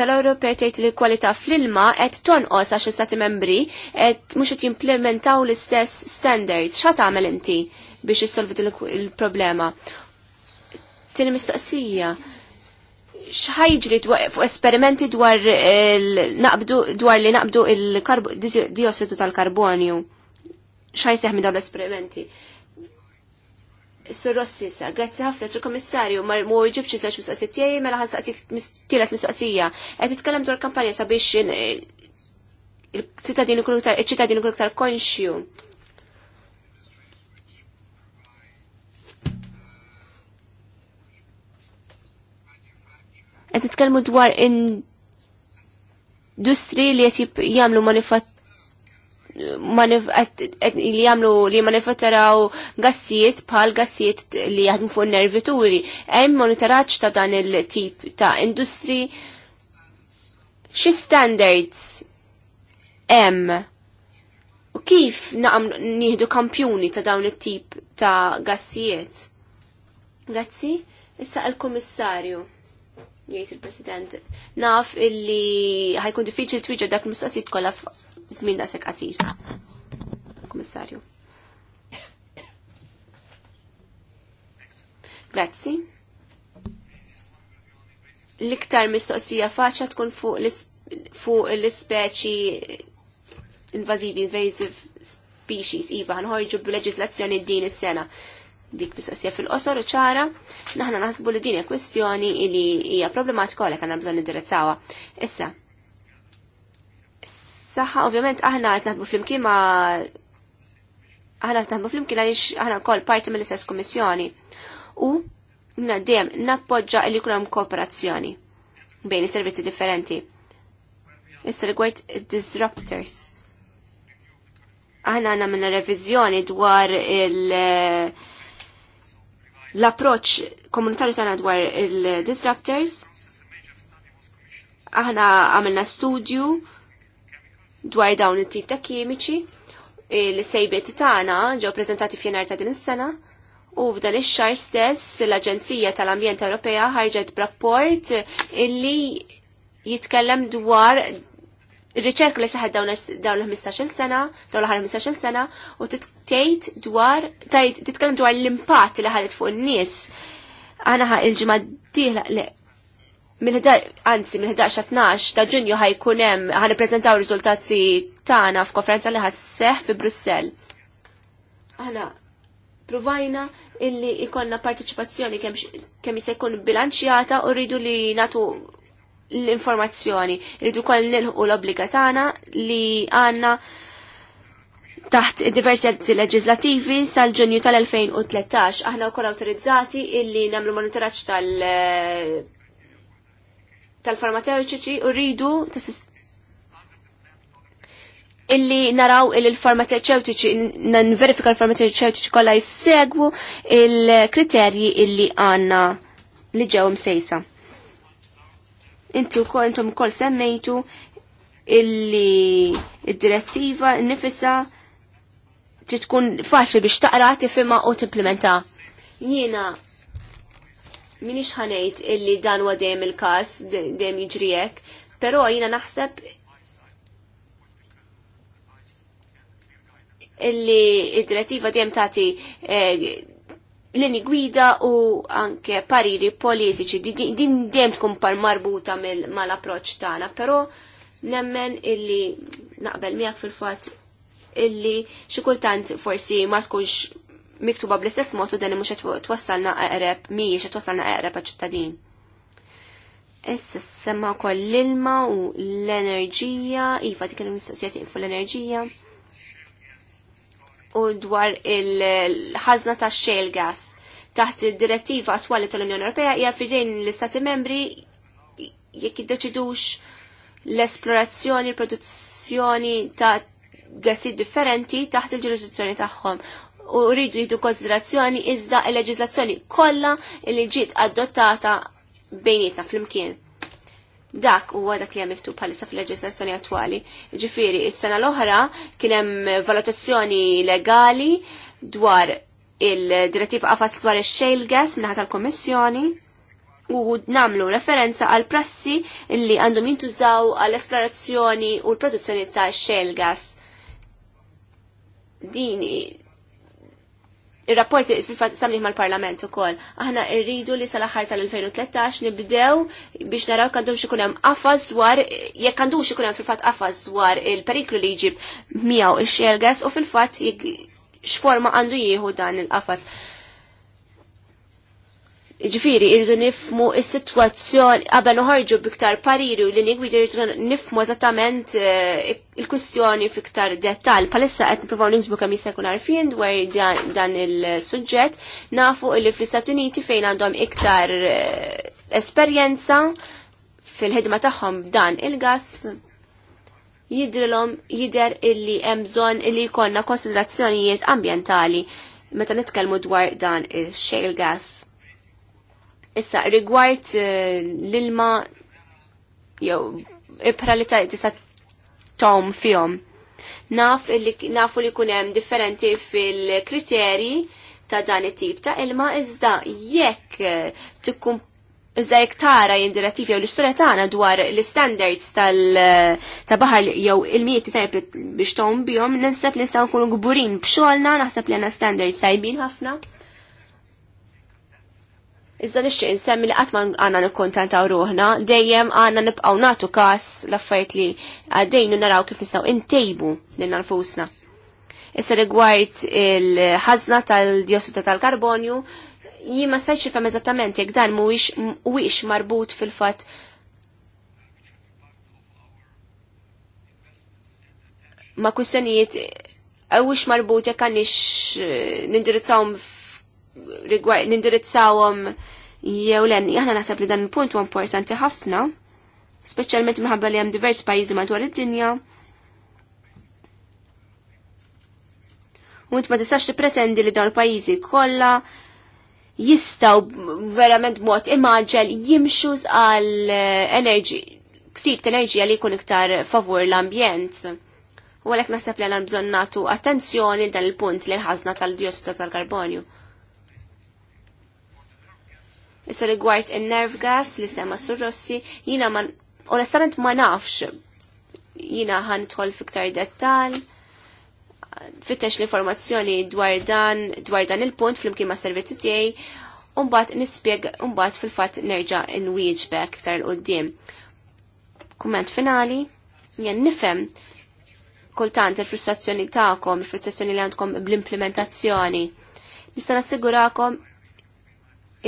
tal-Ewropej tgħid li l-kwalità fl-ilma qed tonqos għax istati membri qed mhux qed jimplementaw l-istess standards. Xa tagħmel inti biex issolvi il-problema? Tieni mistoqsija xħajġri fuq esperimenti dwar naqbdu dwar li naqbdu il-diossidu tal-karbonju. Xħaj minn dawn l-esperimenti. Rossi, sa, grazie ħafna, sur komissarju, ma mu ġibċi mis mistoqsijiet tiegħi mela ħan saqsik tielet mistoqsija. Qed tkellem dwar kampanja sabiex il-ċittadini kull ktar iċ-ċittadini kull iktar konxju. Qed titkellmu dwar industri li qed jagħmlu manifatt li jagħmlu li manifatturaw gassijiet bħal gassijiet li jaħdmu fuq nervituri. Hemm monitoraġġ ta' dan il-tip ta' industri. Xi standards hemm u kif naqam nieħdu kampjuni ta' dawn it-tip ta' gassijiet? Grazzi, issa l-Kummissarju jgħid il-President, naf illi ħajkun diffiċil twiġġa dak mistoqsijiet kollha żmien daqshekk qasir. Komissarju. Grazzi. L-iktar mistoqsija faċa tkun fuq l-ispeċi invażivi, invasive species, iva, b-leġizlazzjoni d din is-sena dik mistoqsija fil-qosor u ċara, naħna naħsbu li din hija kwestjoni li hija problematika għanna bżon bżonn indirizzawa. Issa, Saħħa, ovvjament, aħna qed naħdmu flimkien ma' aħna qed naħdmu flimkien għaliex aħna wkoll parti mill-istess kommissjoni. U dejjem nappoġġa li jkun hemm kooperazzjoni bejn is-servizzi differenti. Issa rigward disruptors. Aħna għandna minna reviżjoni dwar il- l-approċ komunitarju tagħna dwar il-disruptors. Aħna għamilna studju dwar dawn it-tip ta' kimiċi eh, li sejbiet tagħna ġew preżentati f'jenar ta' din is-sena u f'dan ix-xahar stess l-Aġenzija tal-Ambjent Ewropea ħarġet b'rapport illi jitkellem dwar ir-riċerk li saħet dawn l-15 sena, dawn l-15 sena u tgħid dwar titkellem dwar l-impatt li ħadet fuq in-nies. Aħna il-ġimgħa anzi mill-11 12 ta' ġunju ħajkun hemm ħanippreżentaw riżultati tagħna f'konferenza li ħasseħ fi Brussell. Aħna provajna illi ikonna partiċipazzjoni kemm se jkun bilanċjata u rridu li natu l-informazzjoni, rridu kol nilħu l-obbliga tagħna li għandna taħt diversi azzi leġislativi sal-ġunju tal-2013. Aħna wkoll awtorizzati illi nagħmlu monitoraġġ tal- tal-farmaceutiċi u rridu illi naraw il-farmaceutiċi, n-verifika l-farmaceutiċi kolla jissegwu il-kriterji illi għanna li ġew msejsa. Intu kol intom kol semmejtu illi id-direttiva nifisa trid tkun faċli biex taqra tifhimha u timplementa. Jiena minix ħanejt illi dan wa dejjem il-każ, dejjem iġrijek, pero però naħseb illi id-direttiva dejjem tagħti eh, l-ini gwida u anke pariri politiċi din dejjem tkun par marbuta mal-approċċ tagħna, però nemmen illi naqbel miegħek fil-fatt illi xi kultant forsi ma tkunx miktuba bl-istess mod u dan mhux qed twassalna eqreb mhijiex qed twassalna eqreb għaċ-ċittadin. Issa semma wkoll l-ilma u l-enerġija, iva dik il mistoqsijiet fuq l-enerġija. U dwar il-ħażna ta' shale gas taħt id-direttiva attwali tal-Unjoni Ewropea hija fidejn l-Istati membri jekk jiddeċidux l-esplorazzjoni, l-produzzjoni ta' gassi differenti taħt il-ġurisdizzjoni tagħhom u rridu jitu konsiderazzjoni iżda il-leġizlazzjoni kollha li ġiet adottata bejnietna fl-imkien. Dak huwa dak li hemm miktub bħalissa fil-leġislazzjoni attwali. Ġifiri, is-sena l-oħra kien hemm valutazzjoni legali dwar il-direttiva qafas dwar ix shale gas minħata tal-Kommissjoni u namlu referenza għal prassi li għandhom jintużaw għall esplorazzjoni u l-produzzjoni ta' shale gas. Din il-rapporti fil-fat samliħ mal-parlament ukoll. Aħna rridu li sal axar sal 2013 nibdew biex naraw kandum xikunem għafaz dwar, jekk kandum xikunem fil-fat għafaz dwar il-periklu li jġib miegħu ix-xelgas u fil-fat x'forma għandu jieħu dan il-qafas ġifiri, irridu nifmu il-situazzjoni, għabba noħorġu biktar pariru li l irridu nifmu eżattament eh, il-kustjoni fiktar dettal. Palissa għet niprofaw nizbu kam jisekun għarfin dwar dan il-sujġet, nafu illi fl-Istati Uniti fejn għandhom iktar eh, esperjenza fil-ħidma tagħhom b'dan il-gas jidrilom jider illi hemm bżonn illi jkollna konsiderazzjonijiet ambjentali meta nitkellmu dwar dan il-shale gas Issa, rigward eh, l-ilma jew ibra li tista' tom fihom. Naf li nafu li kunem differenti fil-kriterji ta' dan it-tip ta' ilma iżda jekk eh, tukum iżda jekk tara jindirattiv jew l-istorja tagħna dwar l-standards tal eh, ta' baħar jew il-mijiet li tajb biex tom bihom ninsab nistgħu nkunu gburin b'xogħolna naħseb li għandna standards tajbin ħafna. Iżda nixtieq insemmi li qatt ma għandna nikkuntentaw ruħna, dejjem għandna nibqgħu nagħtu każ l-affarijiet li għaddejn naraw kif nistgħu intejbu lil nfusna. Issa rigward il-ħażna tal-diossidu tal-karbonju, jien ma stajtx ifhem eżattament jekk dan mhuwiex marbut fil-fatt ma' kwistjonijiet għawix marbut jekk għandix eh, nindirizzawhom Rigward nindirizzawhom jew len aħna naħseb li dan il-punt huwa importanti ħafna, speċjalment minħabba li hemm diversi pajjiżi madwar id-dinja. U ma tistax tippretendi li dawn il-pajjiżi kollha jistaw verament mod imaġel jimxu għal eh, enerġi, ksib enerġija li jkun iktar favur l-ambjent. U għalek nasab li għan bżon natu attenzjoni dan il-punt li l-ħazna tal-diossita tal-karbonju. tal diossita tal karbonju tal tal karbonju Issa rigward in-nerve gas li sema rossi, jina man, onestament ma nafx, jina għan tħol fiktar dettal, fittex l-informazzjoni dwar dan, dwar dan il-punt fl-imkien ma' servizzi tiegħi, Umbat nispieg, umbat fil-fat nerġa n-wieġbek tar l-qoddim. Komment finali, jen nifem kultant il-frustrazzjoni ta'kom, il-frustrazzjoni li għandkom bl-implementazzjoni. Nista nassigurakom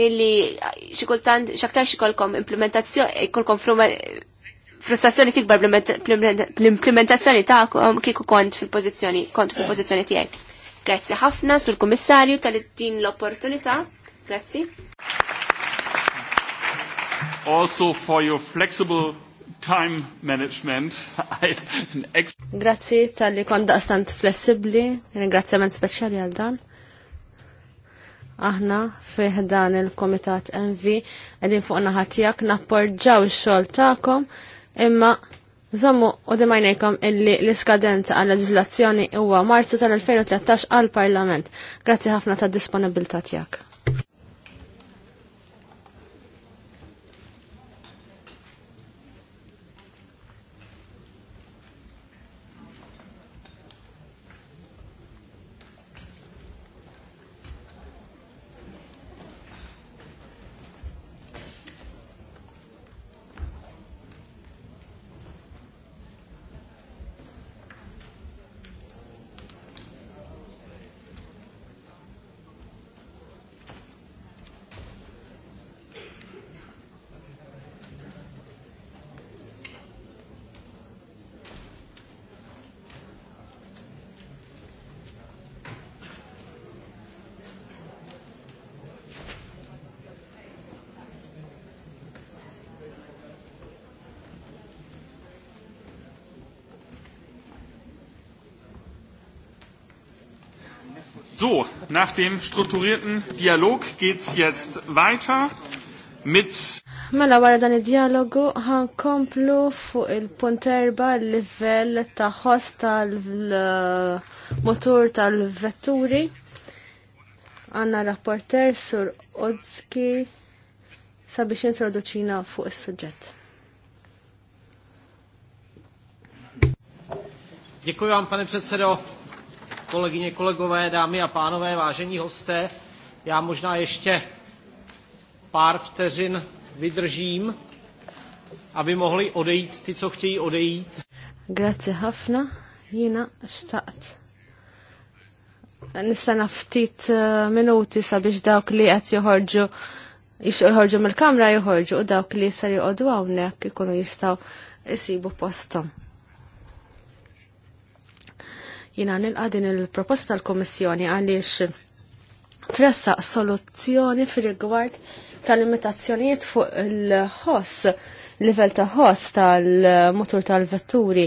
illi xikultant xaktar xikolkom implementazzjoni, kolkom frustrazzjoni tikbar bl-implementazzjoni ta'kom kiku kont fil-pozizjoni, kont fil-pozizjoni tijek. Grazzi ħafna sur komissarju tal-din l-opportunità. Grazzi. Also for your flexible time management. [LAUGHS] Grazzi tal-li kont daqstant flessibli, ringrazzjament speċjali għal dan aħna fih dan il-Komitat MV għedin fuq ħatijak napporġaw il-xol ta'kom imma Zommu u dimajnejkom illi l-iskadenza għal leġislazzjoni huwa marzu tal-2013 għal parlament. Grazzi ħafna ta' disponibilta tijak. So, nach dem strukturierten Dialog geht's jetzt weiter mit Mela wara dan id-dialogu ħankomplu fuq il-punt erba l-livell ta' ħoss tal-motur tal-vetturi. Għanna rapporter sur Odzki sabiex introduċina fuq il-sujġet. Dziękuję Panie Przedsedo kolegyně, kolegové, dámy a pánové, vážení hosté. Já možná ještě pár vteřin vydržím, aby mohli odejít ty, co chtějí odejít. Grazie hafna, jina štát. Nista naftit eh, minuti sabiex dawk li qed joħorġu jħorġu mill-kamra joħorġu u dawk li sar joqogħdu hawnhekk ikunu jistgħu isibu postom. Jina nilqa din il-proposta tal-Komissjoni għaliex tressa soluzzjoni fil-rigward tal-limitazzjonijiet fuq il-ħoss, livell ta' ħoss tal-motur tal-vetturi.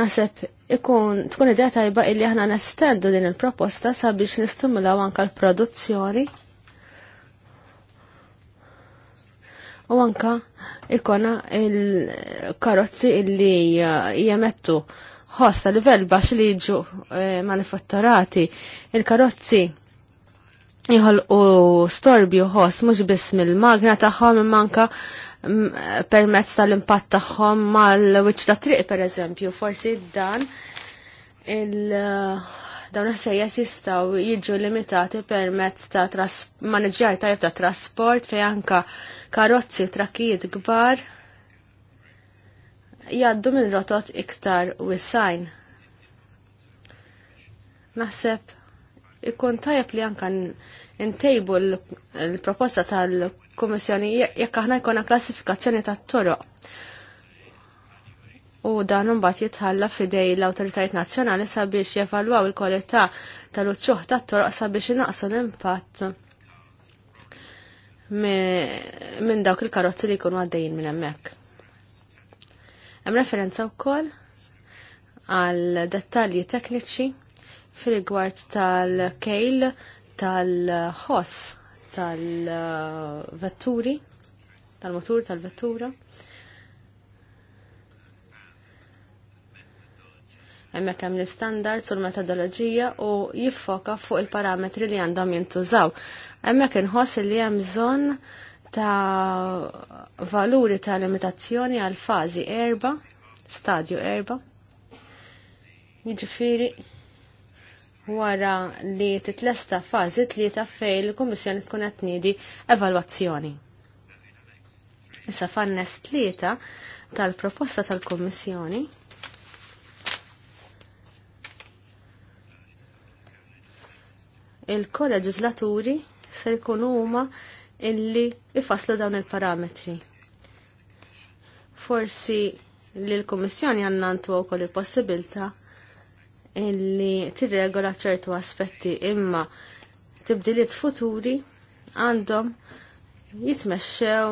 Naseb ikun tkun idea tajba illi aħna nestendu din il-proposta sabiex nistimulaw anka l-produzzjoni u anka ikona il-karozzi illi jemettu Ħosta livell bax li jiġu eh, manifatturati il-karozzi jħol u storbi ħos mux biss mill-magna taħħom manka mm, permezz tal-impatt taħħom mal-wiċ ta' triq per eżempju forsi dan il dawn ħsejjes sistaw jiġu limitati permezz ta' maneġġjar tajb ta' trasport fejanka anka karozzi u trakkijiet kbar jaddu minn rotot iktar wissajn. Naħseb ikun tajab li jankan intejbu l-proposta tal-Komissjoni jekk aħna jkollna klassifikazzjoni ta' toroq U dan imbagħad jitħalla fidej l-awtoritajiet nazzjonali sabiex jevalwaw il-kwalità tal-uċċuħ tat-toroq sabiex inaqsu l-impatt minn dawk il-karozzi li jkunu għaddejjin minn hemmhekk. Hemm referenza wkoll għal dettalji tekniċi fil-rigward tal-kejl tal-ħoss tal-vetturi, tal-motur tal-vettura. Hemmhekk hemm l-istandards u l-metodoloġija u jiffoka fuq il-parametri li għandhom jintużaw. Hemmhekk inħoss li hemm bżonn ta' valuri ta' limitazzjoni għal fazi erba, stadju erba. Jiġifieri wara li titlesta fażi tlieta fejn il-Kummissjoni tkun qed tniedi evalwazzjoni. Issa fannes tlieta tal-proposta tal-Kummissjoni il-koleġislaturi se jkunu huma illi ifaslu dawn il-parametri. Forsi li l-Komissjoni għanna għantu wkoll il-possibilta illi tirregola ċertu aspetti imma tibdiliet futuri għandhom jitmexxew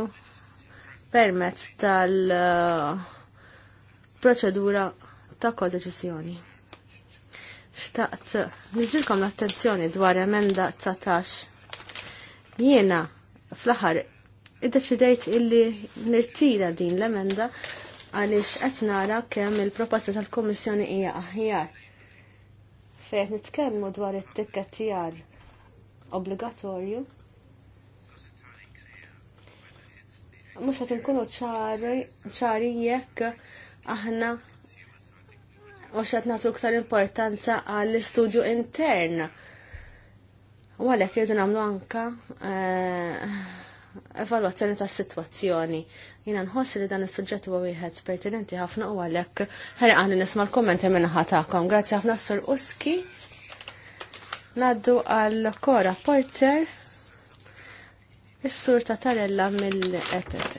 permezz tal-proċedura ta' kol deċiżjoni. Xtaqt, nġdilkom l-attenzjoni dwar emenda 19. Jiena fl-aħħar iddeċidejt illi nirtira din l-emenda għaliex qed nara kemm il-proposta tal-Kummissjoni hija aħjar. Fejn nitkellmu dwar it-tikkettijar obbligatorju. Mhux qed inkunu ċari jekk aħna mhux qed nagħtu iktar importanza għall-istudju intern U għalhekk jirdu nagħmlu anka eh, evalwazzjoni tas-sitwazzjoni. Jiena nħossi li dan is sujġet huwa wieħed pertinenti ħafna u għalhekk għan nisma' l-kummenti minnaħa tagħkom. Grazzi ħafna Sur Uski. Naddu għal Kora Porter is-sur Tatarella mill-EPP.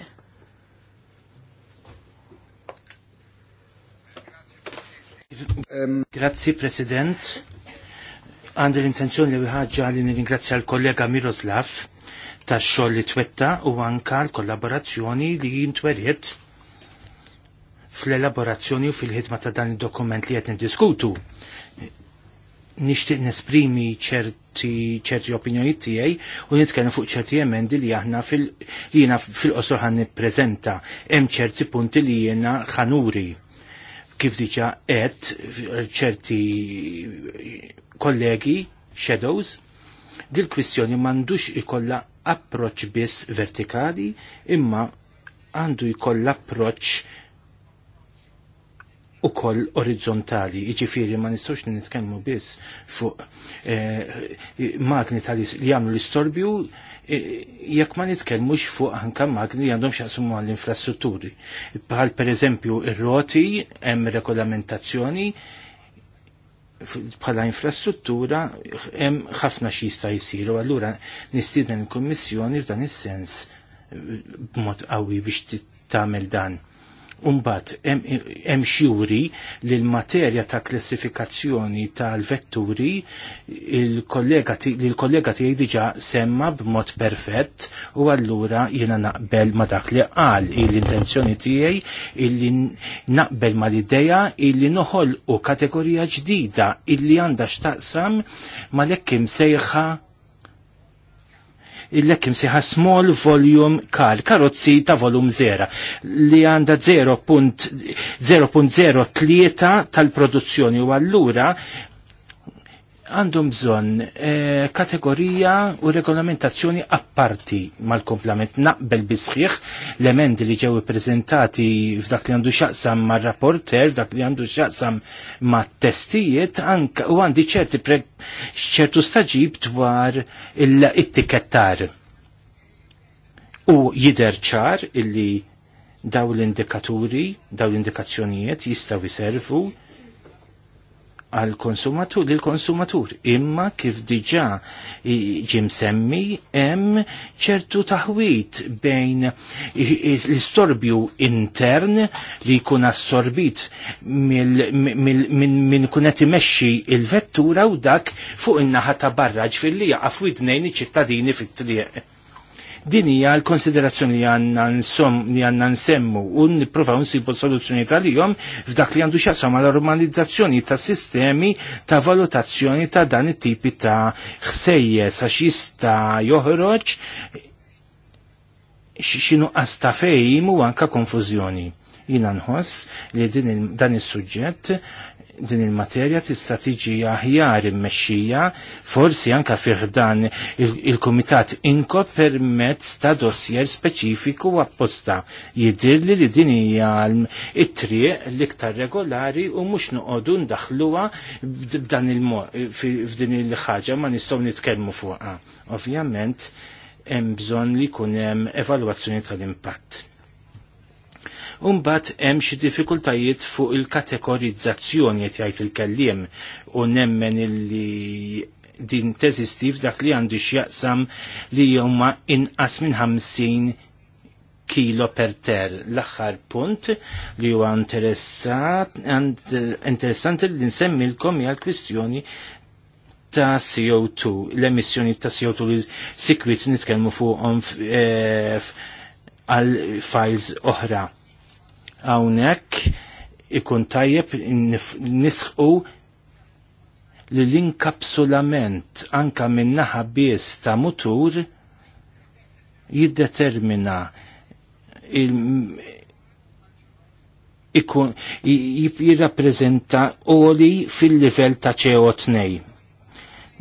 Grazzi President għandi l-intenzjoni li ħagġa li nirringrazzja l-kollega Miroslav tax xoll li twetta u anka l-kollaborazzjoni li jintwerjet fl-elaborazzjoni u fil-ħidma ta' dan il-dokument li qed niddiskutu. Nixtieq nesprimi ċerti ċerti opinjoni tiegħi u nitkellem fuq ċerti emendi li aħna fil li jiena fil-qosor ħan nippreżenta hemm ċerti punti li jiena ħanuri kif diġa qed ċerti kollegi, shadows, dil-kwistjoni mandux ikolla approċ biss vertikali imma għandu jkoll approċ u koll orizzontali, iġifiri ma nistawx nitkellmu biss fuq eh, magni li għamlu l-istorbju eh, jekk ma nitkellmux fuq anka magni li għandhom xaqsumu għall-infrastrutturi. Bħal per eżempju ir-roti hemm regolamentazzjoni bħala infrastruttura hemm ħafna xi jista' jsiru, allura nistieden il-Kummissjoni f'dan is-sens b'mod qawwi biex tagħmel dan. Umbat, hemm xjuri li l-materja ta' klassifikazzjoni tal-vetturi l kollega tiegħi diġà semma b'mod perfett u allura jiena naqbel ma' dak li qal l-intenzjoni tiegħi illi naqbel ma' l-idea illi noħol u kategorija ġdida illi għandha x'taqsam ma' lekk imsejħa il-lekkim siħa small volume car, karozzi ta' volum 0, li għanda 0.03 tal-produzzjoni u allura għandhom bżonn eh, kategorija u regolamentazzjoni apparti mal komplament naqbel bisħiħ l-emendi li ġew prezentati f'dak li għandu xaqsam ma' rapporter, f'dak li għandu xaqsam ma' testijiet, anka u għandi ċerti ċertu staġib dwar il-ittikettar. U jider ċar illi daw l-indikaturi, daw l-indikazzjonijiet jistaw jiservu għal konsumatur lil konsumatur imma kif diġà ġim semmi hemm ċertu taħwit bejn l-istorbju intern li jkun assorbit minn kun qed imexxi il-vettura u dak fuq in-naħa ta' barraġ fil-li jaqaf widnejn iċ-ċittadini fit-triq Din hija l-konsiderazzjoni li għandna nsom li għandna nsemmu u nippruvaw nsibu soluzzjoni tal-jom f'dak li għandu x'jaqsam għal normalizzazzjoni ta' sistemi ta' valutazzjoni ta' dan it-tipi ta' ħsejje għax jista' joħroġ xinu qasta fejm u anka konfużjoni. Jina nħoss li din dan is-suġġett din il-materja tista' tiġi aħjar immexxija forsi anka fih dan il-kumitat il inkop permezz ta' dossier speċifiku apposta jidirli li din hija it-triq l-iktar regolari u mhux noqogħdu ndaħluha b'dan il-mod f'din il-ħaġa ma nistgħu nitkellmu fuqha. Ovvjament hemm bżonn li jkun hemm evalwazzjoni tal-impatt Umbat hemm xi diffikultajiet fuq il-kategorizzazzjoni qed jgħid il-kelliem u nemmen illi din teżisti f'dak li għandu x'jaqsam li huma inqas minn 50 kilo per ter. l aħħar punt li huwa interessanti li nsemmilkom hija l-kwistjoni ta' CO2, l-emissjoni ta' CO2 li sikwit nitkellmu fuqhom eh, għal files oħra hawnhekk ikun tajjeb nisħu li l-inkapsulament anka minnaħa bies ta' mutur jiddetermina ikun jirrappreżenta oli fil-livell ta' CO2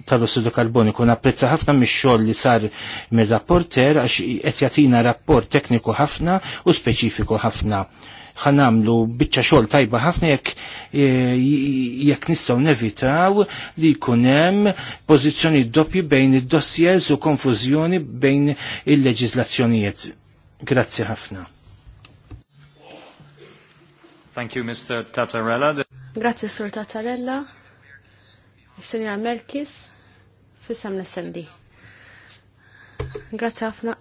tal-ossidu karboniku. Napprezza ħafna mix-xogħol li sar mir-rapporter għax qed jagħtina rapport tekniku ħafna u speċifiku ħafna ħanamlu biċċa xogħol tajba ħafna jekk eh, jekk nistgħu nevitaw li jkun hemm pożizzjoni doppji bejn id-dossiers u konfużjoni bejn il-leġiżlazzjonijiet. Grazzi ħafna. Thank you, Mr. Tattarella. Grazie, Sur Tattarella. Signora Merkis, fissam l-SND. Grazie ħafna.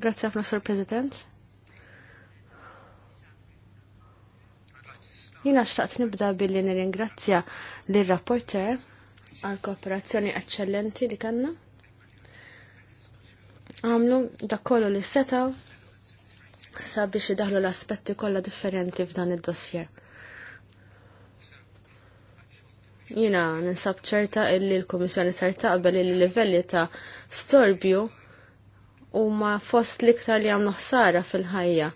Grazie ħafna, Sur President. Jina xtaqt nibda billi nir-ingrazzja l-rapporter għal kooperazzjoni eccellenti li kanna. Għamlu dakollu kollu li setaw sabiex idaħlu l-aspetti kollha differenti f'dan id-dossier. Jina ninsab ċerta illi l-Komissjoni sar taqbel li livelli ta' storbju u ma fost liktar li għamlu ħsara fil-ħajja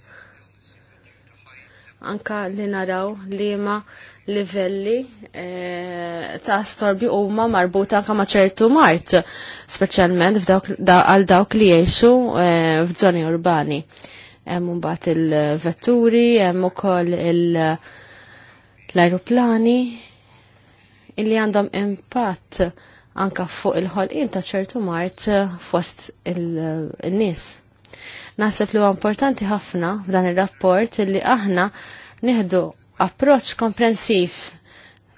anka li naraw li ma livelli eh, ta' storbi huma marbuta anka ma' ċertu mart, speċjalment għal dawk li jgħixu eh, f'żoni urbani. Hemm mbagħad il-vetturi, hemm ukoll l-ajruplani il illi għandhom impatt anka fuq il-ħolqien ta' ċertu mart eh, fost il-nies. il, nies Naħseb li huwa importanti ħafna f'dan ir-rapport li aħna nieħdu approċċ komprensiv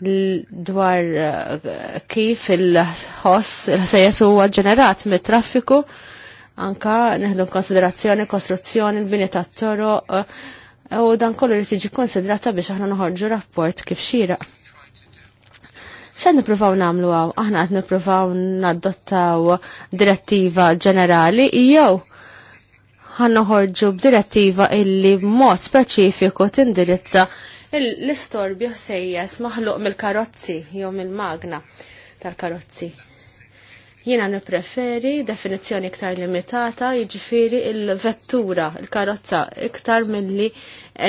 dwar eh, kif il-ħoss il-ħsejjes huwa ġenerat mit-traffiku anka neħdu konsiderazzjoni kostruzzjoni l-bini tat-toro eh, u dan kollu li tiġi konsidrata biex aħna noħorġu rapport kif xira. ċan nipruvaw namlu għaw? Aħna għat nipruvaw naddottaw direttiva ġenerali, jew ħorġu b'direttiva illi b'mod speċifiku tindirizza l-istorbi sejjes maħluq mill-karozzi jew mill-magna tal-karozzi. Jiena nippreferi definizzjoni iktar limitata, jiġifieri il-vettura, il-karozza iktar milli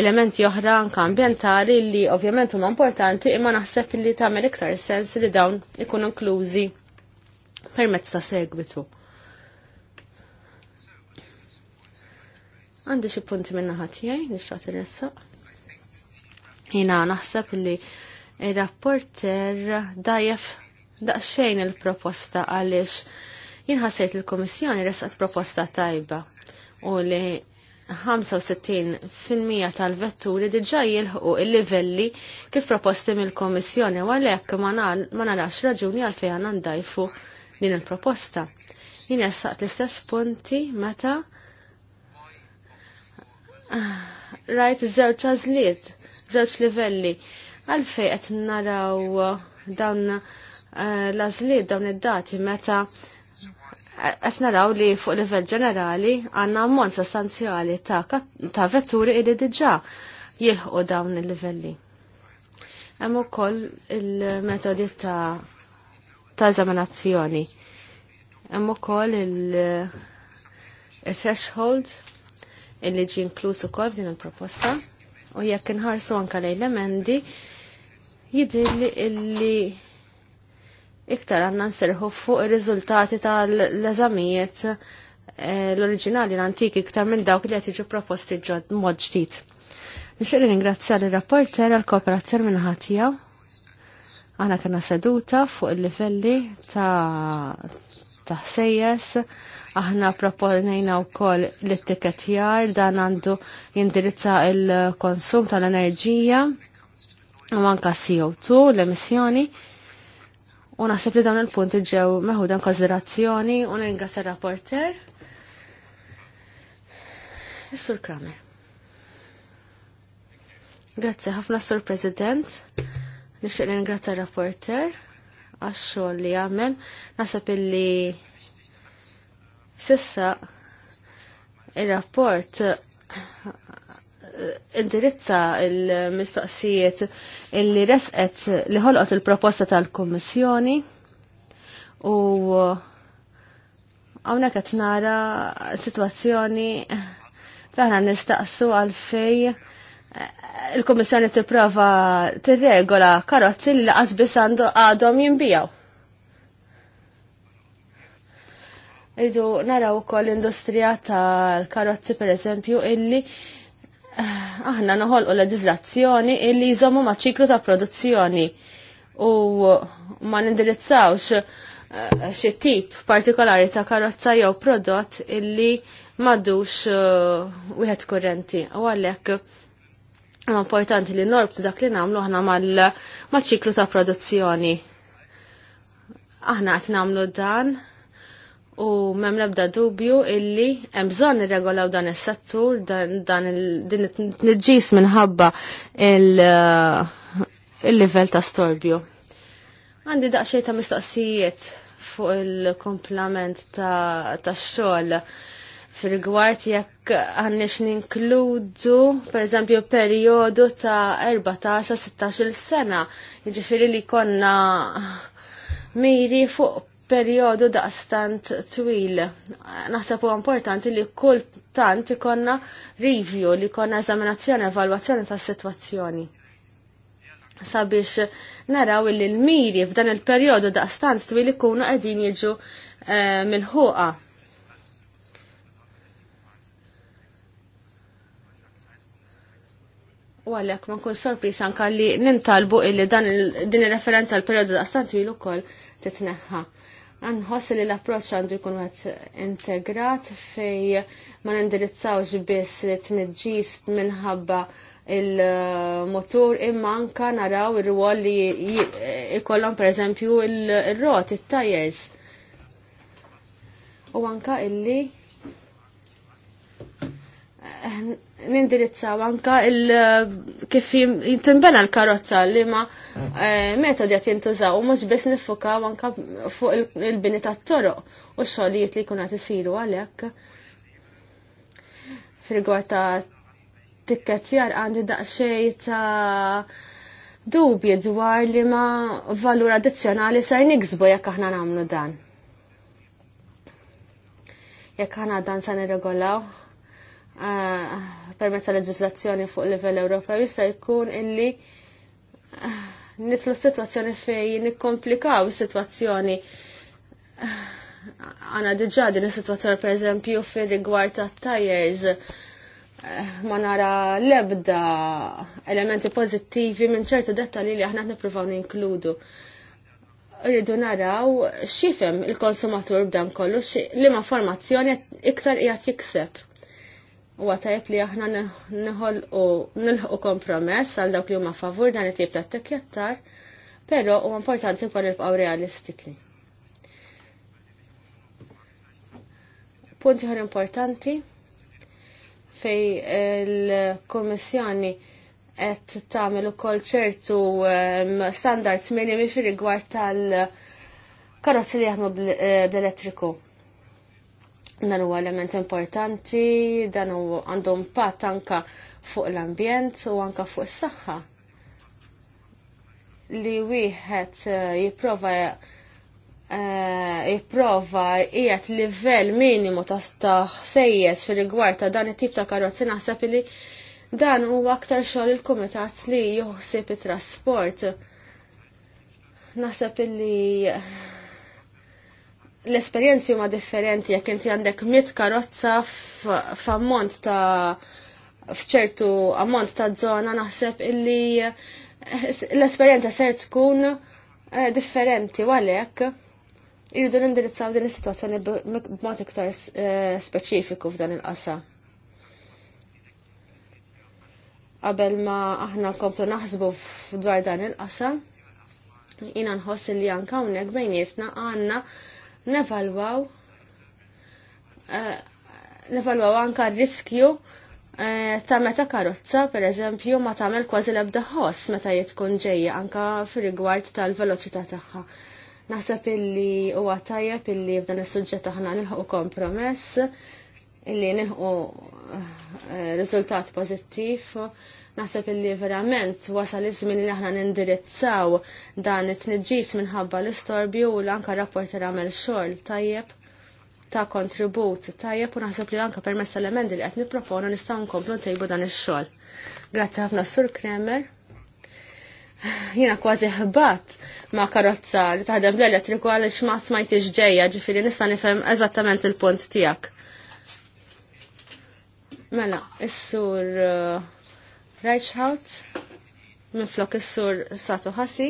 elementi oħra anke ambjentali li ovvjament huma importanti imma naħseb li tagħmel iktar sens li dawn ikunu inklużi permezz ta' segwitu. Għandi xi punti minna ħatijaj, nisħat il-ressaq. Jina naħseb li il-rapporter dajef daqxejn il-proposta għalix jinħasajt il-Komissjoni ressaqt proposta tajba u li 65% tal-vetturi diġa jilħu il-livelli kif proposti mill-Komissjoni u għalhekk ma narax raġuni għalfejn għandajfu din il-proposta. Jien saqt l-istess punti meta [SIGHS] rajt żewġ għazliet, żewġ livelli. Għalfej qed naraw uh, dawn uh, l-għażliet dawn id-dati meta uh, qed naraw li fuq livell ġenerali għandna ammont sostanzjali ta', vetturi li diġà jilħu dawn il-livelli. Hemm ukoll il-metodi ta' ta' eżaminazzjoni. Hemm ukoll il-threshold il threshold illi ġi inkluż ukoll f'din il-proposta u jekk inħarsu anka lejn emendi jidrilli illi iktar għanna nsirħu fuq ir-riżultati tal-eżamijiet eh, l-oriġinali l-antiki iktar minn dawk li qed proposti ġod mod ġdid. Nixtieq ringrazzja l-rapporter għal-kooperazzjoni minn ħatija. Għana kena seduta fuq il-livelli ta' ta' sejjes Aħna proponejna wkoll l-etikettjar dan għandu jindirizza il-konsum tal-enerġija u manka CO2 l-emissjoni. U naħseb li dawn il-punti ġew meħudan konsiderazzjoni u ningras ir-rapporter. Is-Sur Kramer. Grazzi ħafna Sur President. Nixtieq ringrazzja rapporter għax-xogħol li għamel. Naħseb illi Sissa il-rapport eh, indirizza il-mistoqsijiet illi resqet li ħolqot il-proposta tal-Kommissjoni u għawna qed nara situazzjoni taħna nistaqsu għal fej eh, il-Kommissjoni tipprova tirregola karozzi li laqas biss għadhom jinbijaw. Rridu naraw ukoll l-industrija tal-karozzi pereżempju illi eh, aħna u leġizlazzjoni illi jżommu ma' ċiklu ta' produzzjoni u ma nindirizzawx eh, xi tip partikolari ta' karozza jew prodott illi m'għadux eh, wieħed kurrenti. U għalhekk huwa importanti li norbtu dak li nagħmlu aħna mal-ċiklu ta' produzzjoni aħna qed nagħmlu dan U mem lebda dubju illi hemm bżonn irregolaw dan is-settur dan din tniġġis minħabba uh, il-livell ta' storbju. Għandi daqsxej ta' mistoqsijiet fuq il-komplament ta' xogħol fil-rigward jekk għandniex ninkludu pereżempju perjodu ta' 14 sa 16 sena, jiġifieri li konna miri fuq perjodu daqstant twil. Naħseb huwa importanti li kull tant ikonna review, li konna eżaminazzjoni, evalwazzjoni tas sitwazzjoni sabiex naraw li l-miri f'dan il-perjodu daqstant twil ikunu qegħdin jiġu eh, mill-ħuqa. U għalek ma nkun sorpris anka li nintalbu illi dan din il-referenza l-periodu da' twil u titneħħa. Nħoss li l-approċ għandu jkun għat integrat fej ma nindirizzawx biss li t-nġis minħabba il-motur imma anka naraw ir ruol li ikollhom pereżempju il-rot, il tajers U anka illi nindirizzaw anka il kif jintinbena l-karozza li ma eh, metodi għat jintużaw u mux bis nifukaw anka fuq il-bini ta' toroq u xolijiet li kuna t-siru għalek. Frigwa ta' tikketjar għandi daqxej ta' dubji dwar li ma valur addizzjonali sar niksbu jekk aħna namlu dan. Jekk aħna dan sa nirregolaw Ah, permezz ta' leġislazzjoni fuq livell Ewropew jista' jkun illi ah, nitlu s-sitwazzjoni fej nikkomplikaw is-sitwazzjoni ah, għana diġa din is-sitwazzjoni per eżempju fir rigward ta' tires ma nara lebda elementi pozittivi minn ċertu dettali li aħna nipruvaw ninkludu. Rridu naraw xifem il-konsumatur b'dan kollu, li ma formazzjoni iktar jgħat jikseb u għatajb li aħna nħol u kompromess għal dawk li huma favur dan it-tip ta' tikkjettar, pero u importanti wkoll jibqgħu realistikni. Punti ħor importanti fej il komissjoni qed tagħmel ukoll ċertu ehm, standards minimi fir rigward tal-karozzi li jaħdmu eh, bl-elettriku. Bl Dan huwa element importanti, dan huwa għandhom pat anka fuq l-ambjent u anka fuq is-saħħa. Li wieħed eh, jipprova eh, jipprova qiegħed livell minimu ta' sejjes fir-rigward ta' dan it-tip ta' karozzi naħseb li dan huwa aktar xogħol il-kumitat li joħsib it-trasport. Naħseb li l-esperienzi huma differenti jekk inti għandek mit karozza f'ammont ta' f'ċertu ammont ta' zona naħseb illi eh, l-esperienza ser tkun eh, differenti għalhekk irridu nindirizzaw din is-sitwazzjoni b'mod iktar eh, speċifiku f'dan il-qasam. Qabel ma aħna komplu naħsbu dwar dan il-qasam, jina nħoss li anka hawnhekk bejnietna għandna nevalwaw eh, nevalwaw anka riskju eh, ta' meta karozza, per eżempju, ma tagħmel kważi l-ebda ħoss meta jitkun ġejja anka fir-rigward tal-veloċità tagħha. Naħseb illi huwa tajjeb illi f'dan is-suġġett aħna nilħu kompromess illi nilħu eh, riżultat pożittiv Naħseb illi verament wasal iż-żmien li aħna nindirizzaw dan it-tniġġis minħabba l-istorbju u l-anka rapporti għamel xogħol tajjeb ta' kontribut tajjeb u naħseb li anka permess tal-emendi li qed nipproponu nistgħu nkomplu ntejbu dan ix-xogħol. Grazzi ħafna Sur Kremer. Jiena kważi ħbat ma' karozza li taħdem l-elettriku għaliex ma smajtix ġejja ġifieri nista' nifhem eżattament il-punt tiegħek. Mela, is-sur uh, Reichhaut, minn flok is-sur Sato Hassi.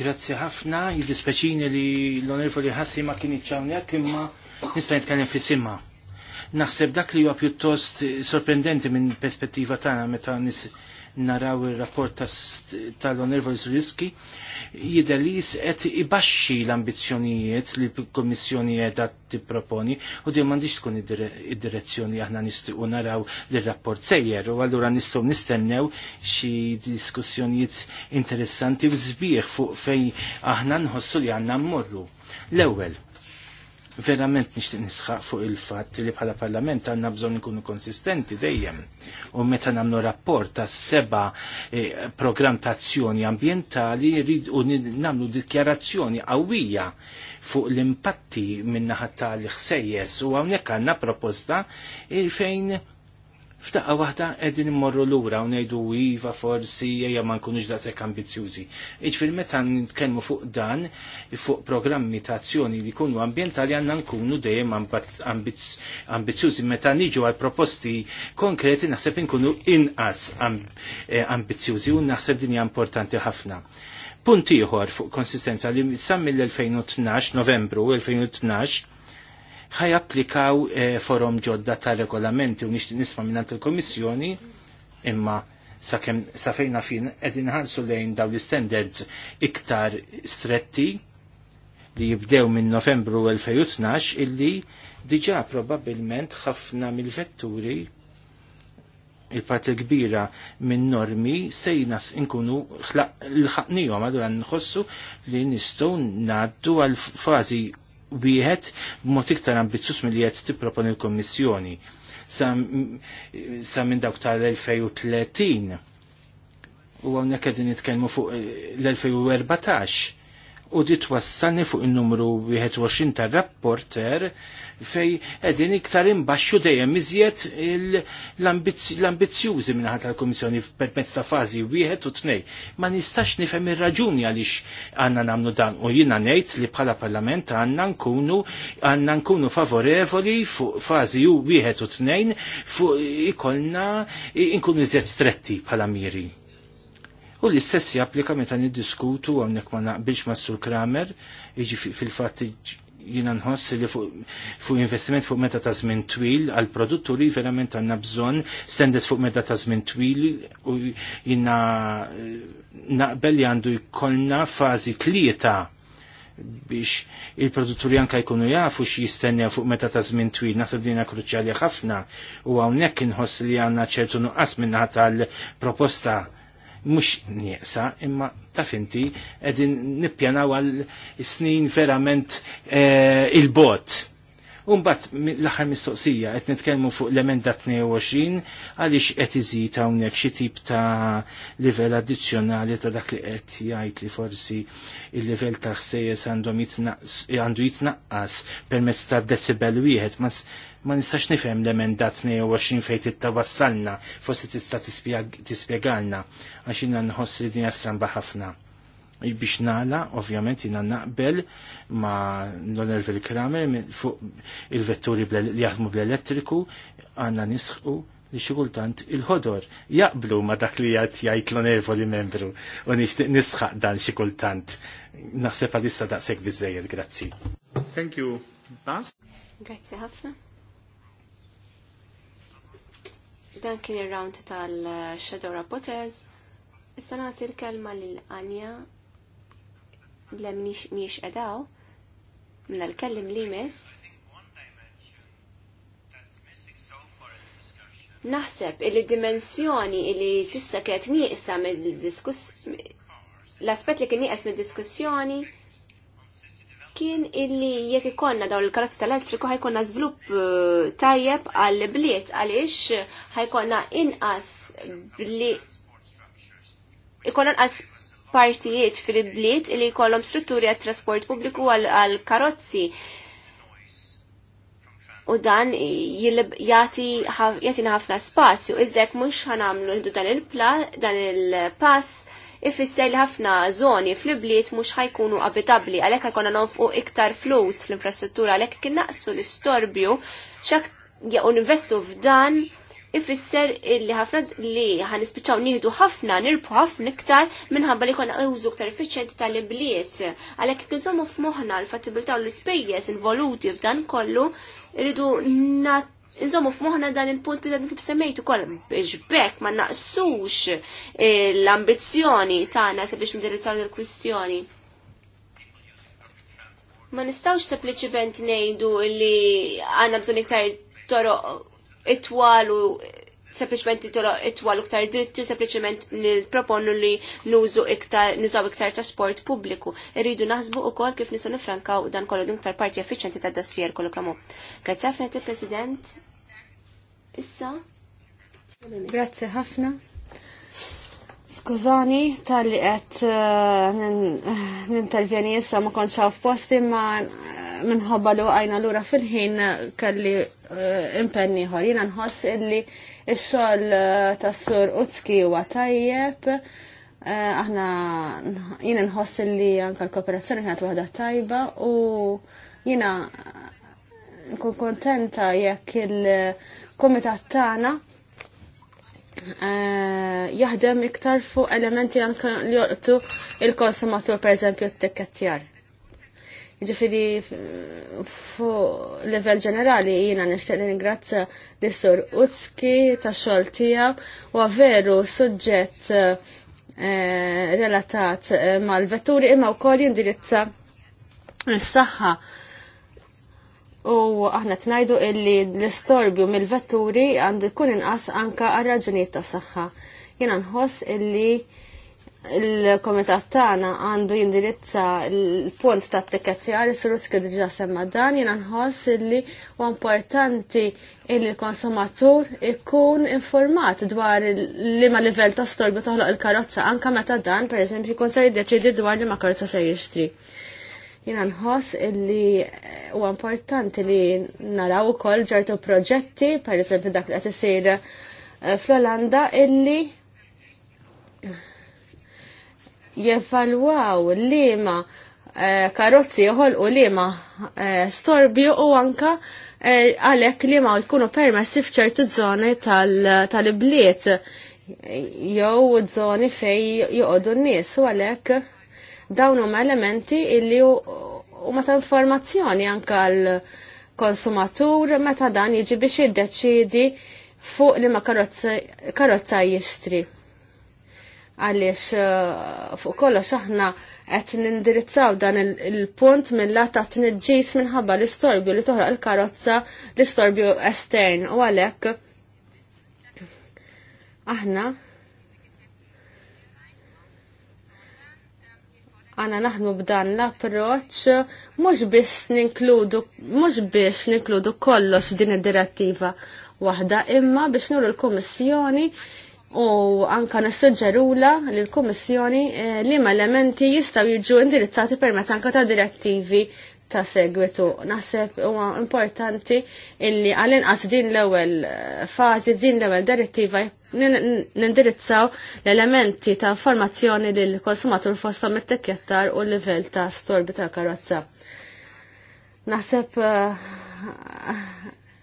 Grazzi ħafna, jiddispeċini li l-onorevoli Hassi ma kien iċċawnek imma nista' nitkellem fi simma Naħseb dak li huwa pjuttost sorprendenti minn perspettiva tagħna meta nis naraw il-rapport tal-Onervol Riski jidher li qed ibaxxi l-ambizjonijiet li l kummissjoni edha tipproponi u di m'għandix tkun id-direzzjoni aħna nistiqu naraw l-rapport sejjer u għallura nistgħu nistennew xi diskussjonijiet interessanti u sbieħ fuq fej aħna nħossu li għandna mmorru. L-ewwel, verament nixtieq nisħaq fuq il-fatt li bħala parlament għandna bżonn ikunu konsistenti dejjem. U meta nagħmlu rapport ta' seba program eh, programm ta' azzjoni ambjentali u nagħmlu dikjarazzjoni qawwija fuq l-impatti minnaħat tal-ħsejjes u hawnhekk għandna proposta fejn F'daqqa waħda qegħdin immorru lura u ngħidu iva forsi ejja ma nkunux daqshekk ambizjużi. Iġifier meta nitkellmu fuq dan fuq programmi ta' azzjoni li jkunu ambjentali għandna nkunu dejjem ambizjuzi meta niġu għal proposti konkreti naħseb inkunu inqas eh, ambizjużi u naħseb din hija importanti ħafna. Punt ieħor fuq konsistenza li sa mill-2012 Novembru 2012 ħaj applikaw eh, forum ġodda ta' regolamenti u nixti nisma minnant il-Komissjoni imma sa safejna fin edin ħansu lejn daw l-standards iktar stretti li jibdew minn novembru 2012 illi diġa probabilment ħafna mill-vetturi il-parti kbira minn normi sejnas inkunu l-ħaqnijom għadu għan nħossu li nistu naddu għal fazi wieħed b'mod iktar ambizzjuż milli qed tipproponi l-Kummissjoni sa minn dawk tal-2030. U hawnhekk qegħdin nitkellmu fuq l-2014 u di twassani fuq il-numru 21 tar-rapporter fej edin iktar imbaxxu dejjem iżjed l-ambizzjużi ħadd tal kummissjoni permezz ta' fażi wieħed u tnej. Ma nistax nifhem ir-raġuni għaliex għandna nagħmlu dan u jiena ngħid li bħala Parlament għandna nkunu għandna nkunu favorevoli fuq fażi wieħed u tnejn fuq ikollna nkunu iżjed stretti bħala miri. U l-istess japplika meta niddiskutu għamnek ma naqbilx ma' sur Kramer, iġi fil-fatt jina nħoss li fuq investiment fuq meta ta' żmien twil għal produtturi verament għandna bżonn stendes fuq meta ta' żmien twil u jina eh, naqbel li għandu jkollna fażi tlieta biex il-produtturi anka jkunu jafu x'jistennew fuq meta ta' żmien twil, nasab dina kruċjali ħafna u hawnhekk inħoss li għandna ċertu nuqqas minna tal-proposta mux nieqsa, imma taf inti edin nippjanaw għal snin verament eh, il-bot Umbat l-aħħar mistoqsija qed nitkellmu fuq l-emenda 22 għaliex qed iżid hawnhekk xi tip ta' livell addizzjonali ta' dak li qed jgħid li forsi il-livell ta' ħsejjes għandu jitnaqqas permezz ta' decibel wieħed ma nistax nifhem l-emenda 22 fejn tawassalna forsi tista' tispjegalna għax inna nħoss li din stramba ħafna biex nala, ovvjament jina naqbel ma l-Onervil Kramer fuq il-vetturi li jaħdmu bl-elettriku għanna nisħu li xikultant il-ħodor jaqblu ma dak li jgħat jgħajt l-onervoli membru u nishtiq nisħaq dan xikultant naħseb għadissa daqseg bizzejed, grazzi. Thank you, Bas. Grazzi ħafna. Dan kien il-round tal-Shadow Rapotez. Issa nagħti l-kelma lil Anja le miex edaw, minna l-kellim li mis. Naħseb illi dimensjoni illi sissa kiet niqsa mill-diskuss l-aspett li kien nieqes mid-diskussjoni kien illi jekk ikonna dawn il-karozzi tal-elettriku ħajkonna żvilupp uh, tajjeb għall bliet għaliex ħajkonna inqas bli ikonna inqas partijiet fil-bliet li jkollhom strutturi għal trasport pubbliku għal karozzi. U dan jagħtina ħafna spazju, iżek mhux ħanamlu dan dan il-pass ifisser li ħafna żoni fl-bliet mhux ħajkunu abitabli għalhekk ħajkonna nofqu iktar flus fl-infrastruttura għalhekk kien naqsu l-istorbju x'ak u investu f'dan ifisser illi ħafna li ħan ispiċaw nieħdu ħafna, nirbu ħafna iktar minħabba li kon użu iktar effiċjenti tal-ibliet. Għalhekk kif insommu f'moħħna l-fattibilità u l-ispejjeż involuti f'dan kollu, irridu nat Insomma, f'moħna dan il-punt li dan kif semmejtu kol biex bekk ma naqsux eh, l-ambizjoni tagħna sabiex ndirizzaw il-kwistjoni. Ma nistawx sempliċiment ngħidu li għandna bżonn iktar toroq it-twal u sempliciment it-twal iktar dritti u sempliciment nil-proponu li nużu iktar, nizaw iktar trasport pubbliku. Irridu naħsbu u kol kif nisu nifrankaw dan kollu iktar parti effiċenti ta' dossier kollu kamu. Grazie ħafna il-President. Issa. Grazie ħafna. Skużani, tal-li għet nintervjeni issa ma konċaw f'posti ma minħabba li għajna l-ura fil-ħin kalli eh, impenni ħor. Jina nħoss illi il-xol eh, tas-sur Utski huwa tajjeb. Eh, aħna jina nħoss illi anka l-kooperazzjoni kienet waħda tajba u jina nkun kontenta jekk il-komitat tagħna jaħdem iktar fuq elementi anke li joqtu il-konsumatur, per eżempju, t-tikketjar Ġifiri fuq level ġenerali jina nishtiq ringrazzja l sur Utski ta' xogħol tiegħu u veru suġġett eh, relatat eh, mal-vetturi imma wkoll jindirizza s-saħħa. U aħna t-najdu illi l-istorbju mill-vetturi għandu jkun inqas anka għal raġunijiet ta' saħħa. Jiena nħoss illi il-komitat tagħna għandu jindirizza l-punt ta' t-tikketjar, is-surutski diġa semma dan, jiena nħoss li u importanti li l-konsumatur ikun informat dwar li ma' livell ta' storgu toħloq il-karozza, anka meta dan, per eżempju, jkun se jiddeċidi dwar li ma' karozza se jixtri. Jiena nħoss li eh, u importanti li naraw ukoll ġertu proġetti, per eżempju dak li qed isir eh, fl-Olanda illi jevalwaw liema eh, karozzi joħolqu liema eh, storbju u anka eh, għalhekk liema jkunu permessi f'ċertu żoni tal-bliet jew żoni fej joqogħdu n-nies u għalhekk dawn huma elementi illi huma ta' informazzjoni anke għal konsumatur meta dan jiġi biex jiddeċidi fuq li ma karozza jixtri għaliex eh, fuq kollox aħna qed nindirizzaw dan il-punt mill ta' tniġġis minħabba l-istorbju li toħraq il-karozza l-istorbju estern u għalhekk aħna għana naħdmu b'dan l-approċ mux biex ninkludu, mux biex ninkludu kollox din id-direttiva wahda, imma biex nuru l-Komissjoni u anka nissuġġerula lill-Kummissjoni eh, li ma elementi jistgħu jiġu indirizzati permezz anka ta' direttivi ta' segwitu. Naħseb huwa importanti illi għall-inqas din l-ewwel eh, fażi din l-ewwel direttiva nindirizzaw l-elementi ta' informazzjoni lil konsumatur fosthom it-tikkettar u l-livell ta' storbi tal karozza. Naħseb eh,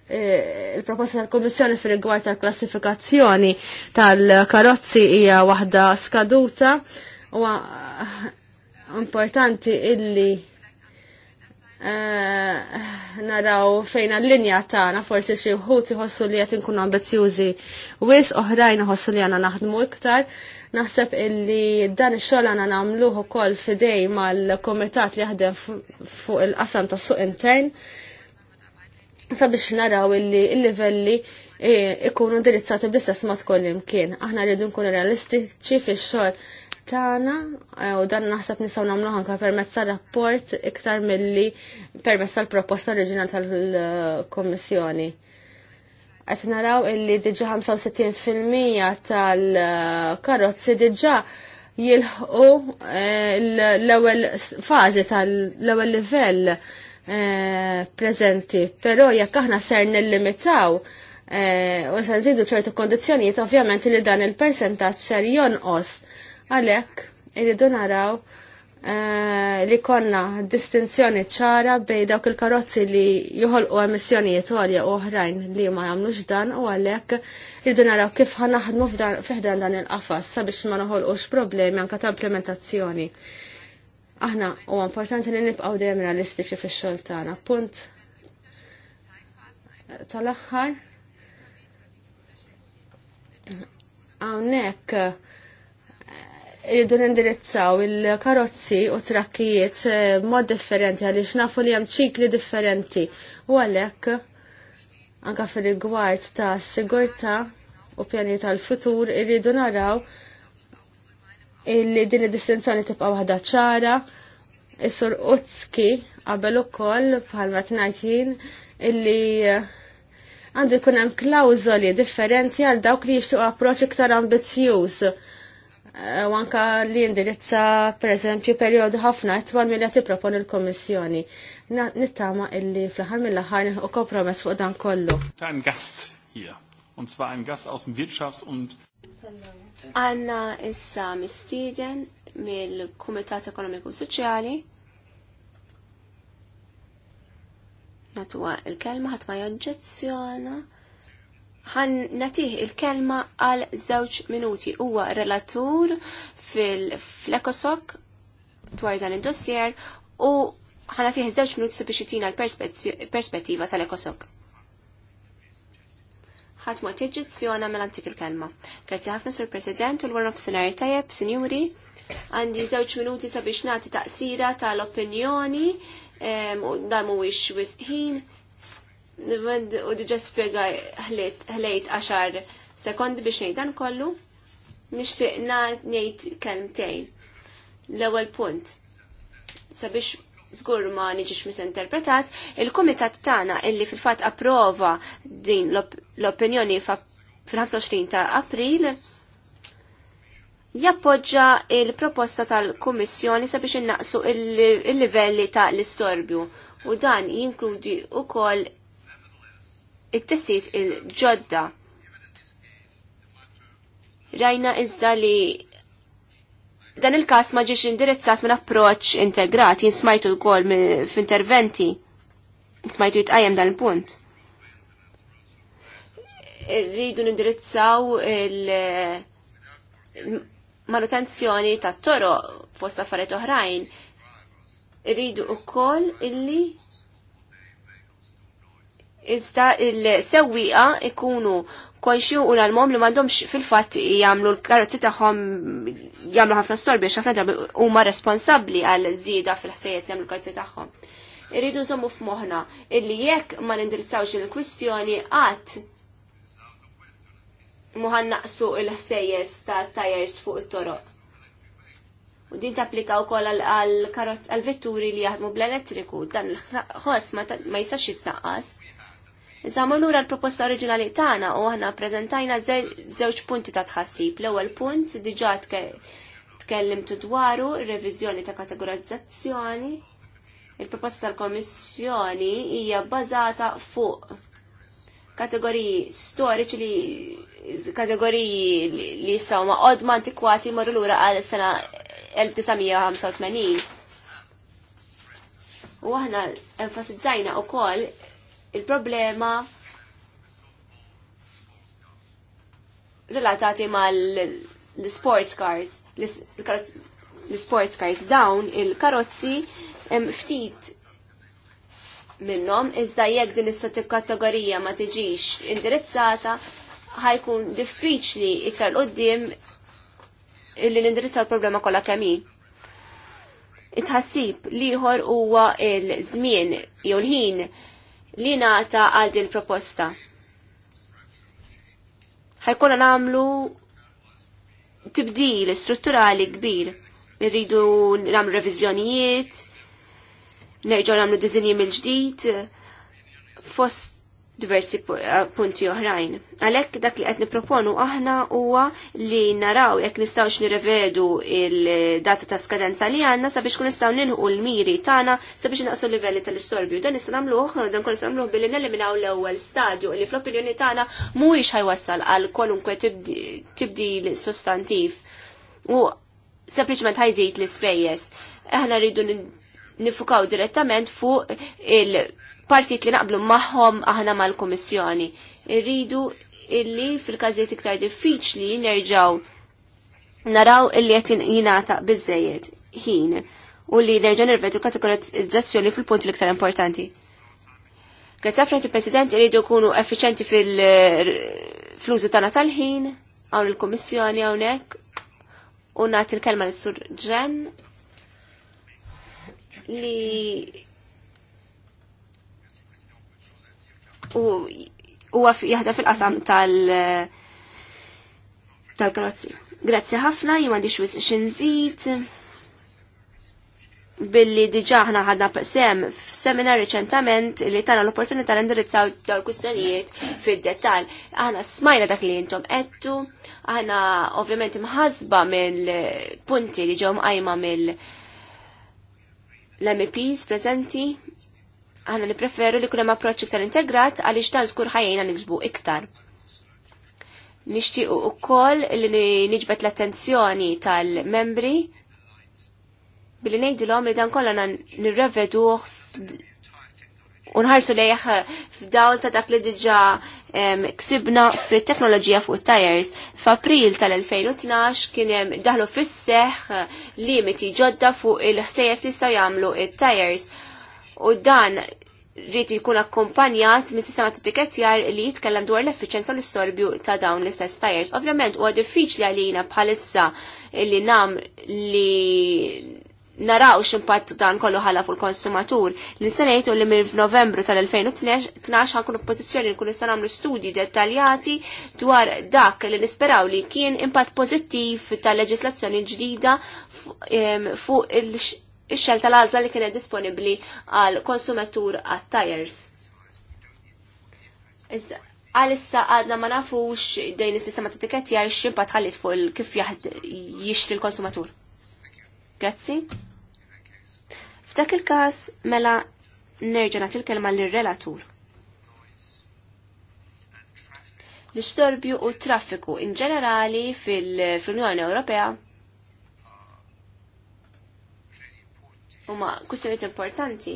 Eh, il-proposta tal-Komissjoni fil rigward tal-klassifikazzjoni tal-karozzi hija waħda skaduta u importanti illi eh, naraw fejn l-linja tagħna forsi xi wħud iħossu li qed inkunu ambizzjużi wis oħrajn iħossu li għandna naħdmu iktar. Naħseb illi dan ix-xogħol għandna nagħmluh ukoll fidej mal-kumitat li jaħdem fuq il-qasam tas-suq intern sabiex naraw illi il-livelli e, ikunu indirizzati bl-istess mod tkoll imkien. Aħna rridu nkunu realistiċi fix-xogħol tagħna e, u dan naħseb nistgħu nagħmlu anke permezz tar-rapport iktar milli permezz tal-proposta oriġinal tal kummissjoni Qed naraw illi diġà 65% tal-karozzi diġà jilħqu e, l-ewwel fażi tal-ewwel livell Eh, prezenti, però jekk aħna ser nillimitaw eh, u se nżidu ċertu kondizzjonijiet, ovvjament li dan il-persentaġġ ser jonqos. Għalhekk irridu naraw eh, li konna distinzjoni ċara bej dawk il-karozzi li joħolqu emissjonijiet għolja u oħrajn li ma jagħmlux dan u għalhekk irridu naraw kif ħanaħdmu fiħdan dan il-qafas sabiex ma noħolqux problemi anke ta' implementazzjoni. Aħna u importanti li nibqgħu dejjem realistiċi fix-xogħol tagħna. Punt tal-aħħar hawnhekk eh, irridu nindirizzaw il-karozzi u trakkijiet eh, mod differenti għaliex nafu li hemm ċikli differenti u għalhekk anka fir rigward ta' sigurtà u pjani tal-futur irridu naraw illi din id-distinzjoni tibqa' waħda ċara. Is-sur Utski qabel ukoll bħalma tnajtin illi eh, għandu jkun hemm klawżoli differenti għal dawk li jixtiequ approċċ iktar ambizzjuż. Eh, u anka li indirizza pereżempju perjodu ħafna itwal milli qed tipproponi l-Kommissjoni. Nittama illi fl-aħħar mill-aħħar u kompromess fuq dan kollu. Gast hija. und zwar ein Gast aus dem Wirtschafts- und Għanna issa mistiden mill-Kumitat Ekonomiku Soċjali. Natuwa il-kelma ħadd ma joġġezzjona. Ħan natih il-kelma għal żewġ minuti. Huwa relatur fil-Flekosok dwar dan id-dossier u natiħ żewġ minuti sabiex jitina l-perspettiva tal-Ekosok ħadd ma tiġġizzjona mill antik il-kelma. Grazzi ħafna sur President u l warnof f'sinari tajjeb, sinjuri, għandi żewġ minuti sabiex nagħti taqsira tal-opinjoni u dan mhuwiex wisħin. U diġa spiega ħlejt għaxar sekondi biex ngħid dan kollu. Nixtieq ngħid kelmtejn. L-ewwel punt. Sabiex zgur ma niġix misinterpretat, il-komitat tana illi fil-fat approva din l-opinjoni fil-25 ta' april jappoġġa il-proposta tal-Kummissjoni sabiex innaqsu il-livelli ta' l-istorbju u dan jinkludi ukoll it tessit il-ġodda. Rajna iżda li Dan il-kas ma ġiex indirizzat minn approċ integrat, jinsmajtu wkoll f'interventi. Smajtu jitqajem dan il-punt. Rridu nindirizzaw il-manutenzjoni ta' toro fost affarijiet oħrajn. Rridu wkoll illi iżda il-sewwieqa ikunu konxju u l-almom li mandomx fil-fat jamlu l-karotzi taħħom jamlu ħafna storbi xafna drabi u ma responsabli għal zida fil-ħsejjes jamlu l-karotzi taħħom. Irridu nżommu f-moħna, illi jekk ma nindirizzawx il-kwistjoni għat muħan naqsu il-ħsejjes ta' tajers fuq it toro U din tapplika wkoll għal vetturi li jaħdmu bl-elettriku, dan il-ħoss ma jistax jitnaqqas Iżda lura l-proposta oriġinali tagħna u aħna prezentajna żewġ punti ta' tħassib. L-ewwel punt diġà tkellimtu dwaru reviżjoni ta' kategorizzazzjoni. Il-proposta tal-Komissjoni hija bbażata fuq kategoriji storiċi li kategoriji li jissaw ma' odma antikwati marru lura għal sena 1985. U aħna enfasizzajna u koll il-problema relatati mal l-sports cars, l-sports cars dawn il-karozzi ftit minnom iżda jekk din istat kategorija ma tiġix indirizzata ħajkun diffiċli iktar l-qoddim li nindirizza l-problema kollha kemm Itħassib it liħor huwa il żmien jew l-ħin li nata għal din proposta. Ħajkolla namlu tibdil strutturali kbir. Irridu namlu revizjonijiet, nerġgħu namlu dizinji mill-ġdid, fost diversi eh, punti oħrajn. Għalhekk dak li qed nipproponu aħna huwa li naraw jekk nistgħux nirrevedu il-data ta' skadenza li għandna sabiex kun nistgħu nilħu l-miri tagħna sabiex naqsu livelli tal-istorbju. Dan nista' nagħmluh, dan kun nista' billi neliminaw l-ewwel stadju li fl-opinjoni tagħna mhuwiex ħajwassal għal kwalunkwe l sostantiv. U sempliċement ħajżid l-ispejjeż. Aħna rridu nifukaw direttament fuq il- partijiet li naqblu magħhom aħna mal-Kummissjoni. Irridu illi fil-każijiet iktar diffiċli nerġaw naraw illi qed jingħata biżejjed ħin u li nerġa' nirvetu kategorizzazzjoni fil-punti l-iktar importanti. Grazzi il President irridu kunu effiċenti fil-flużu tagħna tal-ħin għawn il kummissjoni hawnhekk u nagħti l-kelma lis-Sur Ġen li u huwa jaħdem fil-qasam tal- tal-karozzi. Grazzi ħafna, jien m'għandix wisq xinżit billi diġa ħna ħadna sem f'seminar reċentament li tana l-opportunità l-indirizzaw dal kustjonijiet fid-detal. Aħna smajna dak li jintom ettu, aħna ovvjament mħazba mill-punti li ġew mqajma mill- l-MPs prezenti Aħna nipreferu li kunem approċċ iktar integrat għaliex dan żgur ħajjina niksbu iktar. u ukoll li niġbet l-attenzjoni tal-membri billi ngħidilhom li dan kollha nirreveduh unħarsu lejħ f'dawl ta' dak li diġa ksibna fit-teknoloġija fuq tires. F'April tal-2012 kien hemm daħlu fis-seħ limiti ġodda fuq il-ħsejjes li sta' jagħmlu it-tires u dan rrit jkun akkompanjat minn sistema ta' tiketjar li jitkellem dwar l-effiċenza l-istorbju ta' dawn l-istess tajers. Ovvjament, huwa diffiċli għalina bħalissa li nam li naraw x'impatt dan kollu ħalla fuq il-konsumatur. L-insenajtu li minn novembru tal-2012 ħankunu pozizjoni nkun nista' nagħmlu studji dettaljati dwar dak li nisperaw li kien impatt pożittiv tal-leġislazzjoni l ġdida fuq il- ix-xelta l-għażla li kienet disponibbli għal konsumatur għat-tires. għalissa għadna ma nafux dejn is-sistema ta' tiketti għal ximpa tħallit fuq kif jixtri l-konsumatur. Grazzi. F'dak il-każ mela nerġa' nagħti l-kelma lir-relatur. L-istorbju u traffiku in ġenerali fil-Unjoni Ewropea huma kwistjonijiet importanti.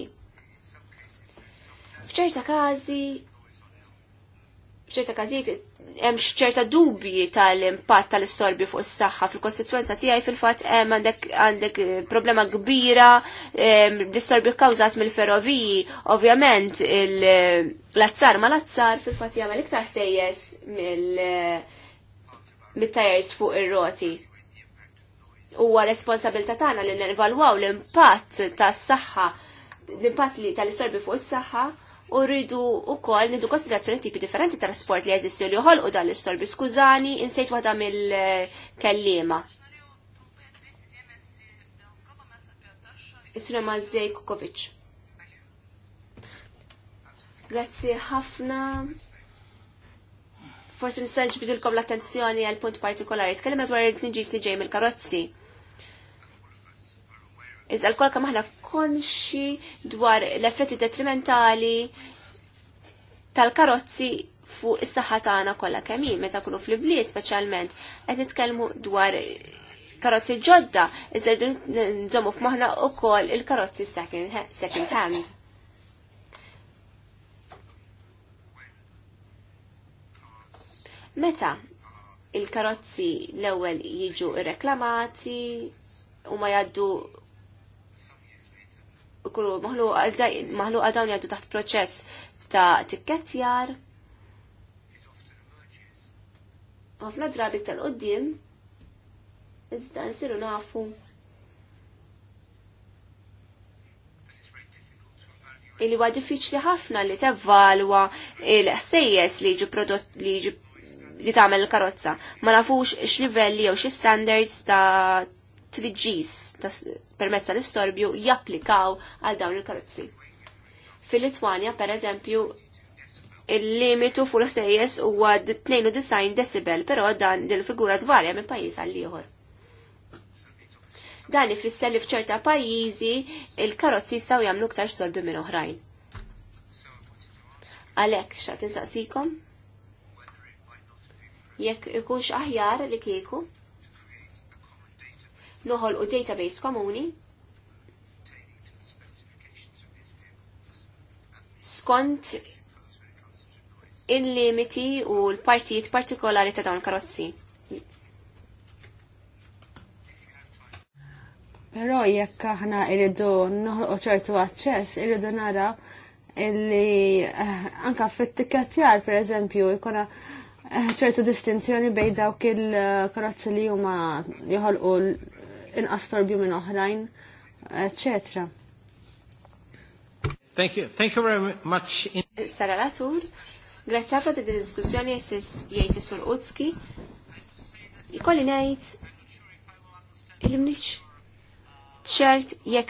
F'ċerta każi f'ċerta każi hemm ċerta dubji tal-impatt tal-istorbi fuq is-saħħa fil-kostituenza tiegħi fil-fatt hemm għandek għandek eh, problema kbira eh, l-istorbi kkawżat mill-ferroviji. Ovvjament l-azzar ma l-azzar fil-fatt jagħmel iktar sejjes mill eh, mit-tajers fuq ir-roti huwa responsabilità tagħna li nevalwaw l-impatt tas-saħħa l-impatt li tal-istorbi fuq is-saħħa u rridu wkoll nidu konsiderazzjoni tipi differenti ta' sport li jeżistu li joħolqu dan l-istorbi. Skużani, insejt waħda mill-kellima. Isra Mazzej Kukovic. Grazzi ħafna forsi nista' bidilkom l-attenzjoni għal punt partikolari. Tkellem dwar il-tniġis li ġej mill-karozzi. Iżda l-kol kam aħna konxi dwar l-effetti detrimentali tal-karozzi fuq is-saħħa tagħna kollha kemm meta kunu fl-ibliet speċjalment qed nitkellmu dwar karozzi ġodda, iżda nżommu f'maħna wkoll il-karozzi second hand. Meta il-karozzi l-ewwel jiġu irreklamati u ma jaddu kullu maħlu dawn għaddu taħt proċess ta' tikketjar. Ħafna drabi tal-qoddim iżda nsiru nafu illi huwa diffiċli ħafna li tevalwa il-ħsejjes li jiġu prodott li jiġu li tagħmel il-karozza. Ma nafux x'livelli jew xi standards ta' triġis ta' permezz tal-istorbju japplikaw għal dawn il-karozzi. fil litwania per eżempju, il-limitu fuq l-sejjes huwa 92 decibel, però dan din figura tvarja minn pajjiż għal ieħor. Dan ifisser li f'ċerta pajjiżi il-karozzi jistgħu jagħmlu aktar sorbi minn oħrajn. Għalhekk x'għad insaqsikom? jekk ikunx aħjar li kieku noħol u database komuni skont il-limiti u l-partijiet partikolari ta' dawn karozzi. Pero jekk aħna irridu noħolqu ċertu aċċess, irridu nara illi eh, anka fit tikkettjar per eżempju jkuna ċertu distinzjoni bejn dawk il-karozzi li huma joħolqu inqas torbju minn oħrajn, etc. Thank you, thank you very much. Sara Latul, grazzi għafra ta' din diskussjoni jgħid sur Utski. Ikolli ngħid il-mniċ ċert jekk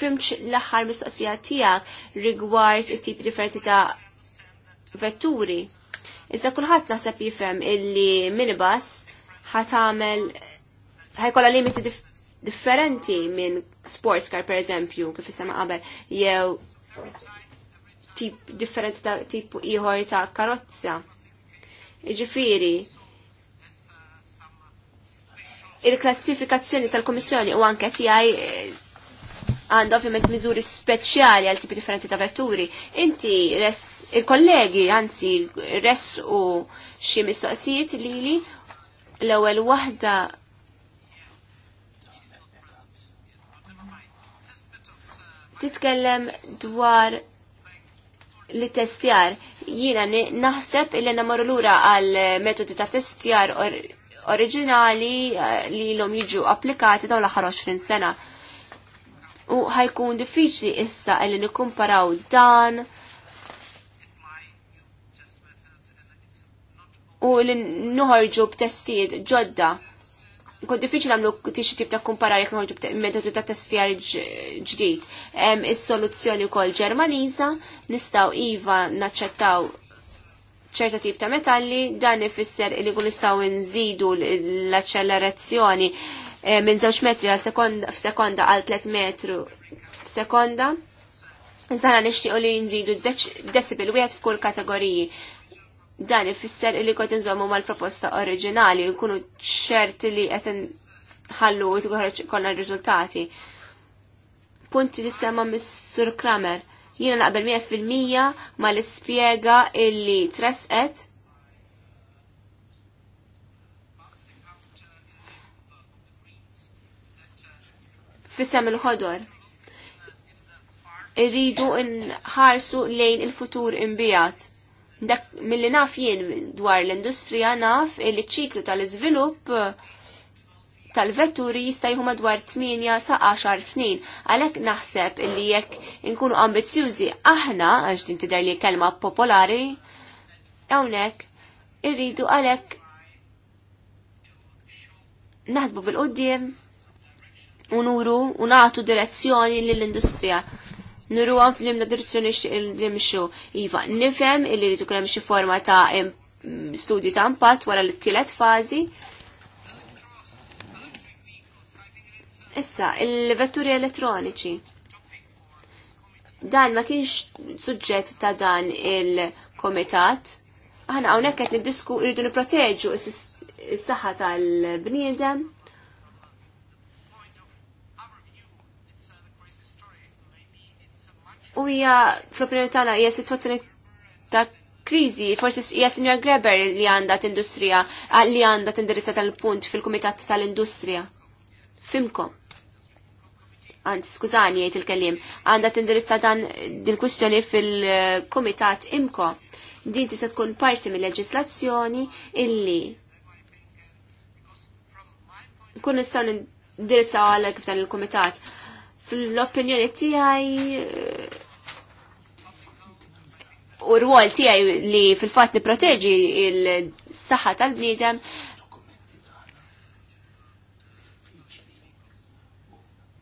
fimx l-aħħar mistoqsija tiegħek rigward it-tipi differenti ta' vetturi Iżda kulħadd naħseb jifhem illi minibus ħatamel ħajkolla limiti dif differenti minn sports car per eżempju, kif isema qabel, jew tip differenti ta' tip ieħor ta' karozza. Iġifieri, il-klassifikazzjoni tal kummissjoni u anke tiegħi eh, għandu ovvjament miżuri speċjali għal tipi differenti ta' vetturi. Inti res il-kollegi anzi res u xi mistoqsijiet lili l-ewwel waħda titkellem dwar li testjar. Jina naħseb illi namorru lura għal metodi ta' testjar oriġinali eh, li l-om jiġu applikati dawn l-aħħar 20 sena u ħajkun diffiċli issa illi nikkumparaw dan u li nħorġu b'testijiet ġodda. Kod diffiċli għamlu tixi tip ta' kumparar jek nħorġu b'metodu ta' testijar ġdid. Is-soluzzjoni wkoll Ġermaniża nistgħu iva naċċettaw ċerta tip ta' metalli, dan ifisser li kun nistgħu nżidu l-accelerazzjoni Eh, minn żewġ metri għal sekonda f'sekonda għal 3 metru f'sekonda. Zana nixtiequ li nżidu decibel wieħed f'kull kategoriji. Dan ifisser li kont inżommu mal-proposta oriġinali, nkunu ċerti li qed ħallu u tħarġ konna r-riżultati. Punti li semma mis Kramer. Jiena naqbel 100% ma l-ispjega illi tresqet fissem il-ħodor. Irridu nħarsu lejn il-futur imbijat. Dak mill-li naf jien dwar l-industrija naf li ċiklu tal-iżvilupp eh, tal-vetturi jistajħu madwar 8 sa 10 snin. Għalek naħseb illi jekk inkunu ambizjużi aħna, għax din tidher li kelma popolari, hawnhekk irridu għalek naħdbu fil-qoddim unuru unatu direzzjoni lill-industrija. Nuru għan fil direzzjoni l-imxu. Iva, nifem illi li tukunem xie forma ta' studju ta' impatt wara l-tielet fazi. Issa, il-vetturi elettroniċi. Dan ma kienx suġġett ta' dan il-komitat. Aħna hawnhekk qed niddisku rridu nipproteġu s-saħħa tal-bniedem u hija fl-opinjoni tagħna hija sitwazzjoni ta' kriżi, forsi hija Sinjor Greber li għandha t-industrija, li għandha tindirizza tal-punt fil-Kumitat tal-Industrija. Fimkom. Għand, skużani, jgħid il kellim għandha tindirizza dan din kwistjoni fil-Kumitat Imko. Din tista' tkun parti mill-leġislazzjoni illi nkun nistgħu nindirizzaw għal kif dan il kumitat Fl-opinjoni tiegħi u rwol tiegħi li fil-fatt nipproteġi il-saħħa tal-bniedem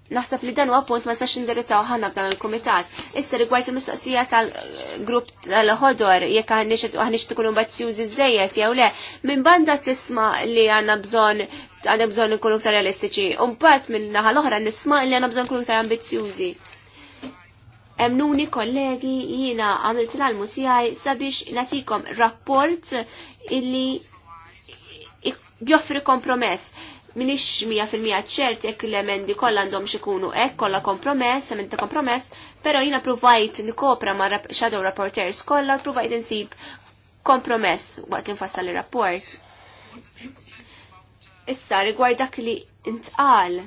Naħseb li dan huwa appunt ma sax indirizzaw ħanna f'dan il-kumitat. Issa rigward il-mistoqsija tal-grupp tal-ħodor jekk aħniex tkunu bazzjużi żejjed jew le, minn banda tisma' li għandna bżonn għandna bżonn nkunu ktar realistiċi. U mbagħad minn naħa l-oħra nisma' li għandna bżonn nkunu ktar ambizzjużi. Emnuni kollegi jina għamilt l-almu tijaj sabiex natikom rapport illi joffri kompromess. Minix 100% ċert jekk l-emendi kollha għandhom xikunu hekk kollha kompromess, emendi kompromess, però jina provajt nikopra ma' shadow rapporters kollha, provajt insib kompromess waqt li nfassal ir-rapport. Issa rigward dak li intqal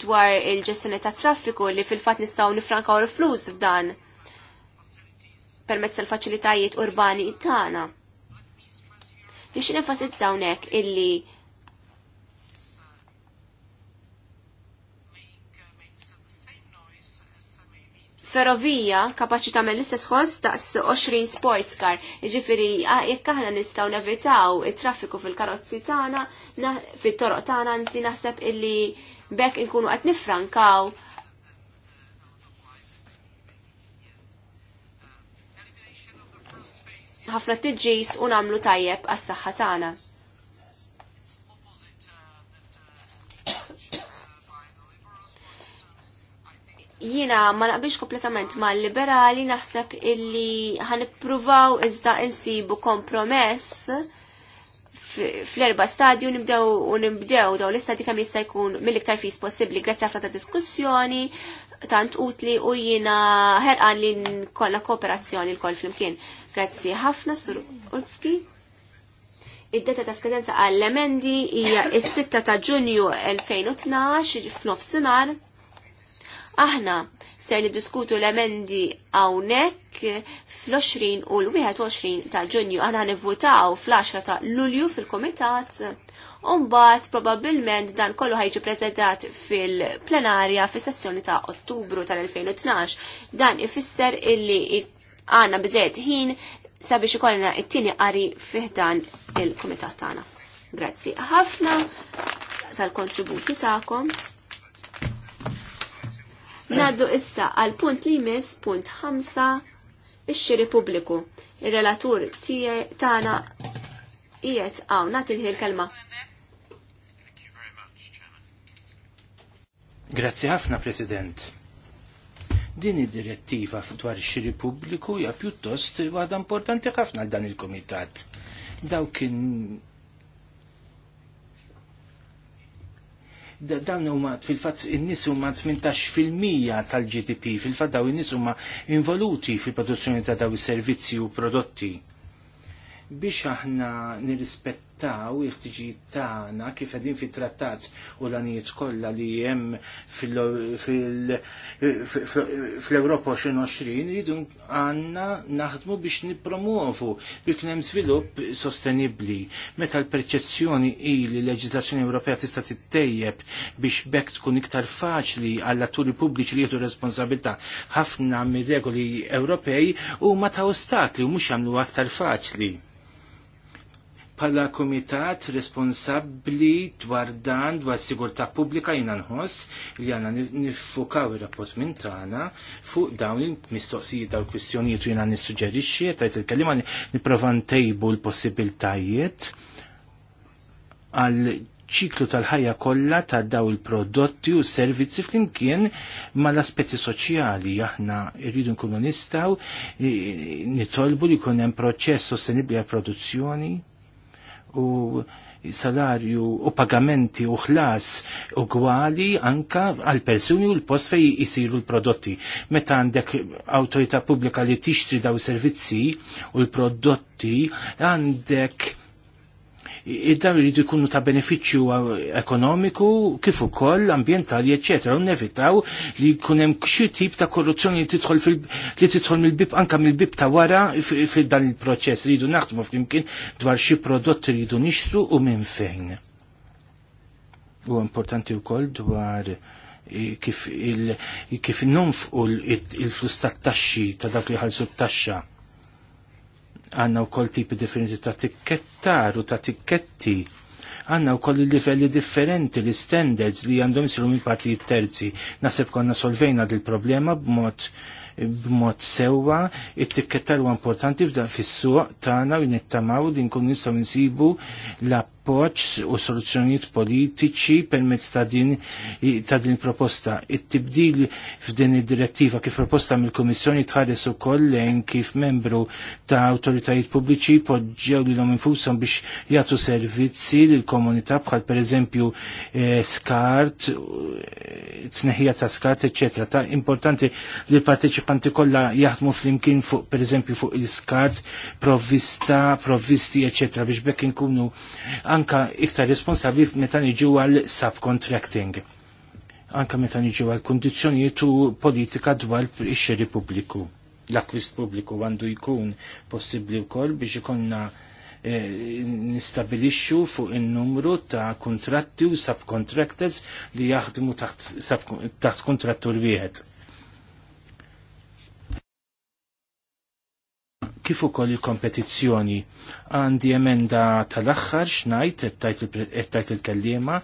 dwar il-ġestjoni ta' traffiku li fil-fat nistaw nifrankaw l-flus f'dan permezz tal-faċilitajiet urbani tagħna. Nixin enfasizza hawnhekk illi ferrovija kapaċi tagħmel l-istess ħoss daqs 20 sports car. Jiġifieri jekk aħna nistgħu nevitaw it-traffiku fil-karozzi tagħna, fit-toroq tagħna anzi naħseb illi bekk inkunu qed nifrankaw ħafna tiġġis u nagħmlu tajjeb għas-saħħa tagħna. Jiena ma naqbilx kompletament ma liberali naħseb illi ħanippruvaw iżda insibu kompromess fl-erba stadju nibdew u nibdew daw l-istadju kemm jista' jkun mill-iktar fis possibbli grazzi ħafna ta' diskussjoni tant utli u jiena herqan li nkollha kooperazzjoni l-koll flimkien. Grazzi ħafna Sur Ulski. Id-data ta' skadenza għall-emendi hija s-6 ta' Ġunju 2012 f'nofsinhar. Aħna ser niddiskutu l-emendi hawnhekk fl-20 u l-21 ta' Ġunju aħna nivvutaw fl-10 ta' Lulju fil-Kumitat u mbagħad probabbilment dan kollu ħajġi prezentat fil-plenarja fis-sessjoni ta' Ottubru tal-2012. Dan ifisser illi għandna biżejjed ħin sabiex ikollna it-tieni qari fiħdan il-kumitat tagħna. Grazzi ħafna tal-kontributi tagħkom. Naddu issa għal punt li jmiss punt ħamsa ix-xiri pubbliku. Ir-relatur tagħna qiegħed hawn nagħti l-kelma. Grazzi ħafna, President. Din id-direttiva dwar ix-xiri pubbliku hija pjuttost waħda importanti ħafna għal dan il-Kumitat. Dawk kien dan huma fil-fatt in-nies huma 18% tal-GDP, fil-fatt daw in-nies huma involuti fil-produzzjoni ta' daw is-servizzi u prodotti. Biex aħna nirrispett Taw iħtiġi ħtiġijiet tagħna kif qegħdin fit-trattat u l-anijiet kollha li hemm fl-Ewropa 2020 jridu għandna naħdmu biex nippromuovu biex kien hemm sostenibli. sostenibbli. Meta l-perċezzjoni hi li l-leġiżlazzjoni Ewropea tista' tittejjeb biex bekk tkun iktar faċli għall-atturi pubbliċi li jieħdu responsabilità ħafna mir-regoli Ewropej huma ta' ostakli u mhux jagħmlu aktar faċli. Pala komitat responsabli dwar dan dwar sigurta pubblika jina nħoss li għana nifukaw il-rapport minn tagħna fuq dawn il-mistoqsijiet dawn kwistjonijiet u jina nissuġġerixxi tajt il-kelima niprofa ntejbu l-possibiltajiet għal ċiklu tal-ħajja kollha ta' daw il-prodotti u servizzi flimkien mal-aspetti soċjali. Aħna rridu nkunu nistgħu eh, nitolbu li jkun hemm proċess sostenibbli għal produzzjoni u salarju u pagamenti u ħlas ugwali anka għal persuni u l-post fej jisiru l-prodotti. Meta għandek autorita pubblika li tixtri daw servizzi u l-prodotti għandek id-dan li jkunu ta' benefiċċju ekonomiku kif ukoll ambjentali eċetera u nevitaw li jkun hemm xi tip ta' korruzzjoni li tidħol li tidħol mill-bib anka mill-bib ta' wara fil dan il-proċess rridu naħdmu flimkien dwar xi prodotti rridu nixtru u minn fejn. U importanti wkoll dwar e, kif il-nonfqu il-flus tat-taxxi ta' dak li ħalsu t-taxxa Għanna u koll tipi differenti ta' tikkettar u ta' tikketti. Għanna u koll livelli differenti li standards li għandhom jisru mill parti terzi. Nasib konna solvejna dil-problema b'mod b'mod sewwa, it-tikkettar huwa importanti f'dan fis-suq tagħna u nittamaw li nkunu nistgħu nsibu la appoċ u soluzzjonijiet politiċi permezz ta' din ta' din proposta. It-tibdil f'din id-direttiva kif proposta mill-Kummissjoni tħares ukoll kollen kif membru ta' awtoritajiet pubbliċi poġġew lilhom infushom biex jagħtu servizzi l komunità bħal pereżempju eh, skart, tneħija ta' skart, eċċetera. Ta' importanti li l-parteċipanti kollha jaħdmu flimkien fuq pereżempju fuq il-skart, provvista, provvisti, eċċetera biex bekk inkunu anka iktar responsabli meta niġu għal subcontracting anka meta niġu għal kondizjonijiet u politika dwar ix-xiri pubbliku. L-akwist pubbliku għandu jkun possibbli wkoll biex ikonna e, nistabilixxu fuq in-numru ta' kontratti u subcontractors li jaħdmu taħt kontrattur wieħed. kif ukoll il-kompetizzjoni. Għandi emenda tal-aħħar xnajt qed il-kellima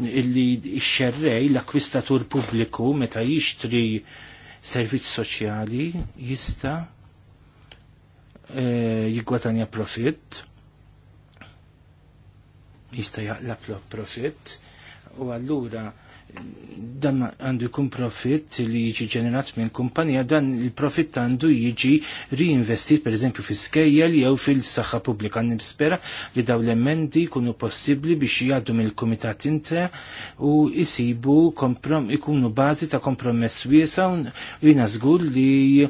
illi xerrej l-akkwistatur pubbliku meta jixtri servizz soċjali jista' e, jigwatanja profitt jista' jaqlab profitt u allura dan għandu jkun profit li jiġi ġenerat minn kumpanija, dan il-profit għandu jiġi reinvestit per eżempju fi skejjel jew fil-saħħa pubblika. Nispera li daw l-emendi kunu possibli biex jgħaddu mill-Kumitat Intra u jisibu ikunu bazi ta' kompromess wiesa u jina li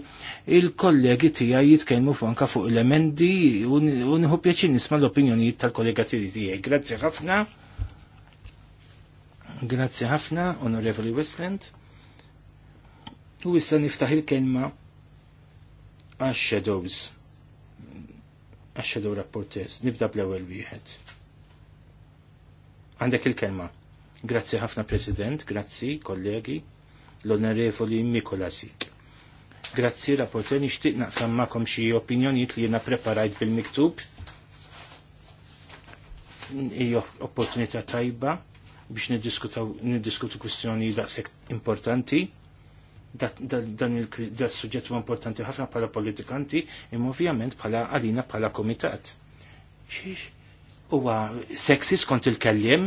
il-kollegi tiegħi jitkellmu fanka fuq l-emendi u nħu pjaċin nisma' l-opinjonijiet tal-kollega tiegħi. Grazzi ħafna. Grazzi ħafna, Onorevoli Westland. U issa niftaħ il-kelma għax-shadows. Għax-shadow rapportez. Nibda bl ewel wieħed. Għandek il-kelma. Grazzi ħafna President, grazzi kollegi, l-Onorevoli Mikolasik. Grazzi rapporter nixtieq naqsam makom xi opinjonijiet li jiena preparajt bil-miktub. Opportunità tajba biex niddiskutu kwistjoni sek importanti dan il-suġġett huwa importanti ħafna bħala politikanti imma ovvjament bħala għalina bħala komitat. Huwa seksis kont il-kellim,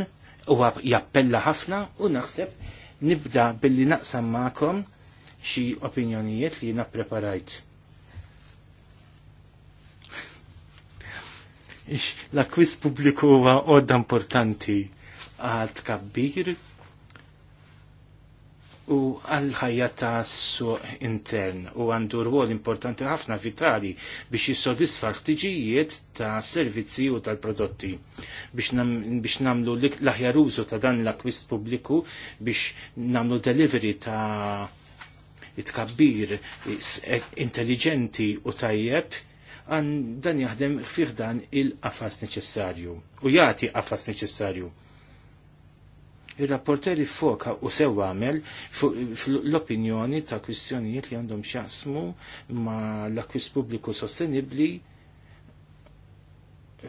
huwa jappella ħafna u naħseb nibda billi naqsam magħkom xi opinjonijiet li jiena preparajt. [LAUGHS] l-akwist pubbliku huwa għodda importanti għad kabbir u għal-ħajja ta' su intern u għandu rwol importanti ħafna vitali biex jissodisfa l-ħtiġijiet ta' servizzi u tal-prodotti biex, namlu l-aħjar użu ta' dan l-akwist pubbliku biex namlu delivery ta' itkabbir e- intelligenti u tajjeb għan dan jaħdem fiħdan il-qafas neċessarju u jati qafas neċessarju Il-rapporteri foka u sew għamel l-opinjoni ta' kwistjonijiet li għandhom xjaqsmu ma l akwis pubbliku sostenibli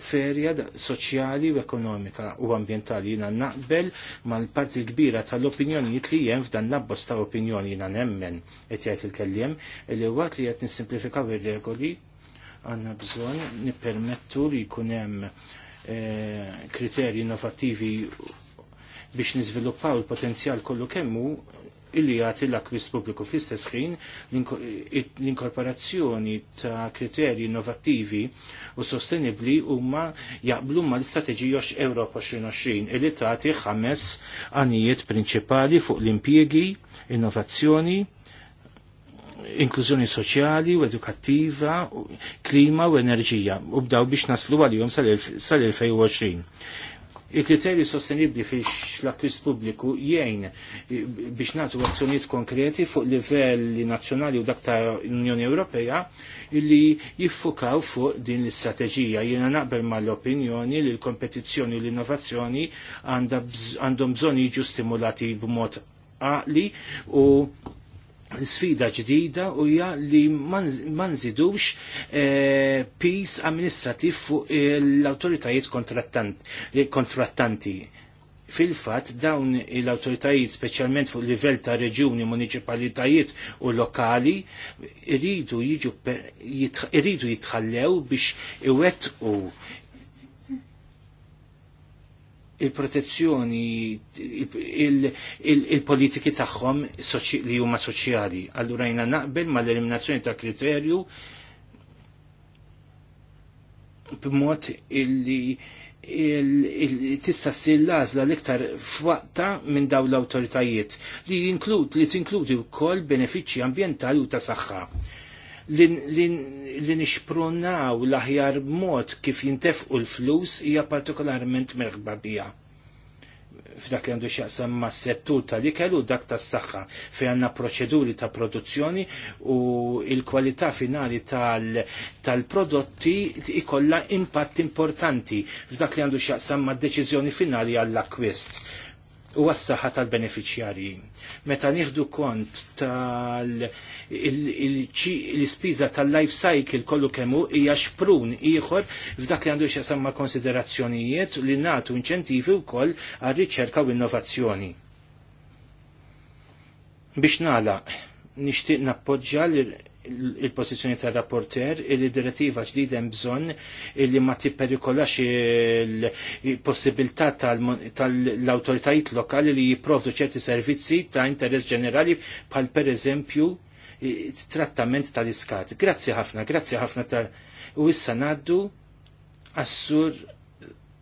ferja soċjali u ekonomika u ambientali jina naqbel ma l-parti kbira tal-opinjonijiet li jem f'dan nabbos ta' opinjoni jina nemmen et jgħet il-kellem li għat li jgħet nisimplifikaw il-regoli għanna bżon nipermettu li kunem eh, kriterji innovativi biex niżviluppaw il-potenzjal kollu kemmu illi jagħti l-akwist pubbliku fl-istess ħin l-inkorporazzjoni ta' kriterji innovattivi u sostenibbli huma jaqblu ma' l-istrateġija Ewropa 2020 illi tagħti ħames għanijiet prinċipali fuq l-impjiegi, innovazzjoni, inklużjoni soċjali u edukattiva, klima u enerġija u bdaw biex naslu għalihom sal-2020. Il-kriterju sostenibli fiex l-akkwist pubbliku jgħin biex nagħtu azzjonijiet konkreti fuq livelli nazzjonali u dak ta' Unjoni Ewropea illi jiffukaw fuq din l-istrateġija. Jiena naqbel mal-opinjoni li l-kompetizzjoni u l-innovazzjoni għandhom bżonn jiġu stimulati b'mod għaqli u sfida ġdida u ja li ma nżidux eh, pis amministrativ fuq eh, l-autoritajiet kontrattanti. Fil-fat dawn l-autoritajiet speċjalment fuq livell ta' reġuni, municipalitajiet u lokali iridu iridu jitħallew biex iwettqu il-protezzjoni, il-politiki tagħhom li huma soċjali. Allura jina naqbel ma l-eliminazzjoni ta' kriterju b'mod illi tista' ssir l-għażla l-iktar f'waqta minn dawn l-awtoritajiet li jinklud li tinkludi wkoll benefiċċji ambjentali u ta' saħħa li nixprunaw l-aħjar mod kif jintefqu l-flus hija partikolarment merħba bija f'dak li għandu xaqsam ma' settur tal-ikel u dak tas saħħa fejn għandna proċeduri ta' produzzjoni u il-kwalità finali tal-prodotti ikolla impatt importanti f'dak li għandu xaqsam ma' deċiżjoni finali għall-akwist u għas-saħħa tal-beneficjarji. Meta nieħdu kont tal-ispiża tal-life cycle kollu kemmu hija xprun ieħor f'dak li għandu xasamma konsiderazzjonijiet li nagħtu inċentivi wkoll għar-riċerka u innovazzjoni. Biex nagħlaq nixtieq nappoġġja il-pozizjoni tal rapporter il direttiva ġdida hemm bżonn li ma tipperikolax il-possibilità tal-awtoritajiet lokali li jipprovdu ċerti servizzi ta' interess ġenerali bħal pereżempju trattament tal-iskat. Grazzi ħafna, grazzi ħafna tal- u issa ngħaddu assur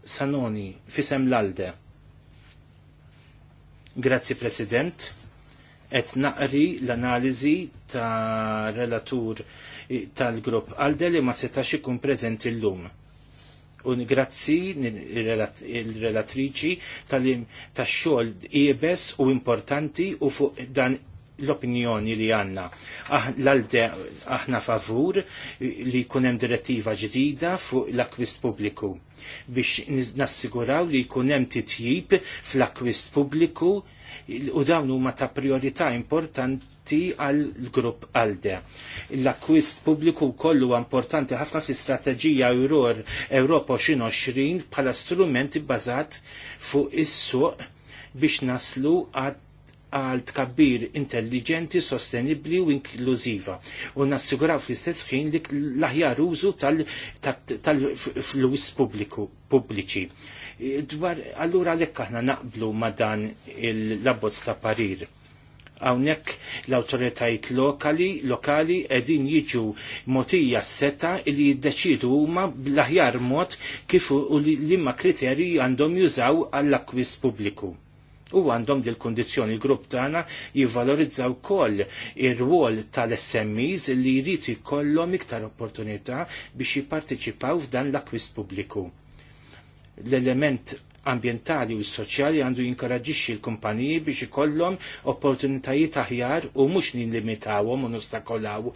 Sanoni fisem l-Alde. Grazzi President qed naqri l-analiżi ta' relatur tal-grupp Alde li ma setax ikun preżenti llum. U grazzi il-relatriċi tax-xogħol qiebes u importanti u fuq dan l-opinjoni li għanna. Ah, L-għalde aħna favur li kunem direttiva ġdida fuq l-akwist publiku biex nassiguraw li kunem titjib fl-akwist publiku u dawn huma ta' priorità importanti għal grupp għalde. L-akkwist pubbliku kollu importanti ħafna fl-istrateġija Euror Europa 2020 bħala strumenti bbażat fuq is-suq biex naslu għad għal tkabbir intelligenti, sostenibli u inklużiva. U nassiguraw fl-istess ħin li l-aħjar użu tal-flus pubbliku pubbliċi dwar allura lekk aħna naqblu ma dan il-labbozz ta' parir. Hawnhekk l-awtoritajiet lokali lokali qegħdin jiġu motija seta li jiddeċidu huma bl-aħjar mod kif u liema kriterji għandhom jużaw għall akwist pubbliku. U għandhom dil kondizjoni l-grupp tagħna jivalorizzaw koll ir-rwol tal-SMEs li jrid kollom iktar opportunità biex jipparteċipaw f'dan l-akwist pubbliku l-element ambientali u soċjali għandu jinkoraġixxi l-kumpaniji biex ikollhom opportunitajiet aħjar u mhux nillimitawhom u nostakolaw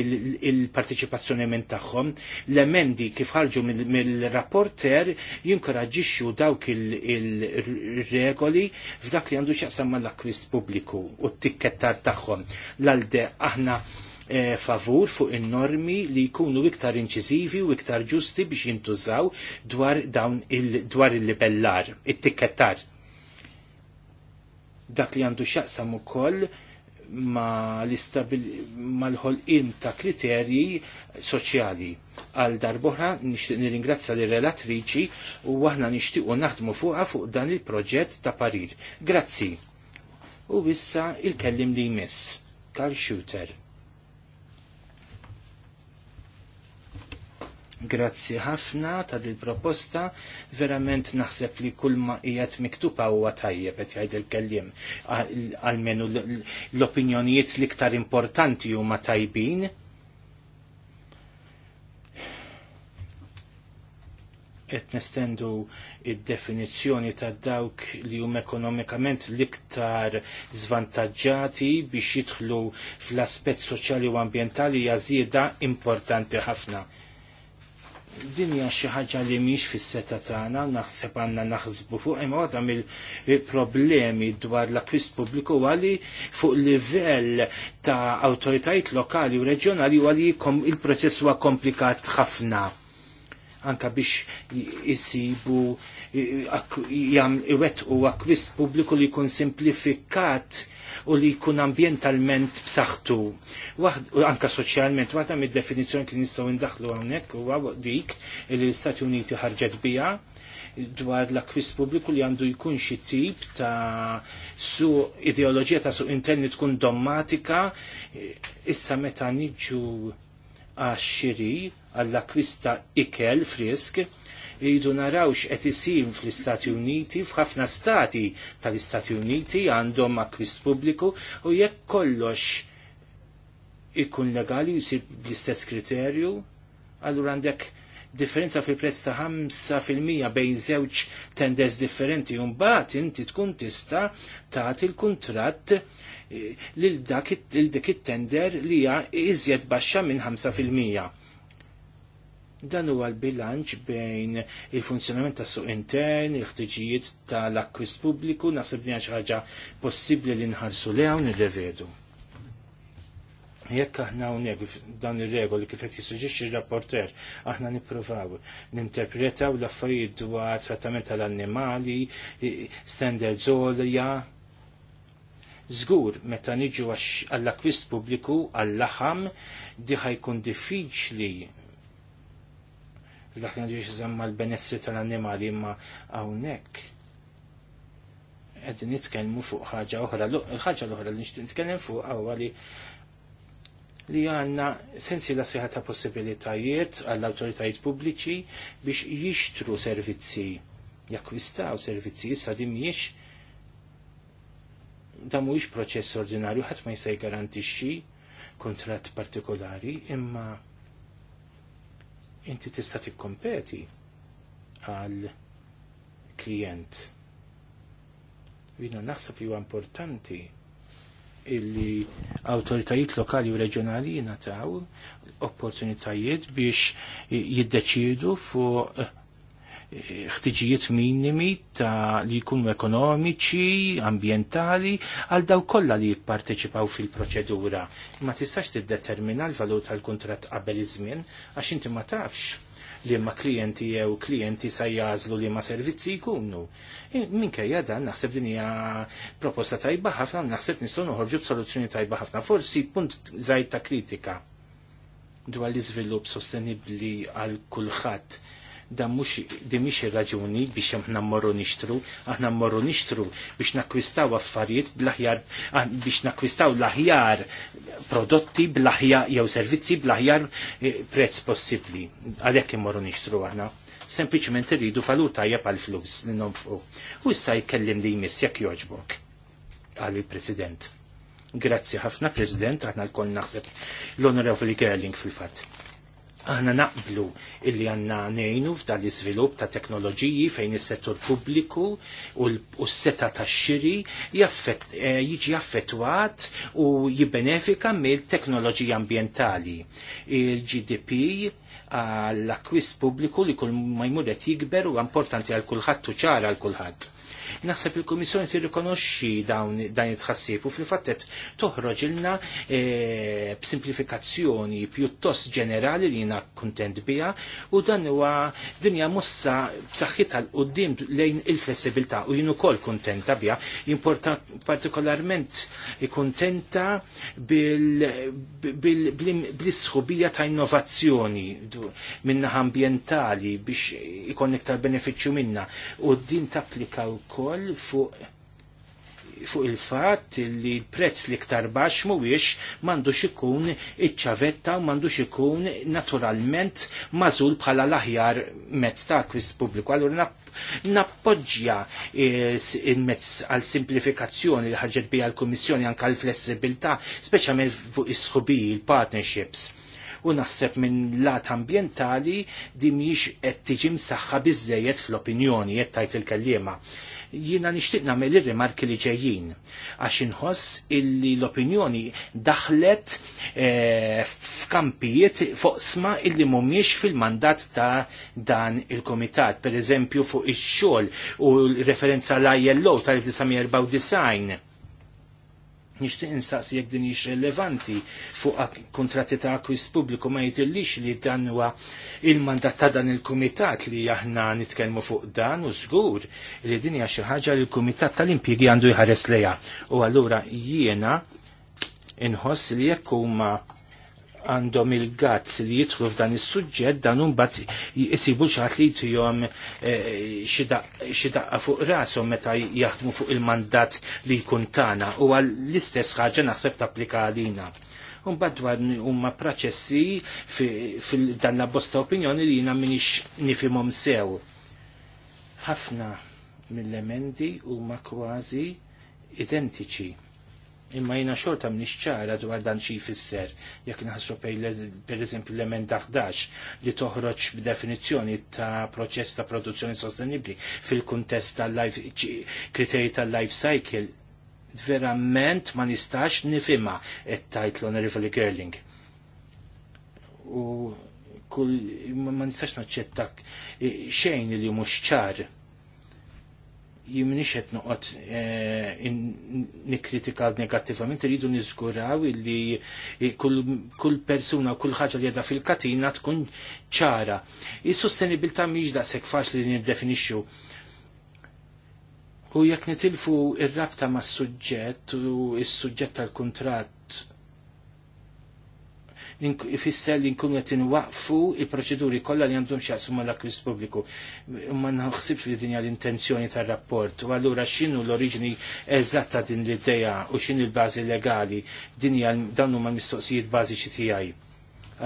il-partiċipazzjoni il minn tagħhom. L-emendi kif ħarġu mill-rapporter jinkoraġixxu dawk il-regoli f'dak li għandu x'jaqsam mal-akkwist pubbliku u t-tikkettar tagħhom. L-għalde aħna Eh, favur fuq in-normi li jkunu iktar inċiżivi u iktar ġusti biex jintużaw dwar dawn il, dwar il-libellar, it-tikkettar. Dak li għandu xaqsam ukoll ma l-ħolqin ta' kriterji soċjali. Għal darbohra nixtieq nirringrazzja li relatriċi u aħna nixtiequ naħdmu fuqha fuq dan il-proġett ta' parir. Grazzi. U issa il-kellim li jmiss, Karl Shooter. Grazzi ħafna ta' dil proposta verament naħseb li kull ma qiegħed miktuba huwa tajjeb qed jgħid il-kelliem. għalmenu l-opinjonijiet l-iktar importanti huma tajbin. qed nestendu id-definizzjoni ta' dawk li huma ekonomikament l-iktar zvantaġġati biex jidħlu fl-aspett soċjali u ambjentali hija żieda importanti ħafna dinja xi ħaġa li mhix fis-seta tagħna naħseb għandna naħsbu fuq imma għadha mill-problemi dwar l-akkwist pubbliku għali fuq livell ta' awtoritajiet lokali u reġjonali għali il-proċess huwa komplikat ħafna anka biex jisibu jam iwet u akwist publiku li jkun simplifikat u li jkun ambientalment b'saħħtu. U anka soċjalment, waħda mid-definizzjoni li nistgħu ndaħlu hawnhekk huwa dik li l-Istati Uniti ħarġet biha dwar l-akwist pubbliku li għandu jkun xi tip ta' su ideoloġija ta' su interni tkun dommatika issa meta niġu għax-xiri għall-akwista ikel frisk rridu narawx qed isim fl-Istati Uniti, f'ħafna stati tal-Istati Uniti għandhom akwist pubbliku u jekk kollox ikun legali jisib bl-istess kriterju, allura għandek differenza fil-prezz ta' 5% bejn żewġ tenders differenti u mbagħad inti tkun tista' tagħti l-kuntratt eh, lil dak il-tender li hija iżjed baxxa minn 5%. Dan huwa l-bilanċ bejn il-funzjonament tas suq intern, il-ħtiġijiet tal-akkwist pubbliku, naħseb li ħaġa possibbli li nħarsu leha u nirrevedu. Jekk aħna hawnhekk dan ir-regoli kif qed jissuġġixxi r-rapporter, aħna nippruvaw ninterpretaw l-affarijiet dwar trattament tal-annimali, standards olja. Zgur, meta niġu għall-akwist pubbliku għall-laħam, diħa jkun diffiċli dak għandix zemma l-benessri tal-annimali imma hawnhekk Għed nitkellmu fuq ħagġa uħra, l-ħaġa l li nitkelmu fuq għawa li li għanna sensi la siħa ta' possibilitajiet għall-autoritajiet pubbliċi biex jixtru servizzi, jakwistaw servizzi, issa di miex da mhuwiex proċess ordinarju ħadd ma jista' jgarantixxi kontratt partikolari, imma inti tista' tikkompeti għal klient. Jina naħseb li huwa importanti illi autoritajiet lokali u reġjonali jingħataw opportunitajiet biex jiddeċiedu fuq ħtiġijiet minimi ta' li jkunu ekonomiċi, ambientali, għal daw kollha li jipparteċipaw fil-proċedura. Ma tistax tiddetermina l-valur tal-kuntratt qabel iż-żmien għax inti ma tafx li ma klienti jew klienti sa jazlu li ma servizzi jkunu. Minkejja dan naħseb din hija proposta tajba ħafna, naħseb nistgħu noħorġu b'soluzzjoni tajba ħafna. Forsi punt żgħid ta' kritika dwar l-iżvilupp sostenibbli għal kulħadd dan mhux din raġuni biex aħna mmorru nixtru, aħna mmorru nixtru biex nakkwistaw affarijiet bl-aħjar ah, biex nakkwistaw l-aħjar prodotti bl-aħjar jew servizzi bl-aħjar eh, prezz possibbli. Għalhekk morru nixtru aħna. Sempliċement irridu falur tajjeb għal flus li fu. U issa jkellim li jmiss jekk joġbok għal il-President. Grazzi ħafna, President, aħna l-koll naħseb l-Onorevoli Gerling fil-fat aħna naqblu illi għanna nejnu f'dan l-izvilup ta' teknoloġiji fejn is-settur pubbliku u s-seta ta' xiri eh, jiġi affettwat u jibbenefika mill-teknoloġija ambientali. Il-GDP għall-akwist pubbliku li kull ma jikber u importanti għal kulħadd u ċara għal kulħadd. Naħseb il-Kummissjoni tirrikonoxxi dawn dan it-tħassib u fil-fattet toħroġ ilna e, b'simplifikazzjoni pjuttost ġenerali li jiena kuntent biha u dan huwa dinja mossa b'saħħit l-qudiem lejn il-flessibilità u jien ukoll kuntenta biha. Important partikolarment kuntenta bil isħubija ta' innovazzjoni minna ambientali biex ikon iktar benefiċċju minna u din tapplika u ukoll fuq fuq il-fatt li l-prezz li ktar baxx mhuwiex m'għandux ikun iċ-ċavetta u m'għandux ikun naturalment mażul bħala l-aħjar mezz ta' akwist pubbliku. Allura nappoġġja il-mezz għal simplifikazzjoni li ħarġet bija l-Kummissjoni anke għal flessibilità, speċjalment fuq is-sħubiji, il-partnerships u naħseb minn lat ambientali di mhijiex qed tiġi msaħħa biżejjed fl-opinjoni qed tajt il-kellima jiena nixtieq nagħmel ir-rimarki li ġejjin għax inħoss illi l-opinjoni daħlet eh, f'kampijiet foqsma illi mhumiex fil-mandat ta' dan il-komitat, per eżempju fuq ix-xogħol u l-referenza l-ILO tal-1994 nixtieq insaqsi jekk din hix rilevanti fuq kontratti ta' akwist pubbliku ma jidillix li dan huwa il-mandat ta' dan il-kumitat li aħna nitkellmu fuq dan u żgur li din hija xi ħaġa li l-kumitat tal-impjiegi għandu jħares lejha. U allura jiena inħoss li jekk huma għandhom il-gazz li jitħlu f'dan is-suġġett dan imbagħad xi xaħat li jtihom eh, xi daqqa fuq rashom meta jaħdmu fuq il-mandat li jkun tagħna u għal l-istess ħaġa naħseb tapplika għalina. Mbagħad dwar huma proċessi fil-dan la bosta opinjoni li jiena m'iniex nifhimhom sew. Ħafna mill-emendi huma kważi identiċi imma jina xorta minn ċara dwar dan xi jfisser jekk naħsru per eżempju l-emenda 11 li toħroġ b'definizzjoni ta' proċess ta' produzzjoni sostenibbli fil-kuntest tal-life kriterji tal-life cycle verament ma nistax nifima et tajt l Rivoli Girling. U kull ma nistax naċċettak eh, xejn li mhux ċar jimnix qed noqgħod e, eh, nikkritika negattivament iridu niżguraw illi kull persuna kull ħaġa li għedha fil-katina tkun ċara. Is-sostenibilità mhijiex daqshekk faċli li niddefinixxu. U jekk nitilfu ir-rabta mas-suġġett u s-suġġett tal-kuntratt ifisser li nkunu qed inwaqfu il-proċeduri kollha li għandhom x'jaqsmu mal-akkwist pubbliku. Ma naħsibx li dinja l-intenzjoni tar-rapport. U allura x'inhu l-oriġini eżatt ta' din l-idea u x'inhu l-bażi legali dinja dan huma l-mistoqsijiet bażiċi tiegħi.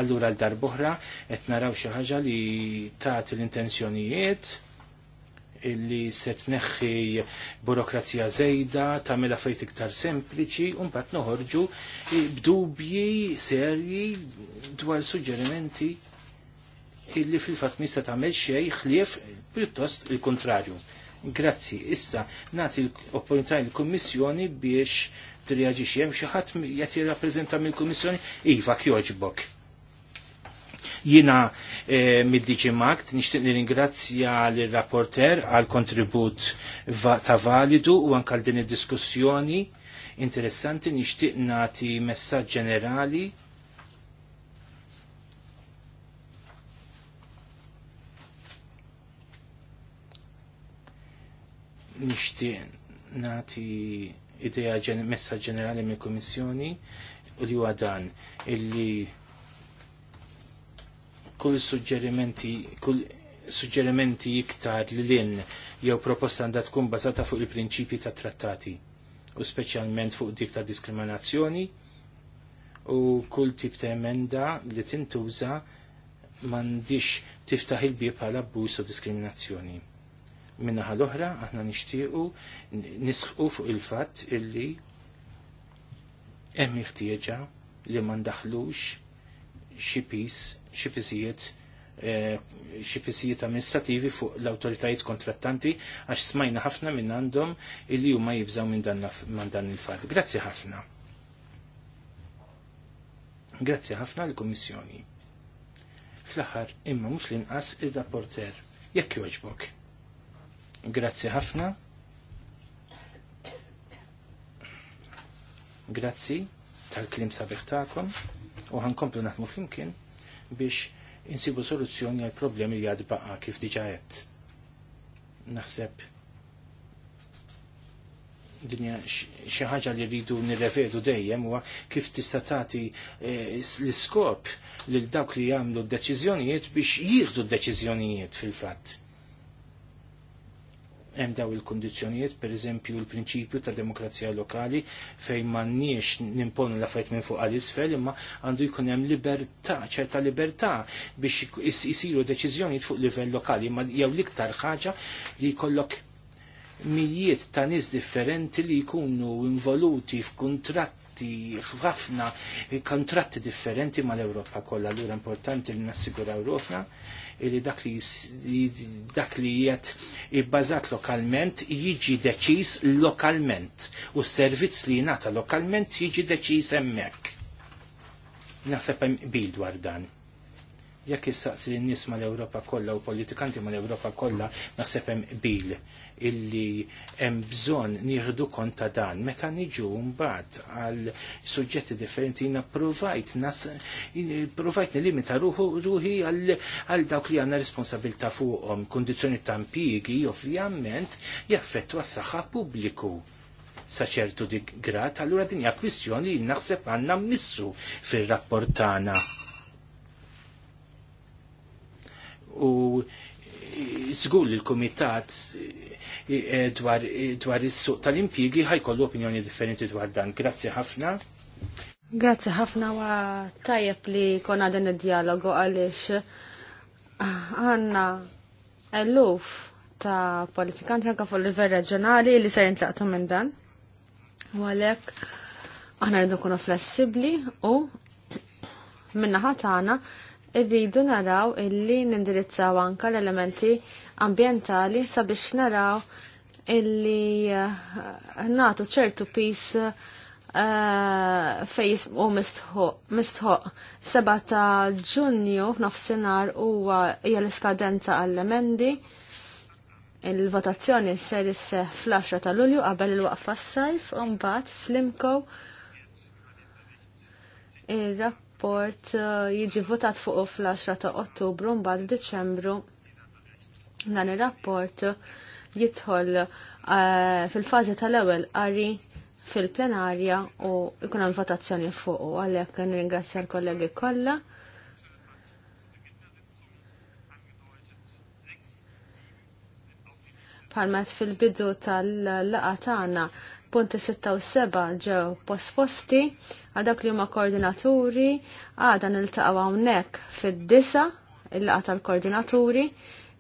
Allura l-darbohra qed naraw xi ħaġa li tagħti l-intenzjonijiet illi se tneħħi burokrazija żejda, tagħmilha fejt iktar sempliċi u mbagħad noħorġu b'dubji serji dwar suġġerimenti illi fil-fatt mista jista' tagħmel xej ħlief pjuttost il-kontrarju. Grazzi, issa nagħti l-opportunità l-Kummissjoni biex t hemm xi ħadd qed jirrappreżenta mill-Kummissjoni iva kjoġbok. Jina mid eh, mid-Diġi nishtiq nixtieq ingrazzja l-rapporter għal kontribut ta' validu u anke din id-diskussjoni interessanti nixtieq nagħti messaġġ ġenerali nixtieq nati idea messa ġenerali mill-Kummissjoni u li huwa dan illi kull suġġerimenti, kull suġġerimenti iktar li l-in jew proposta għandha tkun bazata fuq il-prinċipji ta' trattati u speċjalment fuq dik ta' diskriminazzjoni u kull tip ta' emenda li tintuża m'għandix tiftaħ il-bib bħala abbuż u diskriminazzjoni. Minna l-oħra aħna nixtiequ nisħu fuq il-fatt illi hemm ħtieġa li ma ndaħlux xipisijiet eh, xipisijiet amministrativi fuq l-autoritajiet kontrattanti għax smajna ħafna minn għandhom illi huma jibżaw minn dan il-fat. Grazzi ħafna. Grazzi ħafna l-Komissjoni. Fl-aħħar imma mhux l-inqas ir-rapporter jekk joġbok. Grazzi ħafna. Grazzi tal-klim sabiħ tagħkom u ħankomplu naħmu flimkien biex insibu soluzzjoni għal problemi li għadba' kif diġajet. Naħseb dinja xi ħaġa li rridu nirrevedu dejjem huwa kif tista' tagħti eh, l-iskop lil dawk li jagħmlu d-deċiżjonijiet biex jieħdu d-deċiżjonijiet fil-fatt hemm daw il-kondizzjonijiet, per eżempju l-prinċipju ta' demokrazija lokali fejn m'għandniex nimponu la fajt minn fuq għal isfel, imma għandu jkun hemm libertà, ċerta libertà biex isiru deċiżjonijiet fuq livell lokali, imma jew l-iktar ħaġa li jkollok mijiet ta' nies differenti li jkunu involuti f'kuntratt ħafna kontratti differenti mal-Europa kollha. Allura importanti li nassiguraw rofna li dak li dak li jiet ibbażat lokalment jiġi deċiż lokalment u s-servizz li jingħata lokalment jiġi deċiż hemmhekk. Naħseb hemm bil dwar dan. Jekk issaqsi lin nies mal-Ewropa kollha u politikanti mal-Ewropa kollha naħseb hemm bil illi hemm bżonn nieħdu kont ta' dan. Meta niġu mbagħad għal suġġetti differenti provajt nas provajt nilimita ruħi għal dawk li għandna responsabilità fuqhom kundizzjoni ta' impjiegi ovvjament jaffettwa s-saħħa pubbliku saċertu dik grat, allura din hija kwistjoni li naħseb għandna missu fir-rapport tagħna. U żgur e, il-kumitat E, e, dwar, is-suq tal-impjigi ħajkollu opinjoni differenti dwar dan. Grazzi ħafna. Grazzi ħafna wa tajjeb li konna din id-dialogu għaliex ah, għanna eluf ta' politikanti għanka fuq livell reġjonali li se jintlaqtu minn dan. U għalhekk aħna rridu nkunu flessibbli u minna għana irridu naraw illi nindirizzaw anka l-elementi ambientali sabiex naraw illi eh, natu ċertu pis eh, fej u mistħoq. Seba ta' ġunju f'nofsinhar huwa hija l-iskadenza għall-emendi. Il-votazzjoni ser isseħ fl-10 ta' Lulju qabel il-waqfa s-sajf u mbagħad flimko ir-rapport eh, jiġi votat fuq fl-10 ta' Ottubru mbagħad Diċembru Dan ir-rapport jidħol eh, fil-fażi tal-ewwel qari fil-plenarja u jkun hemm votazzjoni fuq għalhekk nirringrazzja l-kollegi kollha. Palmet fil-bidu tal-laqa tagħna punti 6 u 7 ġew posposti għal dak li huma koordinaturi il niltaqgħu hawnhekk fid-disa il-laqa tal-koordinaturi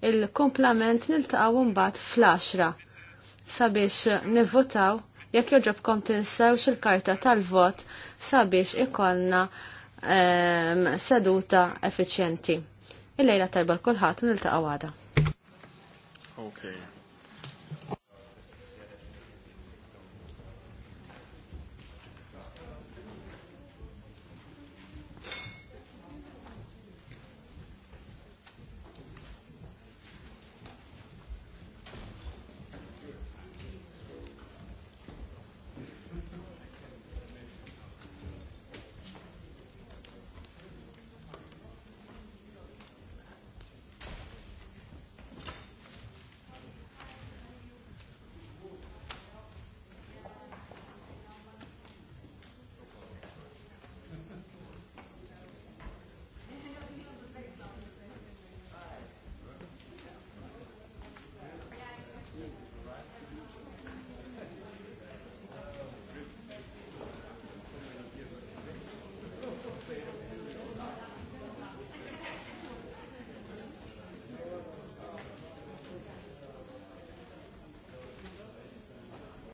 il-komplament niltaqgħu mbagħad fl-10 sabiex nivvotaw jekk joġobkom tinsew il-karta tal-vot sabiex ikollna ehm, seduta effiċjenti. Il-lejla tajba l-kulħadd niltaqgħu għada. Okay.